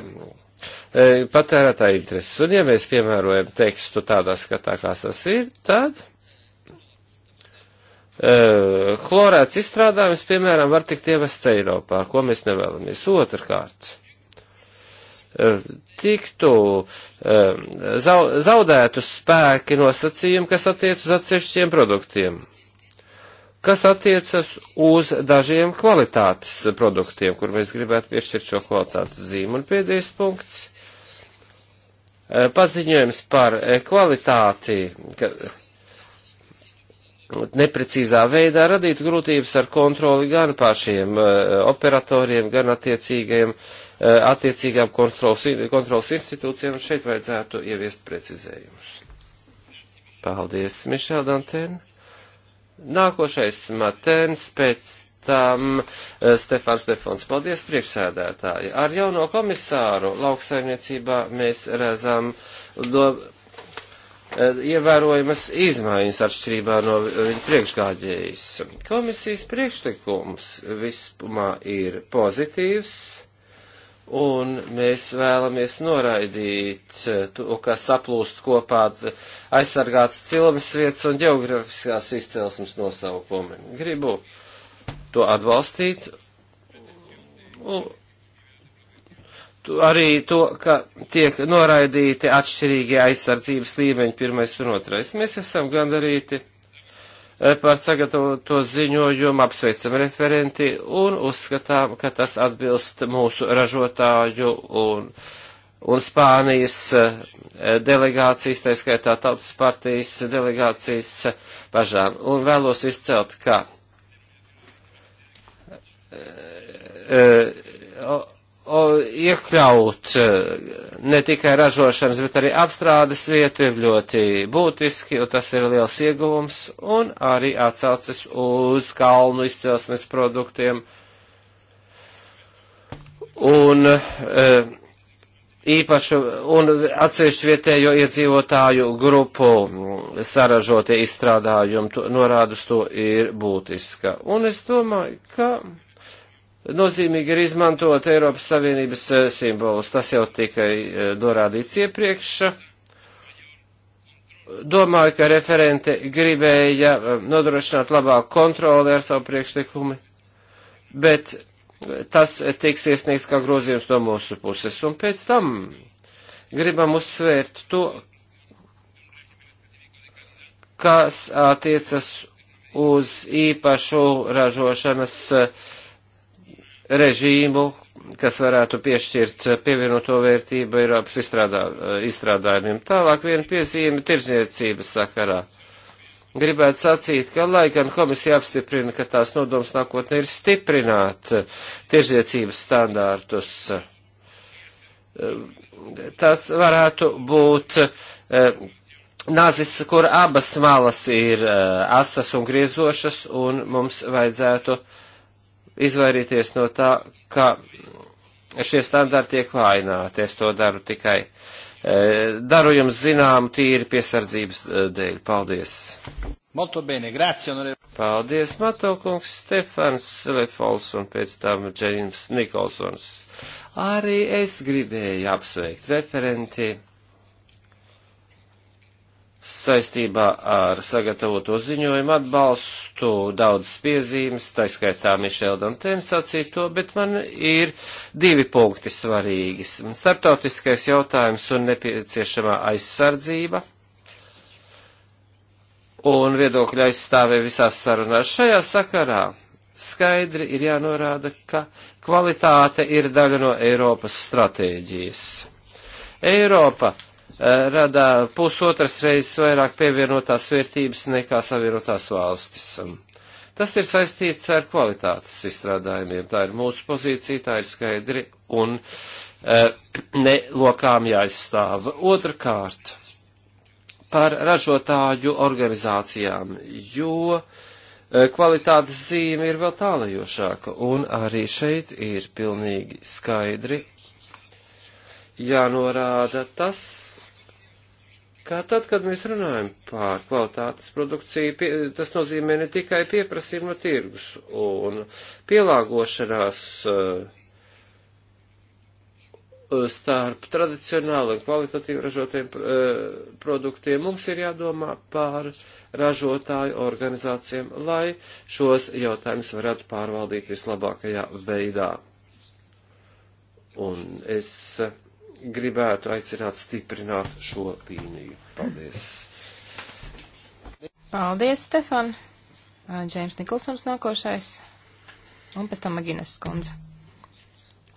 patērētāju intereses. Un ja mēs piemērojam tekstu tādā skatā, kā tas ir, tad uh, chlorēts izstrādājums, piemēram, var tikt ievests Eiropā, ko mēs nevēlamies. Otrkārt, tiktu eh, zaudētu spēki nosacījumi, kas attiec uz atsevišķiem produktiem, kas attiecas uz dažiem kvalitātes produktiem, kur mēs gribētu piešķirt šo kvalitātes zīmu. Un pēdējais punkts eh, - paziņojums par eh, kvalitāti. Ka, neprecīzā veidā radītu grūtības ar kontroli gan pašiem eh, operatoriem, gan attiecīgajiem, eh, attiecīgām kontrols, kontrols institūcijām. Šeit vajadzētu ieviest precizējumus. Paldies, Mišēl Dantēn. Nākošais Matēns pēc tam eh, Stefāns Stefons. Paldies, priekšsēdētāji. Ar jauno komisāru lauksaimniecībā mēs redzam. Do, Eh, ievērojamas izmaiņas atšķirībā no viņa priekšgājējas. Komisijas priekšlikums vispumā ir pozitīvs, un mēs vēlamies noraidīt eh, to, ka saplūst kopā aizsargāts cilvēks vietas un geografiskās izcelsmes nosaukumi. Gribu to atbalstīt. Un, arī to, ka tiek noraidīti atšķirīgie aizsardzības līmeņi pirmais un otrais. Mēs esam gandarīti eh, par sagatavoto ziņojumu, apsveicam referenti un uzskatām, ka tas atbilst mūsu ražotāju un, un Spānijas eh, delegācijas, tā skaitā Tautas partijas delegācijas bažām. Un vēlos izcelt, ka. E, e, iekļaut e, ne tikai ražošanas, bet arī apstrādes vietu ir ļoti būtiski, un tas ir liels ieguvums, un arī atsaucas uz kalnu izcelsmes produktiem. Un e, īpaši, un atsevišķi vietējo iedzīvotāju grupu saražotie izstrādājumi norādus to ir būtiska. Un es domāju, ka Nozīmīgi ir izmantot Eiropas Savienības eh, simbolus, tas jau tikai eh, norādīts iepriekš. Domāju, ka referente gribēja eh, nodrošināt labāku kontroli ar savu priekšlikumu, bet tas tiks iesniegts kā grozījums no mūsu puses. Un pēc tam gribam uzsvērt to, kas attiecas uz īpašu ražošanas uh, režīmu, kas varētu piešķirt pievienoto vērtību Eiropas izstrādā, izstrādājumiem. Tālāk viena piezīme tirzniecības sakarā. Gribētu sacīt, ka lai gan komisija apstiprina, ka tās nodoms nākotnē ir stiprināt tirzniecības standārtus, tas varētu būt eh, nazis, kur abas malas ir eh, asas un griezošas, un mums vajadzētu uh, izvairīties no tā, ka šie standarti tiek vājināti. Es to daru tikai. E, daru jums zinām tīri piesardzības e, dēļ. Paldies! Molto bene, grazie, onore. Paldies, Matokungs, Stefans Lefols un pēc tam Džeims Nikolsons. Arī es gribēju apsveikt referenti saistībā ar sagatavoto ziņojumu atbalstu daudzas piezīmes, tā skaitā Mišela Dantēna sacīto, bet man ir divi punkti svarīgi. Startautiskais jautājums un nepieciešamā aizsardzība un viedokļa aizstāvē visās sarunās šajā sakarā. Skaidri ir jānorāda, ka kvalitāte ir daļa no Eiropas stratēģijas. Eiropa Eh, rada pusotras reizes vairāk pievienotās vērtības nekā savienotās valstis. Tas ir saistīts ar kvalitātes izstrādājumiem. Tā ir mūsu pozīcija, tā ir skaidri un e, eh, nelokām jāizstāv. Otrakārt, par ražotāju organizācijām, jo eh, kvalitātes zīme ir vēl tālajošāka, un arī šeit ir pilnīgi skaidri jānorāda tas, ka tad, kad mēs runājam par kvalitātes produkciju, pie, tas nozīmē ne tikai pieprasījumu no tirgus un pielāgošanās eh, starp tradicionāli un kvalitatīvi ražotiem eh, produktiem. Mums ir jādomā par ražotāju organizācijām, lai šos jautājumus varētu pārvaldīt vislabākajā veidā. Un es gribētu aicināt stiprināt šo līniju. Paldies!
Paldies, Stefan! Džeims Nikolsons nākošais un pēc tam Maginas skundze.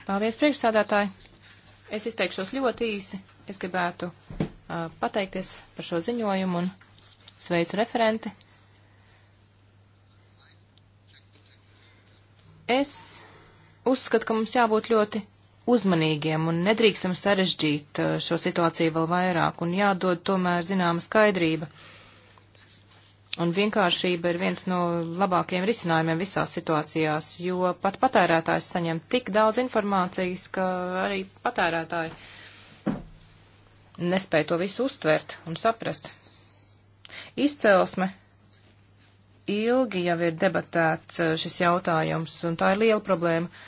Paldies, priekšsādātāji! Es izteikšos ļoti īsi. Es gribētu uh, pateikties par šo ziņojumu un sveicu referenti. Es uzskatu, ka mums jābūt ļoti uzmanīgiem un nedrīkstam sarežģīt eh, šo situāciju vēl vairāk un jādod tomēr zināma skaidrība. Un vienkāršība ir viens no labākajiem risinājumiem visās situācijās, jo pat patērētājs saņem tik daudz informācijas, ka arī patērētāji nespēja to visu uztvert un saprast. Izcelsme ilgi jau ir debatēts eh, šis jautājums, un tā ir liela problēma.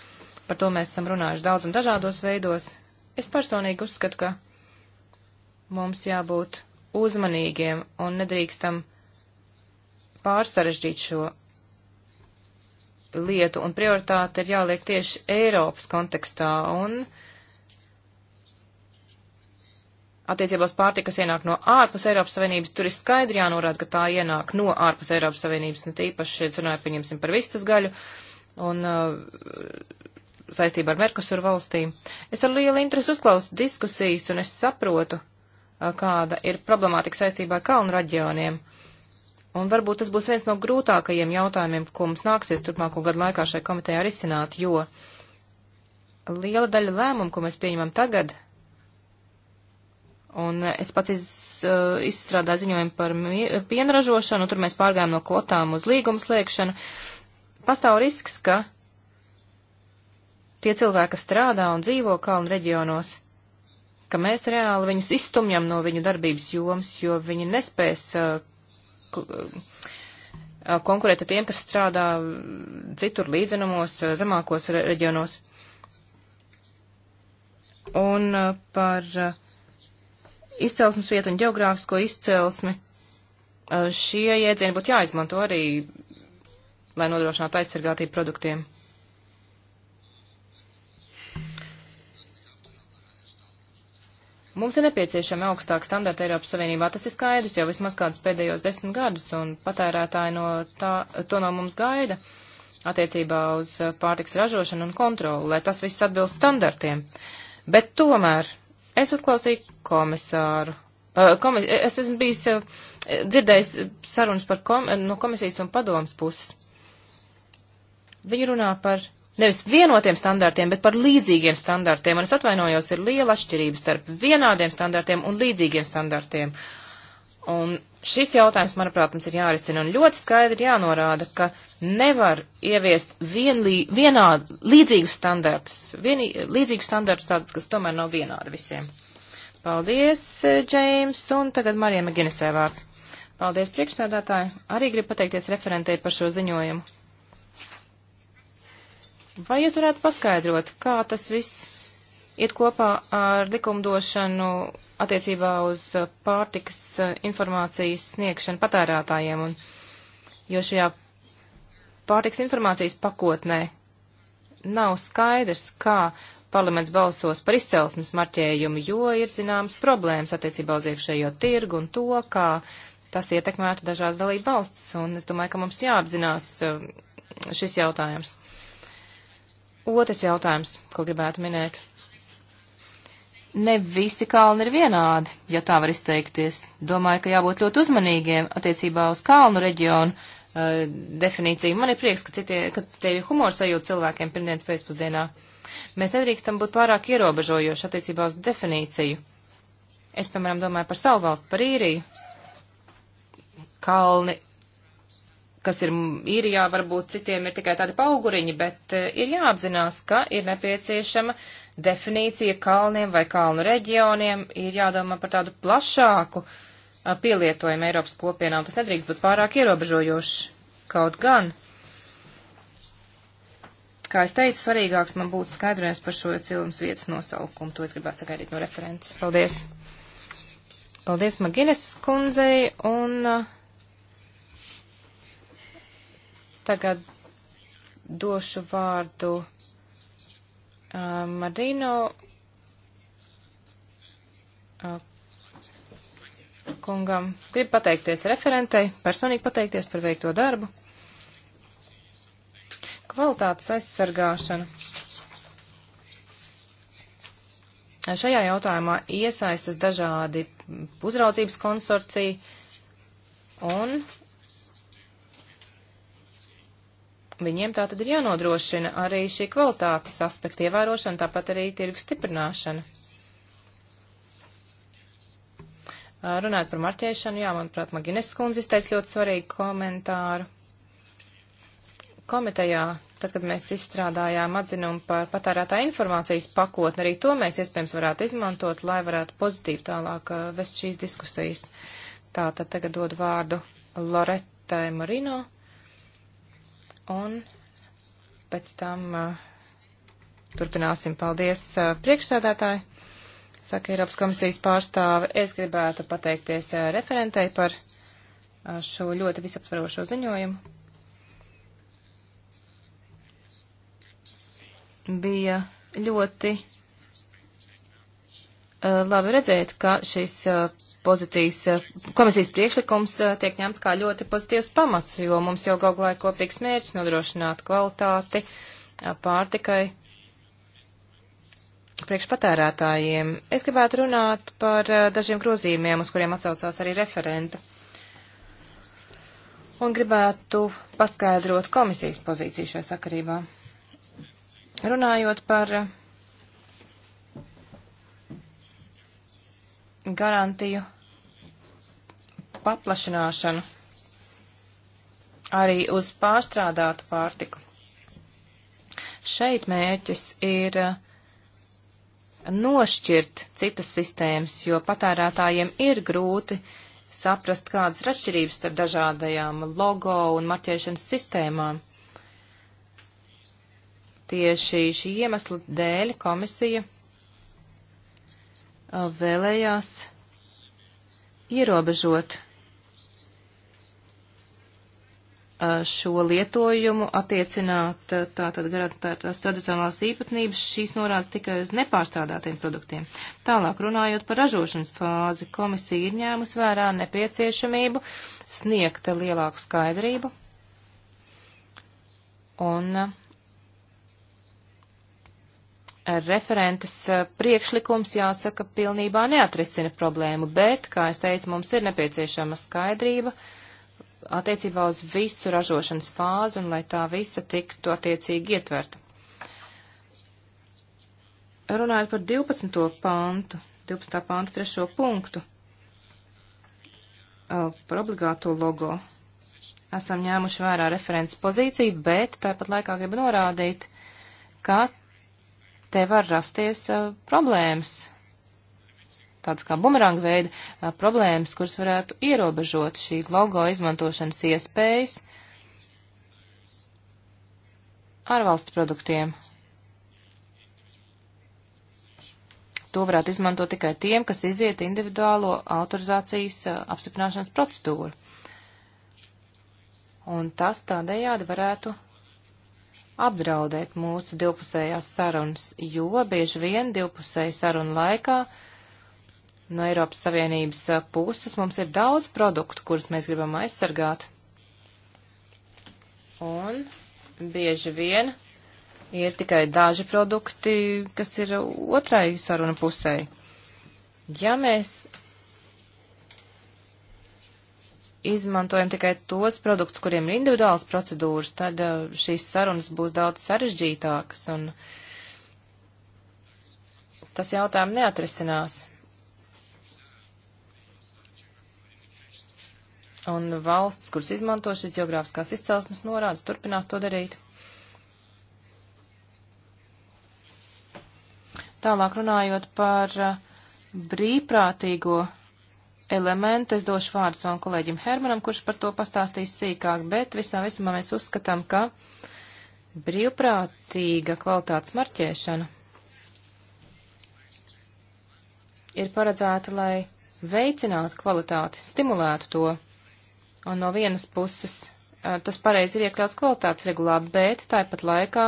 Par to mēs esam runājuši daudz un dažādos veidos. Es personīgi uzskatu, ka mums jābūt uzmanīgiem un nedrīkstam pārsarežģīt šo lietu, un prioritāte ir jāliek tieši Eiropas kontekstā, un attiecībās pārtika, kas ienāk no ārpus Eiropas Savienības, tur ir skaidri jānorāda, ka tā ienāk no ārpus Eiropas Savienības, nu tīpaši šeit runāju, pieņemsim, par vistas gaļu, un uh, saistībā ar Merkusur valstīm. Es ar lielu interesi uzklausu diskusijas un es saprotu, kāda ir problemātika saistībā ar kalnu reģioniem. Un varbūt tas būs viens no grūtākajiem jautājumiem, ko mums nāksies turpmāko gadu laikā šai komitejā risināt, jo liela daļa lēmumu, ko mēs pieņemam tagad, un es pats iz, izstrādāju ziņojumu par pienražošanu, tur mēs pārgājām no kvotām uz līgumu slēgšanu, pastāv risks, ka tie cilvēki, kas strādā un dzīvo kalnu reģionos, ka mēs reāli viņus izstumjam no viņu darbības jomas, jo viņi nespēs uh, uh, konkurēt ar tiem, kas strādā citur līdzenumos, uh, zemākos reģionos. Un par izcelsmes vietu un geogrāfisko izcelsmi šie jēdzieni būtu jāizmanto arī, lai nodrošinātu aizsargātību produktiem. Mums ir nepieciešami augstāki standarti Eiropas Savienībā, tas ir skaidrs jau vismaz kādus pēdējos desmit gadus, un patērētāji no tā, to no mums gaida attiecībā uz pārtiks ražošanu un kontroli, lai tas viss atbilst standartiem. Bet tomēr es uzklausīju komisāru. Eh, komi es esmu bijis eh, dzirdējis sarunas par kom no komisijas un padomas puses. Viņi runā par nevis vienotiem standartiem, bet par līdzīgiem standartiem. Un es atvainojos, ir liela atšķirība starp vienādiem standartiem un līdzīgiem standartiem. Un šis jautājums, manuprāt, mums ir jārisina un ļoti skaidri jānorāda, ka nevar ieviest vienlī, vienādu līdzīgu standartus, vienī, līdzīgu standartus tādus, kas tomēr nav vienādi visiem. Paldies, Džeims, un tagad Marija Maginisē vārds. Paldies, priekšsēdētāji. Arī gribu pateikties referentei par šo ziņojumu. Vai jūs varētu paskaidrot, kā tas viss iet kopā ar likumdošanu attiecībā uz uh, pārtikas uh, informācijas sniegšanu patērētājiem? Un, jo šajā pārtikas informācijas pakotnē nav skaidrs, kā parlaments balsos par izcelsmes marķējumu, jo ir zināmas problēmas attiecībā uz iekšējo tirgu un to, kā tas ietekmētu dažās dalību valsts. Un es domāju, ka mums jāapzinās uh, šis jautājums. Otrs jautājums, ko gribētu minēt. Ne visi kalni ir vienādi, ja tā var izteikties. Domāju, ka jābūt ļoti uzmanīgiem attiecībā uz kalnu reģionu uh, definīciju. Man ir prieks, ka, citie, ka tie ir humors sajūta cilvēkiem pirmdienas pēcpusdienā. Mēs nedrīkstam būt pārāk ierobežojoši attiecībā uz definīciju. Es, piemēram, domāju par savu valstu, par īriju. Kalni kas ir īrijā, varbūt citiem ir tikai tādi pauguriņi, bet eh, ir jāapzinās, ka ir nepieciešama definīcija kalniem vai kalnu reģioniem, ir jādomā par tādu plašāku pielietojumu Eiropas kopienā, un tas nedrīkst būt pārāk ierobežojoši. Kaut gan, kā es teicu, svarīgāks man būtu skaidrojums par šo cilvēks vietas nosaukumu. To es gribētu sagaidīt no referents. Paldies! Paldies Maginis kundzei, un uh, Tagad došu vārdu uh, Marino uh, kungam. Gribu pateikties referentei, personīgi pateikties par veikto darbu. Kvalitātes aizsargāšana. Šajā jautājumā iesaistas dažādi uzraudzības konsorcija un Viņiem tā tad ir jānodrošina arī šī kvalitātes aspekta ievērošana, tāpat arī tirgus stiprināšana. Runājot par marķēšanu, jā, manuprāt, Magines skundze izteica ļoti svarīgu komentāru. Komitejā, tad, kad mēs izstrādājām atzinumu par patērētā informācijas pakotni, arī to mēs iespējams varētu izmantot, lai varētu pozitīvi tālāk vest šīs diskusijas. Tā tad tagad dod vārdu Loretai Marino un pēc tam uh, turpināsim. Paldies, uh, priekšsēdētāji, saka Eiropas komisijas pārstāve. Es gribētu pateikties uh, referentei par uh, šo ļoti visaptvarošo ziņojumu. Bija ļoti Eh, labi redzēt, ka šis eh, pozitīvs eh, komisijas priekšlikums tiek ņemts kā ļoti pozitīvs pamats, jo mums jau galvā ir kopīgs mērķis nodrošināt kvalitāti pārtikai priekšpatērētājiem. Es gribētu runāt par dažiem grozījumiem, uz kuriem atsaucās arī referenta. Un gribētu paskaidrot komisijas pozīciju šajā sakarībā. Runājot par uh, garantiju paplašināšanu arī uz pārstrādātu pārtiku. Šeit mērķis ir eh, nošķirt citas sistēmas, jo patērētājiem ir grūti saprast, kādas ir atšķirības starp dažādajām logo un marķēšanas sistēmām. Tieši šī iemesla dēļ komisija vēlējās ierobežot uh, šo lietojumu attiecināt uh, tātad garantētās tradicionālās īpatnības, šīs norādes tikai uz nepārstrādātiem produktiem. Tālāk runājot par ražošanas fāzi, komisija ir ņēmus vērā nepieciešamību sniegt lielāku skaidrību un uh, referentes eh, priekšlikums, jāsaka, pilnībā neatrisina problēmu, bet, kā es teicu, mums ir nepieciešama skaidrība attiecībā uz visu ražošanas fāzi un lai tā visa tiktu attiecīgi ietverta. Runājot par 12. pantu, 12. pantu trešo punktu eh, par obligāto logo, esam ņēmuši vērā referents pozīciju, bet tāpat laikā gribu norādīt, ka te var rasties uh, problēmas, tādas kā bumeranga veida uh, problēmas, kuras varētu ierobežot šī logo izmantošanas iespējas ārvalstu produktiem. To varētu izmantot tikai tiem, kas iziet individuālo autorizācijas uh, apstiprināšanas procedūru. Un tas tādējādi varētu apdraudēt mūsu divpusējās sarunas, jo bieži vien divpusēju sarunu laikā no Eiropas Savienības uh, puses mums ir daudz produktu, kurus mēs gribam aizsargāt. Un bieži vien ir tikai daži produkti, kas ir otrai saruna pusē. Ja mēs izmantojam tikai tos produktus, kuriem ir individuāls procedūras, tad uh, šīs sarunas būs daudz sarežģītākas un tas jautājumu neatrisinās. Un valsts, kuras izmanto šis geogrāfiskās izcelsmes norādes, turpinās to darīt. Tālāk runājot par uh, brīvprātīgo elementi. Es došu vārdu savam kolēģim Hermanam, kurš par to pastāstīs sīkāk, bet visā visumā mēs uzskatām, ka brīvprātīga kvalitātes marķēšana ir paredzēta, lai veicinātu kvalitāti, stimulētu to. Un no vienas puses tas pareizi ir iekļauts kvalitātes regulā, bet tāpat laikā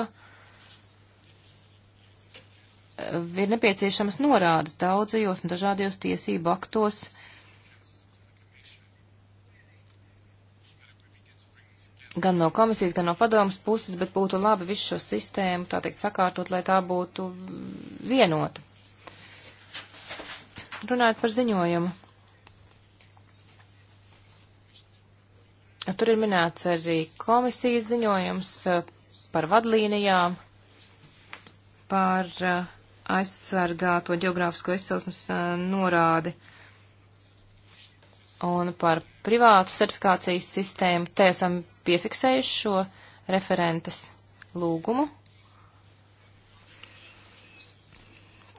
ir nepieciešamas norādes daudzajos un dažādajos tiesību aktos, uh, gan no komisijas, gan no padomas puses, bet būtu labi visu šo sistēmu, tā teikt, sakārtot, lai tā būtu vienota. Runājot par ziņojumu. Tur ir minēts arī komisijas ziņojums eh, par vadlīnijām, par eh, aizsargāto geogrāfisko izcelsmes eh, norādi un par privātu certifikācijas sistēmu. Te esam piefiksējuši šo referentes lūgumu.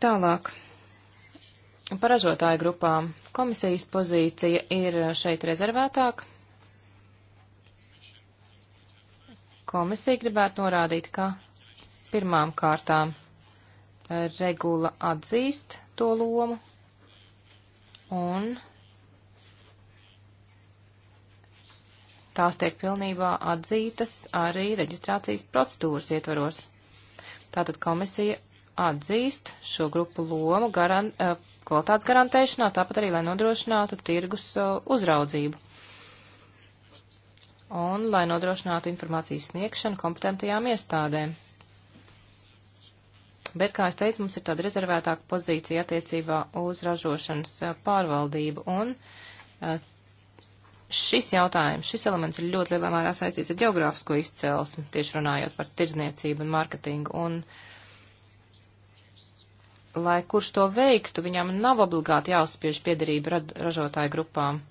Tālāk. Par ražotāju grupām komisijas pozīcija ir šeit rezervētāka. Komisija gribētu norādīt, ka pirmām kārtām regula atzīst to lomu un tās tiek pilnībā atzītas arī reģistrācijas procedūras ietvaros. Tātad komisija atzīst šo grupu lomu garan, eh, kvalitātes garantēšanā, tāpat arī, lai nodrošinātu tirgus eh, uzraudzību un lai nodrošinātu informācijas sniegšanu kompetentajām iestādēm. Bet, kā es teicu, mums ir tāda rezervētāka pozīcija attiecībā uz ražošanas eh, pārvaldību un šis jautājums, šis elements ir ļoti lielā mērā saistīts ar geogrāfisko izcelsmi, tieši runājot par tirdzniecību un mārketingu. Un, lai kurš to veiktu, viņam nav obligāti jāuzspiež piedarība ražotāju grupām.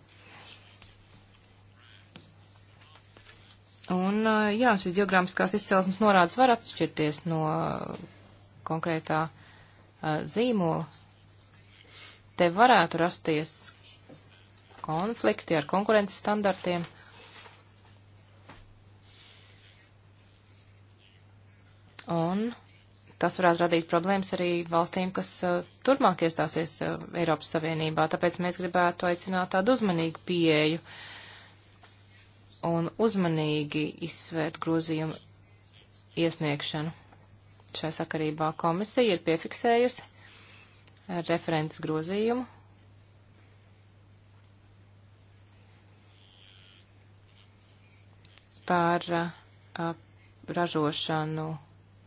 Un, jā, šis geogrāfiskās izcelsmes norādes var atšķirties no konkrētā uh, zīmola. Te varētu rasties konflikti ar konkurences standartiem. Un tas varētu radīt problēmas arī valstīm, kas uh, turpmāk iestāsies uh, Eiropas Savienībā. Tāpēc mēs gribētu aicināt tādu uzmanīgu pieeju un uzmanīgi izsvērt grozījumu iesniegšanu. Šai sakarībā komisija ir piefiksējusi referentes grozījumu par a, uh, ražošanu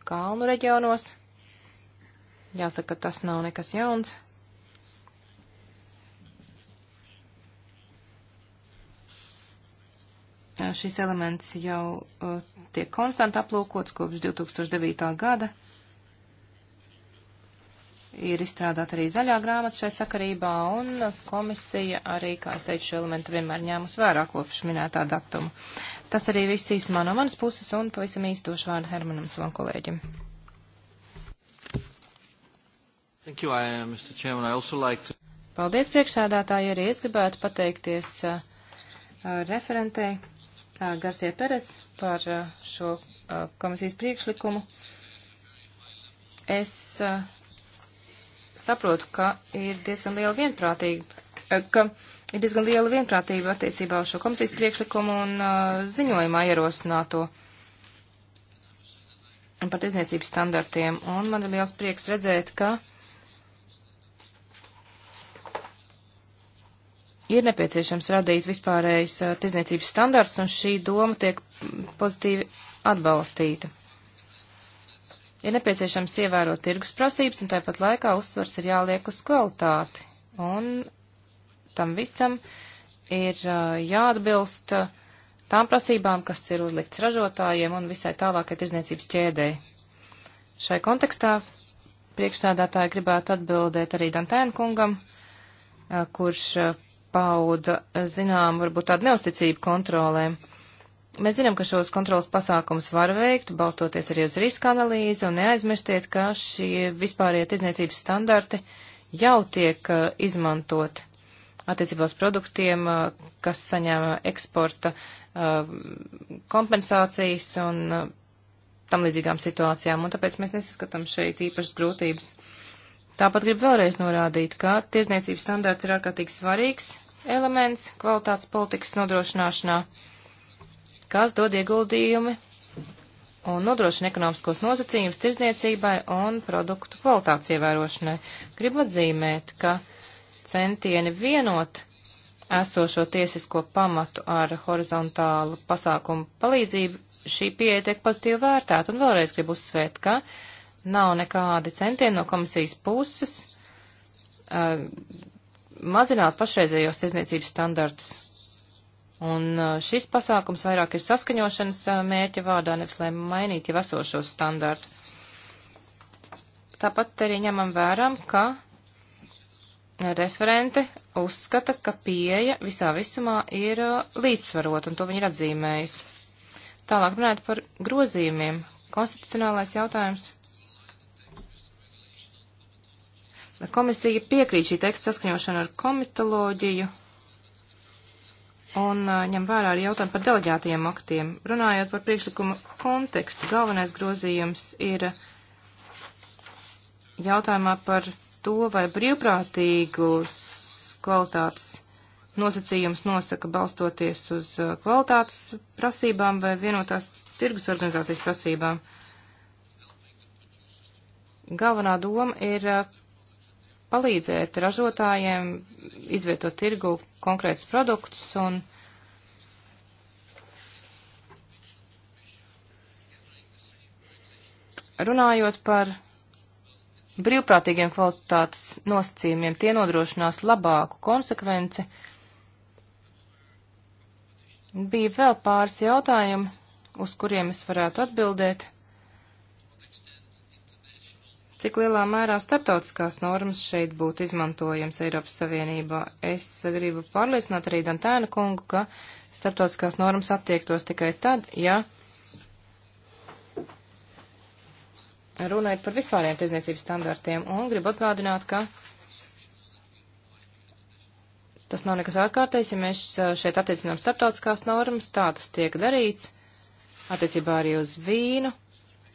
kalnu reģionos. Jāsaka, tas nav nekas jauns. Šis elements jau uh, tiek konstanti aplūkots kopš 2009. gada. Ir izstrādāta arī zaļā grāmata šai sakarībā, un komisija arī, kā es teicu, šo elementu vienmēr ņēmus vērā kopš minētā datuma. Tas arī viss īsumā no manas puses un pavisam īstošu vārdu Hermanam savam kolēģim.
Thank you, I, uh, Mr. Chairman. I also like to...
Paldies priekšsēdātāji, arī es gribētu pateikties uh, uh referentei uh, Garsie Peres par uh, šo uh, komisijas priekšlikumu. Es saprotu, ka ir diezgan liela vienprātība ka ir diezgan liela vienprātība attiecībā uz šo komisijas priekšlikumu un uh, ziņojumā ierosināto par izniecības standartiem. Un man ir liels prieks redzēt, ka ir nepieciešams radīt vispārējais uh, tirzniecības standarts, un šī doma tiek pozitīvi atbalstīta. Ir nepieciešams ievērot tirgus prasības, un tāpat laikā uzsvars ir jāliek uz kvalitāti un tam visam ir jāatbilst tām prasībām, kas ir uzlikts ražotājiem un visai tālākai tirzniecības ķēdēji. Šai kontekstā priekšsēdētāji gribētu atbildēt arī Dantēna kungam, kurš pauda, zinām, varbūt tādu neusticību kontrolēm. Mēs zinām, ka šos kontrolas pasākumus var veikt, balstoties arī uz riska analīzi, un neaizmirstiet, ka šie vispārējie tirzniecības standarti jau tiek izmantoti attiecībā uz produktiem, uh, kas saņēma eksporta uh, kompensācijas un uh, tam līdzīgām situācijām, un tāpēc mēs nesaskatām šeit īpašas grūtības. Tāpat gribu vēlreiz norādīt, ka tiesniecības standārts ir ārkārtīgi svarīgs elements kvalitātes politikas nodrošināšanā, kas dod ieguldījumi un nodrošina ekonomiskos nosacījumus tirzniecībai un produktu kvalitātes ievērošanai. Gribu atzīmēt, ka uh, centieni vienot esošo tiesisko pamatu ar horizontālu pasākumu palīdzību, šī pieeja tiek pozitīvi vērtēta. Un vēlreiz gribu uzsvērt, ka nav nekādi centieni no komisijas puses uh, mazināt pašreizējos tiesniecības standartus. Un uh, šis pasākums vairāk ir saskaņošanas uh, mērķa vārdā, nevis lai mainītu jau esošos standartus. Tāpat arī ņemam vērām, ka referente uzskata, ka pieeja visā visumā ir uh, līdzsvarot, un to viņi ir atzīmējis. Tālāk runājot par grozījumiem. Konstitucionālais jautājums. Komisija piekrīt šī teksta saskaņošana ar komitoloģiju un uh, ņem vērā arī jautājumu par deleģētajiem aktiem. Runājot par priekšlikuma kontekstu, galvenais grozījums ir jautājumā par to, vai brīvprātīgus kvalitātes nosacījums nosaka balstoties uz uh, kvalitātes prasībām vai vienotās tirgus organizācijas prasībām. Galvenā doma ir uh, palīdzēt ražotājiem izvietot tirgu konkrētus produktus un runājot par brīvprātīgiem kvalitātes nosacījumiem tie nodrošinās labāku konsekvenci. Bija vēl pāris jautājumi, uz kuriem es varētu atbildēt. Cik lielā mērā starptautiskās normas šeit būtu izmantojams Eiropas Savienībā? Es gribu pārliecināt arī Dantēna kungu, ka starptautiskās normas attiektos tikai tad, ja Runa ir par vispāriem tirzniecības standartiem un gribu atgādināt, ka tas nav nekas ārkārtējs, ja mēs šeit attiecinām starptautiskās normas, tā tas tiek darīts attiecībā arī uz vīnu.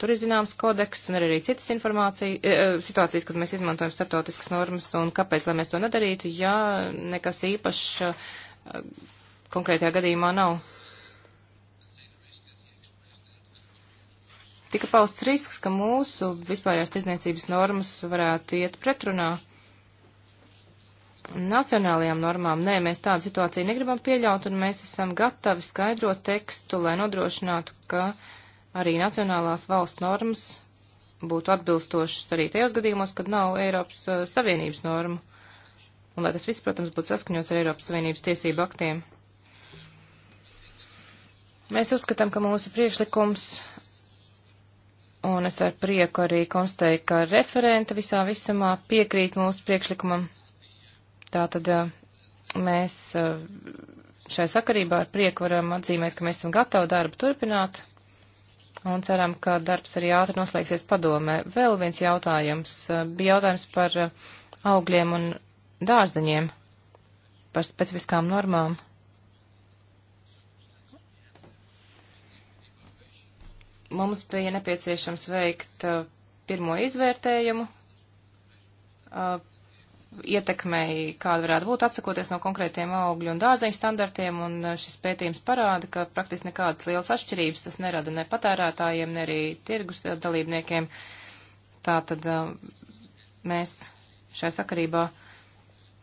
Tur ir zināms kodeks un arī citas informācija, e, situācijas, kad mēs izmantojam starptautiskas normas un kāpēc, lai mēs to nedarītu, ja nekas īpašs konkrētajā gadījumā nav Tika pausts risks, ka mūsu vispārējās tirdzniecības normas varētu iet pretrunā nacionālajām normām. Nē, mēs tādu situāciju negribam pieļaut, un mēs esam gatavi skaidrot tekstu, lai nodrošinātu, ka arī nacionālās valsts normas būtu atbilstošas arī tajos gadījumos, kad nav Eiropas uh, Savienības normu. Un lai tas viss, protams, būtu saskaņots ar Eiropas Savienības tiesību aktiem. Mēs uzskatām, ka mūsu priekšlikums un es ar prieku arī konstatēju, ka referenta visā visumā piekrīt mūsu priekšlikumam. Tātad mēs šai sakarībā ar prieku varam atzīmēt, ka mēs esam gatavi darbu turpināt un ceram, ka darbs arī ātri noslēgsies padomē. Vēl viens jautājums bija jautājums par augļiem un dārzeņiem, par specifiskām normām mums bija nepieciešams veikt uh, pirmo izvērtējumu uh, ietekmei, kāda varētu būt atsakoties no konkrētiem augļu un dārzeņu standartiem, un uh, šis pētījums parāda, ka praktiski nekādas lielas atšķirības tas nerada ne patērētājiem, ne arī tirgus dalībniekiem. Tātad uh, mēs šai sakarībā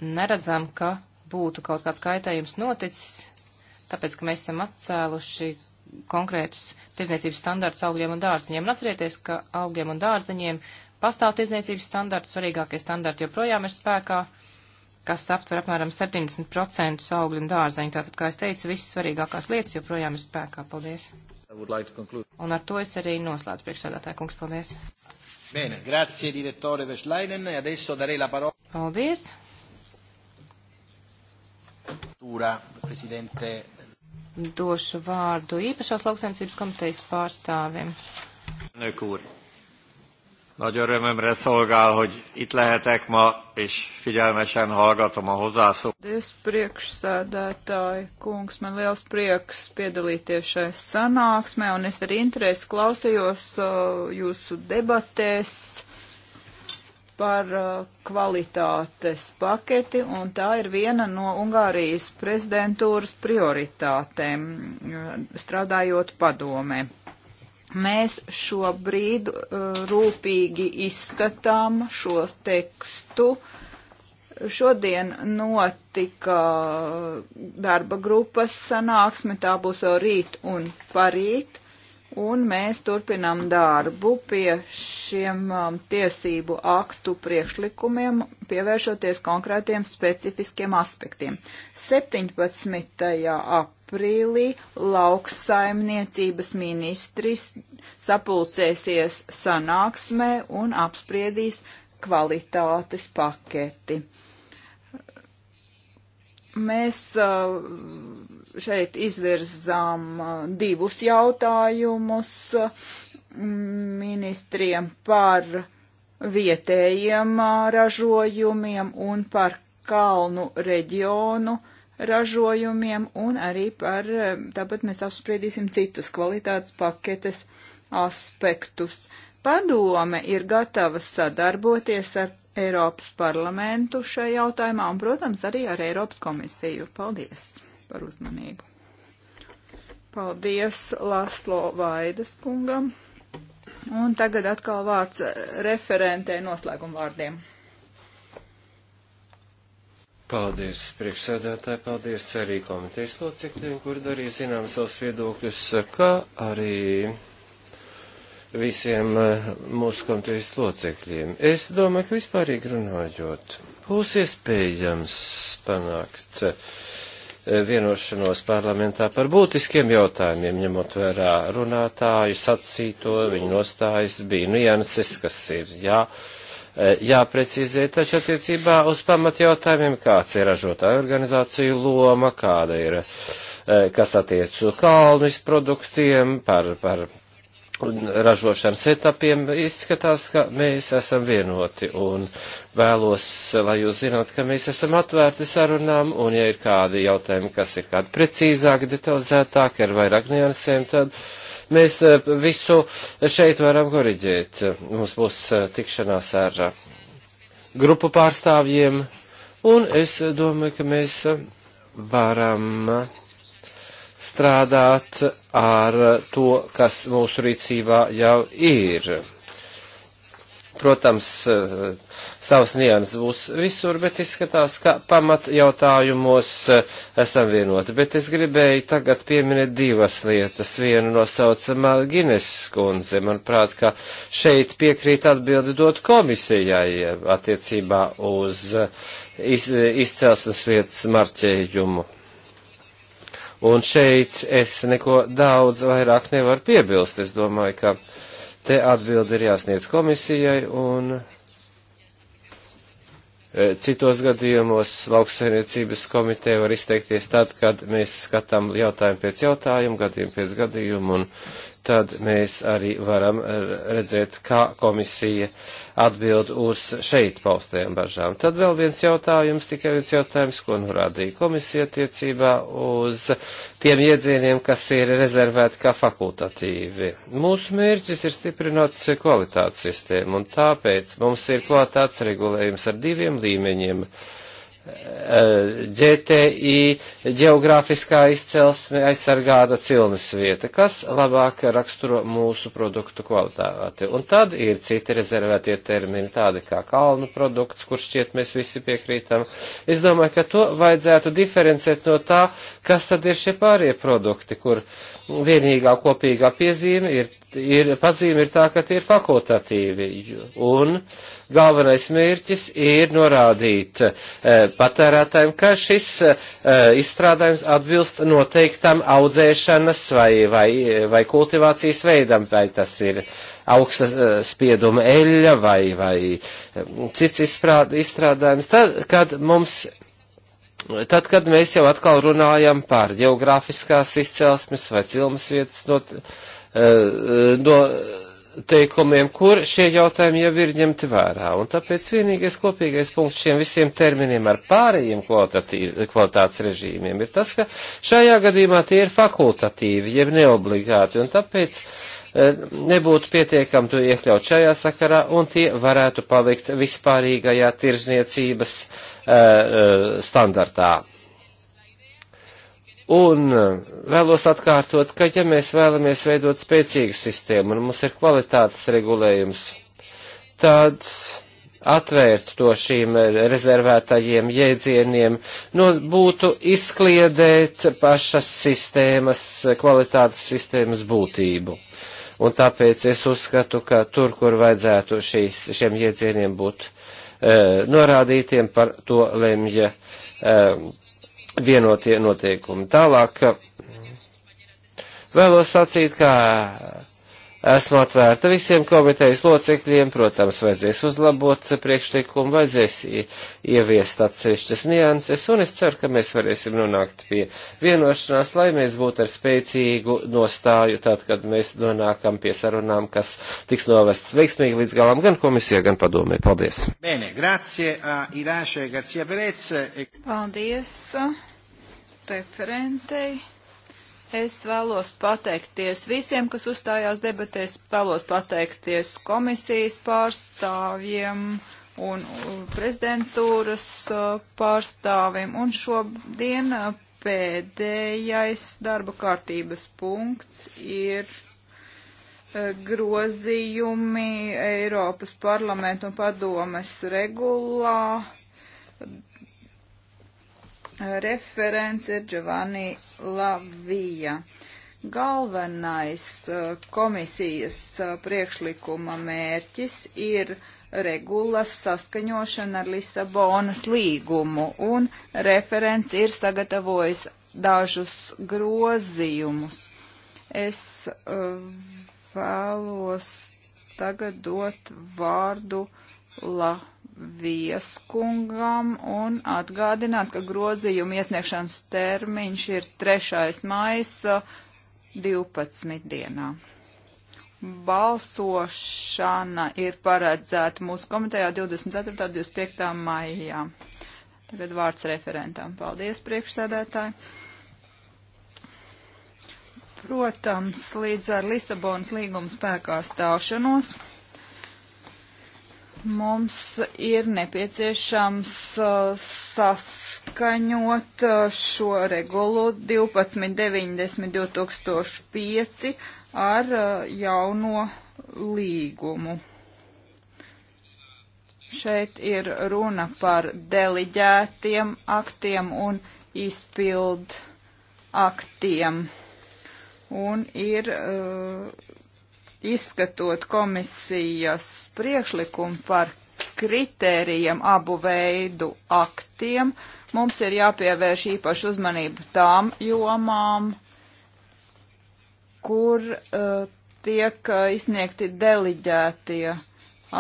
neredzam, ka būtu kaut kāds kaitējums noticis, tāpēc, ka mēs esam atcēluši konkrētus tirdzniecības standartus augļiem un dārziņiem. Un atcerieties, ka augļiem un dārziņiem pastāv tirdzniecības standarti, svarīgākie standarti joprojām ir spēkā, kas aptver apmēram 70% augļu un dārzeņu. Tātad, kā es teicu, visas svarīgākās lietas joprojām ir spēkā. Paldies! Like un ar to es arī noslēdzu priekšsēdētāju kungs. Paldies!
Bene, grazie direttore Veslainen e adesso darei la parola. Paldies. Presidente
došu vārdu īpašās lauksaimniecības komitejas pārstāvim.
Nök úr, nagy örömömre szolgál, hogy itt lehetek ma, és figyelmesen hallgatom a hozzászót.
Paldies, priekšsēdētāji, kungs, man liels prieks piedalīties šai sanāksmē, un es ar interesi klausījos uh, jūsu debatēs par uh, kvalitātes paketi, un tā ir viena no Ungārijas prezidentūras prioritātēm, uh, strādājot padomē. Mēs šobrīd uh, rūpīgi izskatām šo tekstu. Šodien notika darba grupas sanāksme, tā būs jau rīt un parīt, un mēs turpinām darbu pie šiem um, tiesību aktu priekšlikumiem, pievēršoties konkrētiem specifiskiem aspektiem. 17. aprīlī lauksaimniecības ministris sapulcēsies sanāksmē un apspriedīs kvalitātes paketi. Mēs šeit izvirzām divus jautājumus ministriem par vietējiem ražojumiem un par kalnu reģionu ražojumiem un arī par, tāpat mēs apspriedīsim citus kvalitātes paketes aspektus. Padome ir gatava sadarboties ar Eiropas parlamentu šajā jautājumā un, protams, arī ar Eiropas komisiju. Paldies par uzmanību. Paldies Laslo Vaidas kungam. Un tagad atkal vārds referentē noslēguma vārdiem.
Paldies priekšsēdētāji, paldies arī komitejas locekļiem, kur darīja zinām savus viedokļus, kā arī visiem eh, mūsu komitejas locekļiem. Es domāju, ka vispārīgi runājot, būs iespējams panākt eh, vienošanos parlamentā par būtiskiem jautājumiem, ņemot vērā runātāju sacīto, viņu nostājas bija nianses, kas ir jā, eh, jāprecizē, taču attiecībā uz pamatjautājumiem, kāds ir ražotāju organizāciju loma, kāda ir, kas attiec uz kalnis produktiem, par, par ražošanas etapiem, izskatās, ka mēs esam vienoti. Un vēlos, lai jūs zināt, ka mēs esam atvērti sarunām, un ja ir kādi jautājumi, kas ir kādi precīzāki, detalizētāki, ar vairāk niansēm, tad mēs eh, visu šeit varam koriģēt. Mums būs eh, tikšanās ar eh, grupu pārstāvjiem, un es domāju, ka mēs varam strādāt ar to, kas mūsu rīcībā jau ir. Protams, savs nianses būs visur, bet izskatās, ka pamat jautājumos esam vienoti. Bet es gribēju tagad pieminēt divas lietas. Vienu nosaucamā Gines skundze. Manuprāt, ka šeit piekrīt atbildi dot komisijai attiecībā uz iz, izcelsmes vietas marķējumu Un šeit es neko daudz vairāk nevaru piebilst. Es domāju, ka te atbildi ir jāsniedz komisijai un e, citos gadījumos lauksainiecības komiteja var izteikties tad, kad mēs skatām jautājumu pēc jautājumu, gadījumu pēc gadījumu un tad mēs arī varam eh, redzēt, kā komisija atbild uz šeit paustajām bažām. Tad vēl viens jautājums, tikai viens jautājums, ko norādīja komisija attiecībā uz tiem iedzieniem, kas ir rezervēti kā fakultatīvi. Mūsu mērķis ir stiprināt kvalitātes sistēmu, un tāpēc mums ir kvalitātes regulējums ar diviem līmeņiem. Uh, ģTI, eh, geogrāfiskā izcelsme, aizsargāta cilnes vieta, kas labāk raksturo mūsu produktu kvalitāti. Un tad ir citi rezervētie termini, tādi kā kalnu produkts, kur šķiet mēs visi piekrītam. Es domāju, ka to vajadzētu diferencēt no tā, kas tad ir šie pārējie produkti, kur vienīgā kopīgā piezīme ir ir, pazīme ir tā, ka tie ir fakultatīvi, un galvenais mērķis ir norādīt e, patērētājiem, ka šis e, izstrādājums atbilst noteiktam audzēšanas vai, vai, vai kultivācijas veidam, vai tas ir augsta eh, spieduma eļļa vai, vai cits izstrād, izstrādājums. Tad, kad mums Tad, kad mēs jau atkal runājam par geogrāfiskās izcelsmes vai cilmes vietas not, Eh, no teikumiem, kur šie jautājumi jau ir ņemti vērā. Un tāpēc vienīgais kopīgais punkts šiem visiem terminiem ar pārējiem kvalitātes režīmiem ir tas, ka šajā gadījumā tie ir fakultatīvi, jeb neobligāti. Un tāpēc eh, nebūtu pietiekami to iekļaut šajā sakarā, un tie varētu palikt vispārīgajā tirzniecības uh, standartā. Un uh, vēlos atkārtot, ka ja mēs vēlamies veidot spēcīgu sistēmu un mums ir kvalitātes regulējums, tad atvērt to šīm rezervētajiem jēdzieniem, no, nu, būtu izkliedēt pašas sistēmas, kvalitātes sistēmas būtību. Un tāpēc es uzskatu, ka tur, kur vajadzētu šīs, šiem jēdzieniem būt e, norādītiem, par to lemja e, eh, vienotie noteikumi. Tālāk eh, vēlos sacīt, ka Esmu atvērta visiem komitejas locekļiem, protams, vajadzēs uzlabot priekšlikumu, vajadzēs ieviest atsevišķas nianses, un es ceru, ka mēs varēsim nonākt pie vienošanās, lai mēs būtu ar spēcīgu nostāju, tad, kad mēs nonākam pie sarunām, kas tiks novestas veiksmīgi līdz galam gan komisijā, gan padomē. Paldies! Bene, grazie, Irāše Garcia Perez.
E Paldies referentei. Es vēlos pateikties visiem, kas uzstājās debatēs, vēlos pateikties komisijas pārstāvjiem un prezidentūras uh, pārstāvim. Un šodien uh, pēdējais darba kārtības punkts ir uh, grozījumi Eiropas parlamentu un padomes regulā Referents ir Giovanni Lavija. Galvenais uh, komisijas uh, priekšlikuma mērķis ir regulas saskaņošana ar Lisabonas līgumu, un referents ir sagatavojis dažus grozījumus. Es uh, vēlos tagad dot vārdu Lavija vieskungam un atgādināt, ka grozījuma iesniegšanas termiņš ir 3. maisa 12 dienā. Balsošana ir paredzēta mūsu komitejā 24. un 25. maijā. Tagad vārds referentam. Paldies, priekšsēdētāji! Protams, līdz ar Lisabonas līguma spēkā stāšanos mums ir nepieciešams uh, saskaņot uh, šo regulu 1290-2005 ar uh, jauno līgumu. Šeit ir runa par deliģētiem aktiem un izpild aktiem. Un ir uh, izskatot komisijas priekšlikumu par kritērijiem abu veidu aktiem, mums ir jāpievērš īpaši uzmanību tām jomām, kur uh, tiek uh, izsniegti deliģētie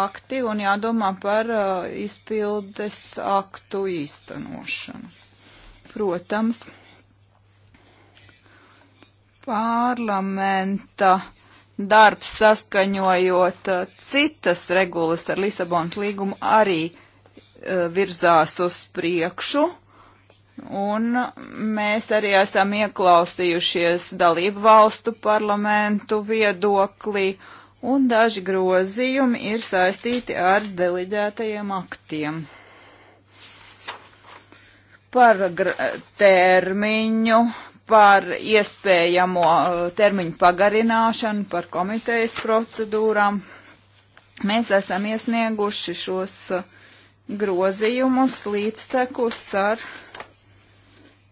akti un jādomā par uh, izpildes aktu īstenošanu. Protams, parlamenta uh, darbs saskaņojot uh, citas regulas ar Lisabonas līgumu arī uh, virzās uz priekšu. Un mēs arī esam ieklausījušies dalību valstu parlamentu viedoklī, un daži grozījumi ir saistīti ar deliģētajiem aktiem. Par termiņu par iespējamo uh, termiņu pagarināšanu, par komitejas procedūrām. Mēs esam iesnieguši šos uh, grozījumus līdztekus ar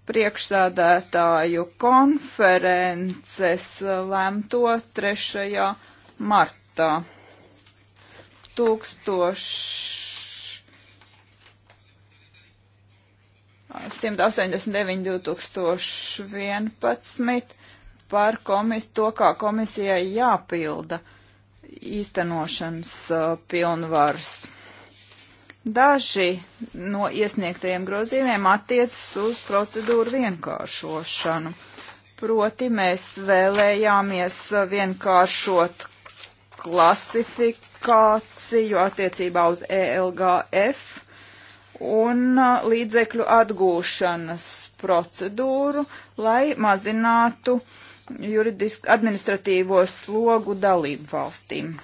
priekšsādētāju konferences uh, lemto 3. martā. Tūkstoši 189.2011 par komis, to, kā komisijai jāpilda īstenošanas uh, pilnvars. Daži no iesniegtajiem grozījumiem attiecas uz procedūru vienkāršošanu. Proti mēs vēlējāmies vienkāršot klasifikāciju attiecībā uz ELGF un līdzekļu atgūšanas procedūru, lai mazinātu juridisku administratīvo slogu dalību valstīm.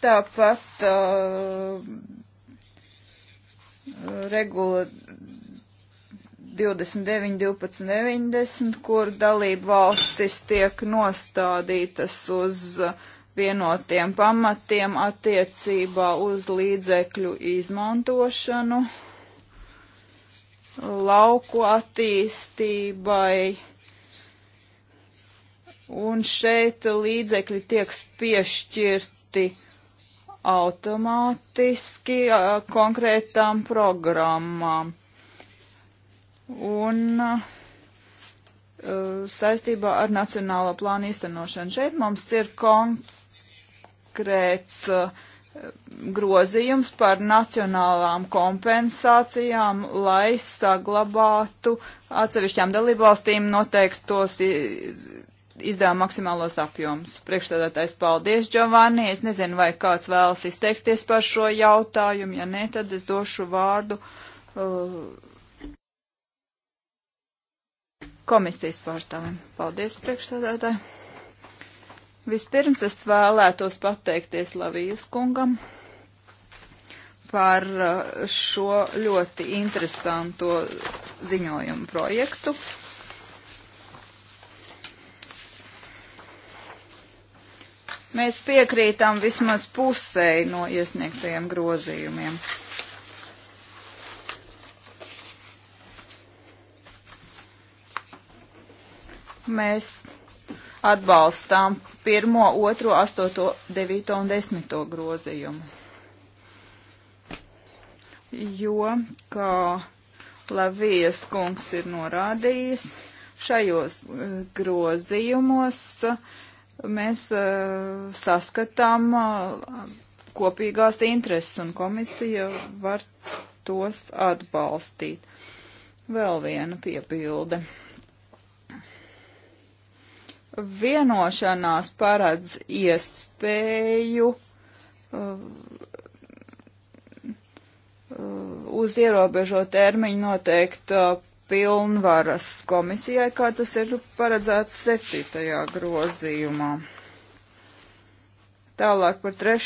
Tāpat uh, regula 29, 12, 90, kur dalību valstis tiek nostādītas uz uh, vienotiem pamatiem attiecībā uz līdzekļu izmantošanu, lauku attīstībai. Un šeit līdzekļi tiek piešķirti automātiski konkrētām programmām. Un uh, saistībā ar nacionālo plānu īstenošanu. Šeit mums ir kon konkrēts eh, grozījums par nacionālām kompensācijām, lai saglabātu atsevišķām dalībvalstīm noteiktos izdevuma maksimālos apjomus. Priekšstādātais paldies, Giovanni. Es nezinu, vai kāds vēlas izteikties par šo jautājumu. Ja nē, tad es došu vārdu uh, komisijas pārstāvim. Paldies, priekšstādātāji. Vispirms es vēlētos pateikties Lavijas kungam par uh, šo ļoti interesanto ziņojumu projektu. Mēs piekrītam vismaz pusēji no iesniegtajiem grozījumiem. Mēs atbalstām pirmo, otro, astoto, devīto un desmito grozījumu. Jo, kā Lavijas kungs ir norādījis, šajos eh, grozījumos eh, mēs eh, saskatām kopīgās intereses un komisija var tos atbalstīt. Vēl viena piebilde. Vienošanās paredz iespēju uh, uz ierobežo termiņu noteikt uh, pilnvaras komisijai, kā tas ir paredzēts 7. grozījumā. Tālāk par 3.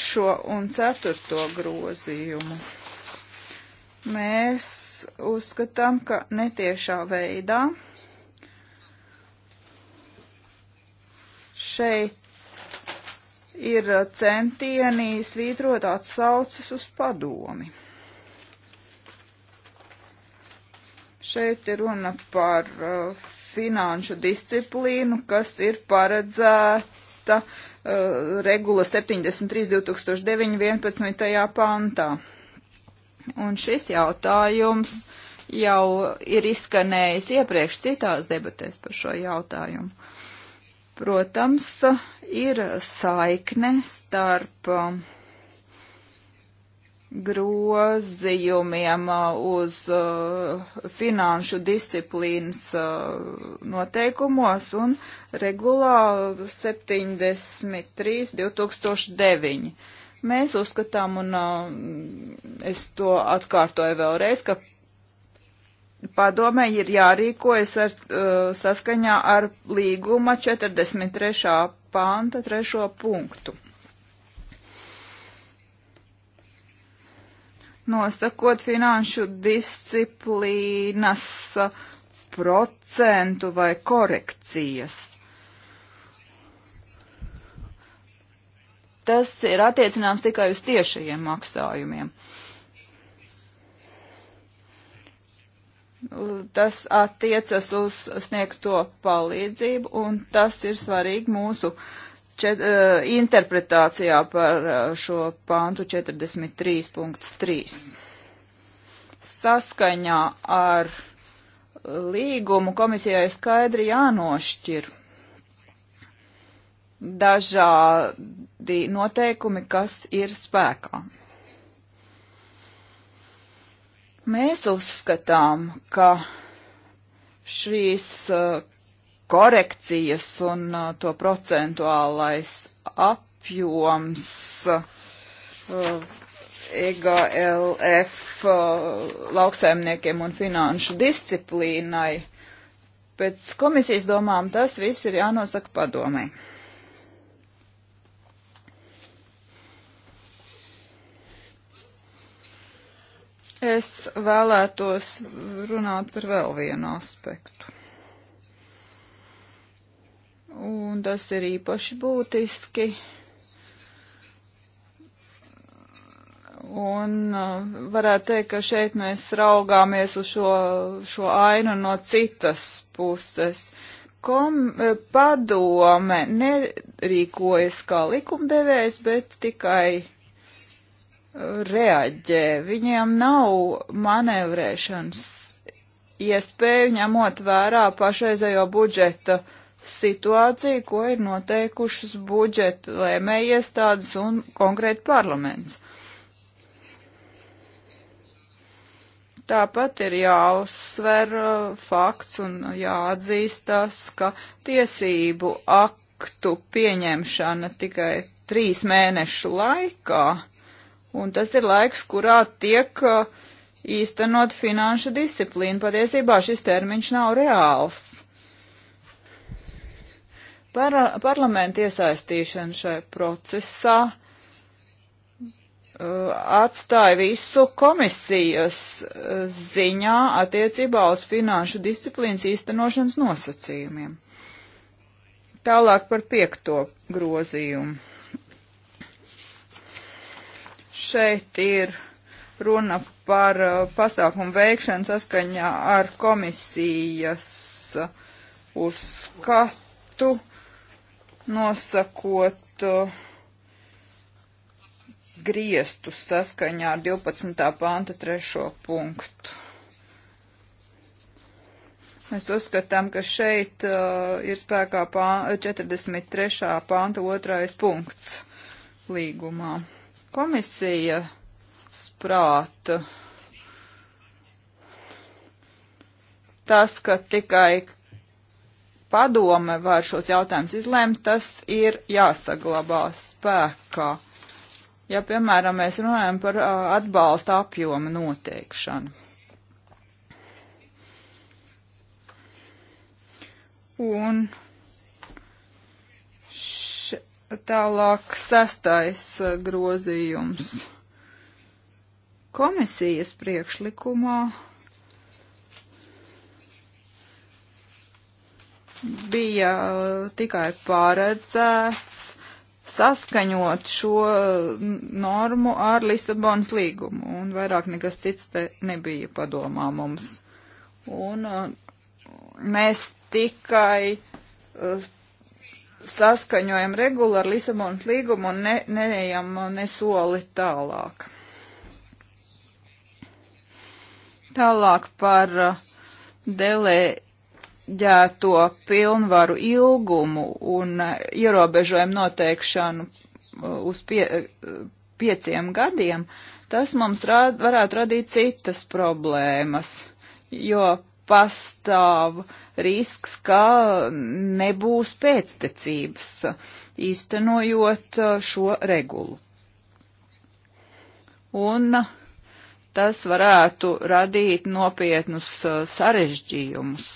un 4. grozījumu. Mēs uzskatām, ka netiešā veidā Šeit ir centieni svītrot atsaucas uz padomi. Šeit ir runa par uh, finanšu disciplīnu, kas ir paredzēta uh, regula 73.2009.11. pantā. Un šis jautājums jau ir izskanējis iepriekš citās debatēs par šo jautājumu. Protams, ir saikne starp um, grozījumiem uh, uz uh, finanšu disciplīnas uh, noteikumos un regulā 73 2009 mēs uzskatām, un uh, es to atkārtoju vēlreiz, ka padomē ir jārīkojas ar, uh, saskaņā ar līguma 43. panta 3. punktu. Nosakot finanšu disciplīnas uh, procentu vai korekcijas. Tas ir attiecināms tikai uz tiešajiem maksājumiem. Uh, tas attiecas uz sniegto palīdzību, un tas ir svarīgi mūsu čet, uh, interpretācijā par uh, šo pāntu 43.3. Saskaņā ar līgumu komisijai skaidri jānošķir dažādi noteikumi, kas ir spēkā. Mēs uzskatām, ka šīs uh, korekcijas un uh, to procentuālais apjoms uh, EGLF lauksaimniekiem un finanšu disciplīnai. Pēc komisijas domām tas viss ir jānosaka padomē. Es vēlētos runāt par vēl vienu aspektu. Un tas ir īpaši būtiski. Un uh, varētu teikt, ka šeit mēs raugāmies uz šo, šo ainu no citas puses. Kom, eh, padome nerīkojas kā likumdevējs, bet tikai reaģē. Viņiem nav manevrēšanas iespēju ņemot vērā pašreizējo budžeta situāciju, ko ir noteikušas budžeta lēmēja iestādes un konkrēti parlaments. Tāpat ir jāuzsver uh, fakts un jāatzīstas, ka tiesību aktu pieņemšana tikai trīs mēnešu laikā un tas ir laiks, kurā tiek uh, īstenot finanšu disciplīnu. Patiesībā šis termiņš nav reāls. Par, parlamenta iesaistīšana šai procesā uh, atstāja visu komisijas uh, ziņā attiecībā uz finanšu disciplīnas īstenošanas nosacījumiem. Tālāk par piekto grozījumu. Šeit ir runa par uh, pasākumu veikšanu saskaņā ar komisijas uh, uzskatu, nosakot uh, griestus saskaņā ar 12. panta trešo punktu. Mēs uzskatām, ka šeit uh, ir spēkā pā, 43. panta otrais punkts līgumā. Komisija sprāta tas, ka tikai padome var šos jautājumus izlēmt, tas ir jāsaglabā spēkā. Ja, piemēram, mēs runājam par atbalsta apjoma noteikšanu. Un Tālāk sestais eh, grozījums. Komisijas priekšlikumā bija eh, tikai paredzēts saskaņot šo eh, normu ar Lisabonas līgumu, un vairāk nekas cits te nebija padomā mums. Un mēs tikai saskaņojam regulu ar Lisabonas līgumu un ne, neejam nesoli tālāk. Tālāk par uh, deleģēto pilnvaru ilgumu un uh, ierobežojumu noteikšanu uh, uz pie, pieciem gadiem, tas mums rād, varētu radīt citas problēmas, jo pastāv risks, ka nebūs pēctecības īstenojot uh, šo regulu. Un uh, tas varētu radīt nopietnus uh, sarežģījumus.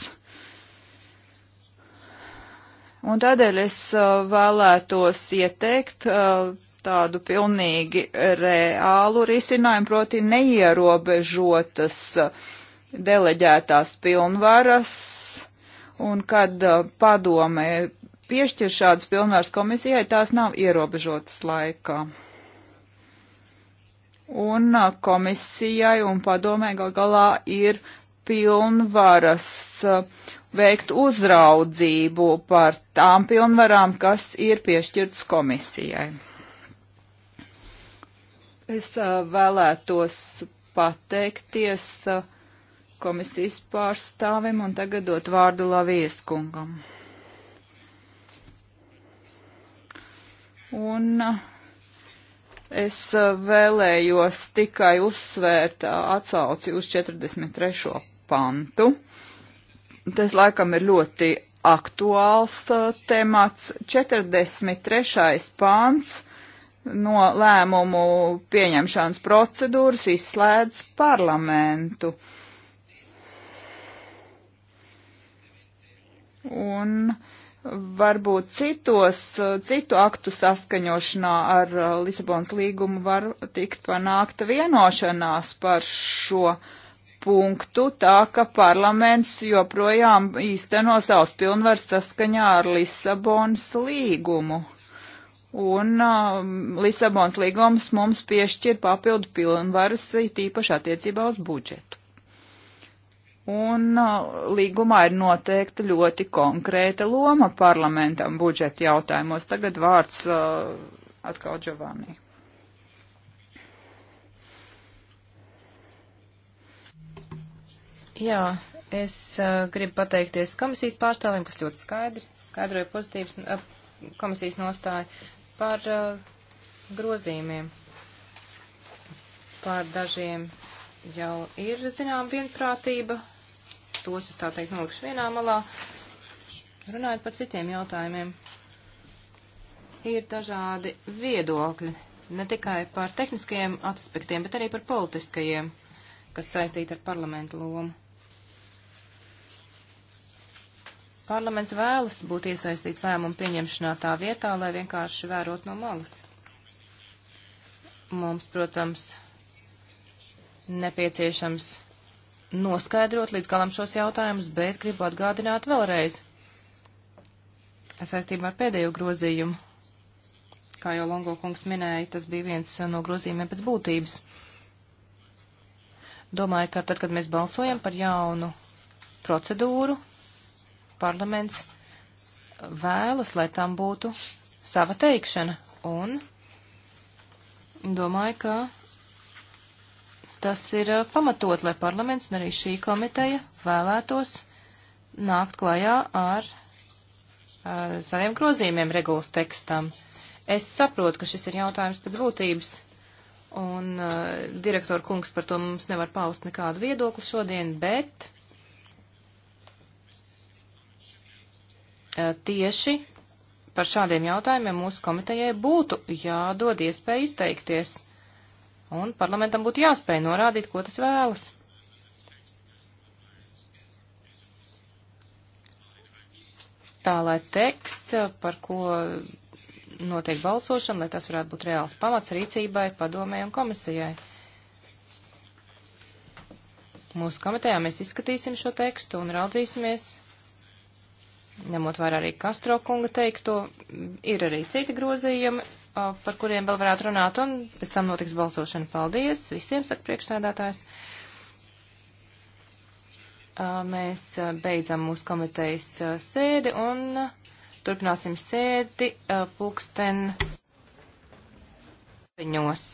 Un tādēļ es vēlētos ieteikt tādu pilnīgi reālu risinājumu, proti neierobežotas uh, deleģētās pilnvaras, un kad uh, padome piešķir šādas pilnvaras komisijai, tās nav ierobežotas laikā. Un uh, komisijai un padomē gal galā ir pilnvaras uh, veikt uzraudzību par tām pilnvarām, kas ir piešķirtas komisijai. Es vēlētos pateikties uh, komisijas pārstāvim un tagad dot vārdu Lavijas kungam. Un eh, es eh, vēlējos tikai uzsvērt eh, atsauci uz 43. pantu. Tas laikam ir ļoti aktuāls temats. 43. pants no lēmumu pieņemšanas procedūras izslēdz parlamentu. un varbūt citos, citu aktu saskaņošanā ar uh, Lisabonas līgumu var tikt panākta vienošanās par šo punktu, tā ka parlaments joprojām īsteno savus pilnvaru saskaņā ar Lisabonas līgumu. Un uh, Lisabonas līgums mums piešķir papildu pilnvaras, tīpaši attiecībā uz budžetu. Un uh, līgumā ir noteikta ļoti konkrēta loma parlamentam budžeta jautājumos. Tagad vārds uh, atkal Giovanni.
Jā, es uh, gribu pateikties komisijas pārstāvim, kas ļoti skaidri, skaidroja pozitīvas uh, komisijas nostāju par uh, grozījumiem. Par dažiem jau ir, zinām, vienprātība tos es tā teikt nolikšu vienā malā. Runājot par citiem jautājumiem, ir dažādi viedokļi ne tikai par tehniskajiem aspektiem, bet arī par politiskajiem, kas saistīti ar parlamentu lomu. Parlaments vēlas būt iesaistīts lēmumu pieņemšanā tā vietā, lai vienkārši vērot no malas. Mums, protams, nepieciešams noskaidrot līdz galam šos jautājumus, bet gribu atgādināt vēlreiz saistībā ar pēdējo grozījumu. Kā jau Longo kungs minēja, tas bija viens no grozījumiem pēc būtības. Domāju, ka tad, kad mēs balsojam par jaunu procedūru, parlaments vēlas, lai tam būtu sava teikšana. Un domāju, ka tas ir pamatot, lai parlaments un arī šī komiteja vēlētos nākt klajā ar, ar saviem grozījumiem regulas tekstam. Es saprotu, ka šis ir jautājums pēc būtības, un uh, direktora kungs par to mums nevar paust nekādu viedokli šodien, bet uh, tieši par šādiem jautājumiem mūsu komitejai būtu jādod iespēja izteikties. Un parlamentam būtu jāspēj norādīt, ko tas vēlas. Tā, lai teksts, par ko notiek balsošana, lai tas varētu būt reāls pamats rīcībai, padomē un komisijai. Mūsu komitejā mēs izskatīsim šo tekstu un raudzīsimies, ņemot vērā arī Kastro kunga teikto, ir arī citi grozījumi, par kuriem vēl varētu runāt, un pēc tam notiks balsošana. Paldies visiem, saka priekšsēdētājs. Mēs beidzam mūsu komitejas sēdi un turpināsim sēdi pulksten viņos.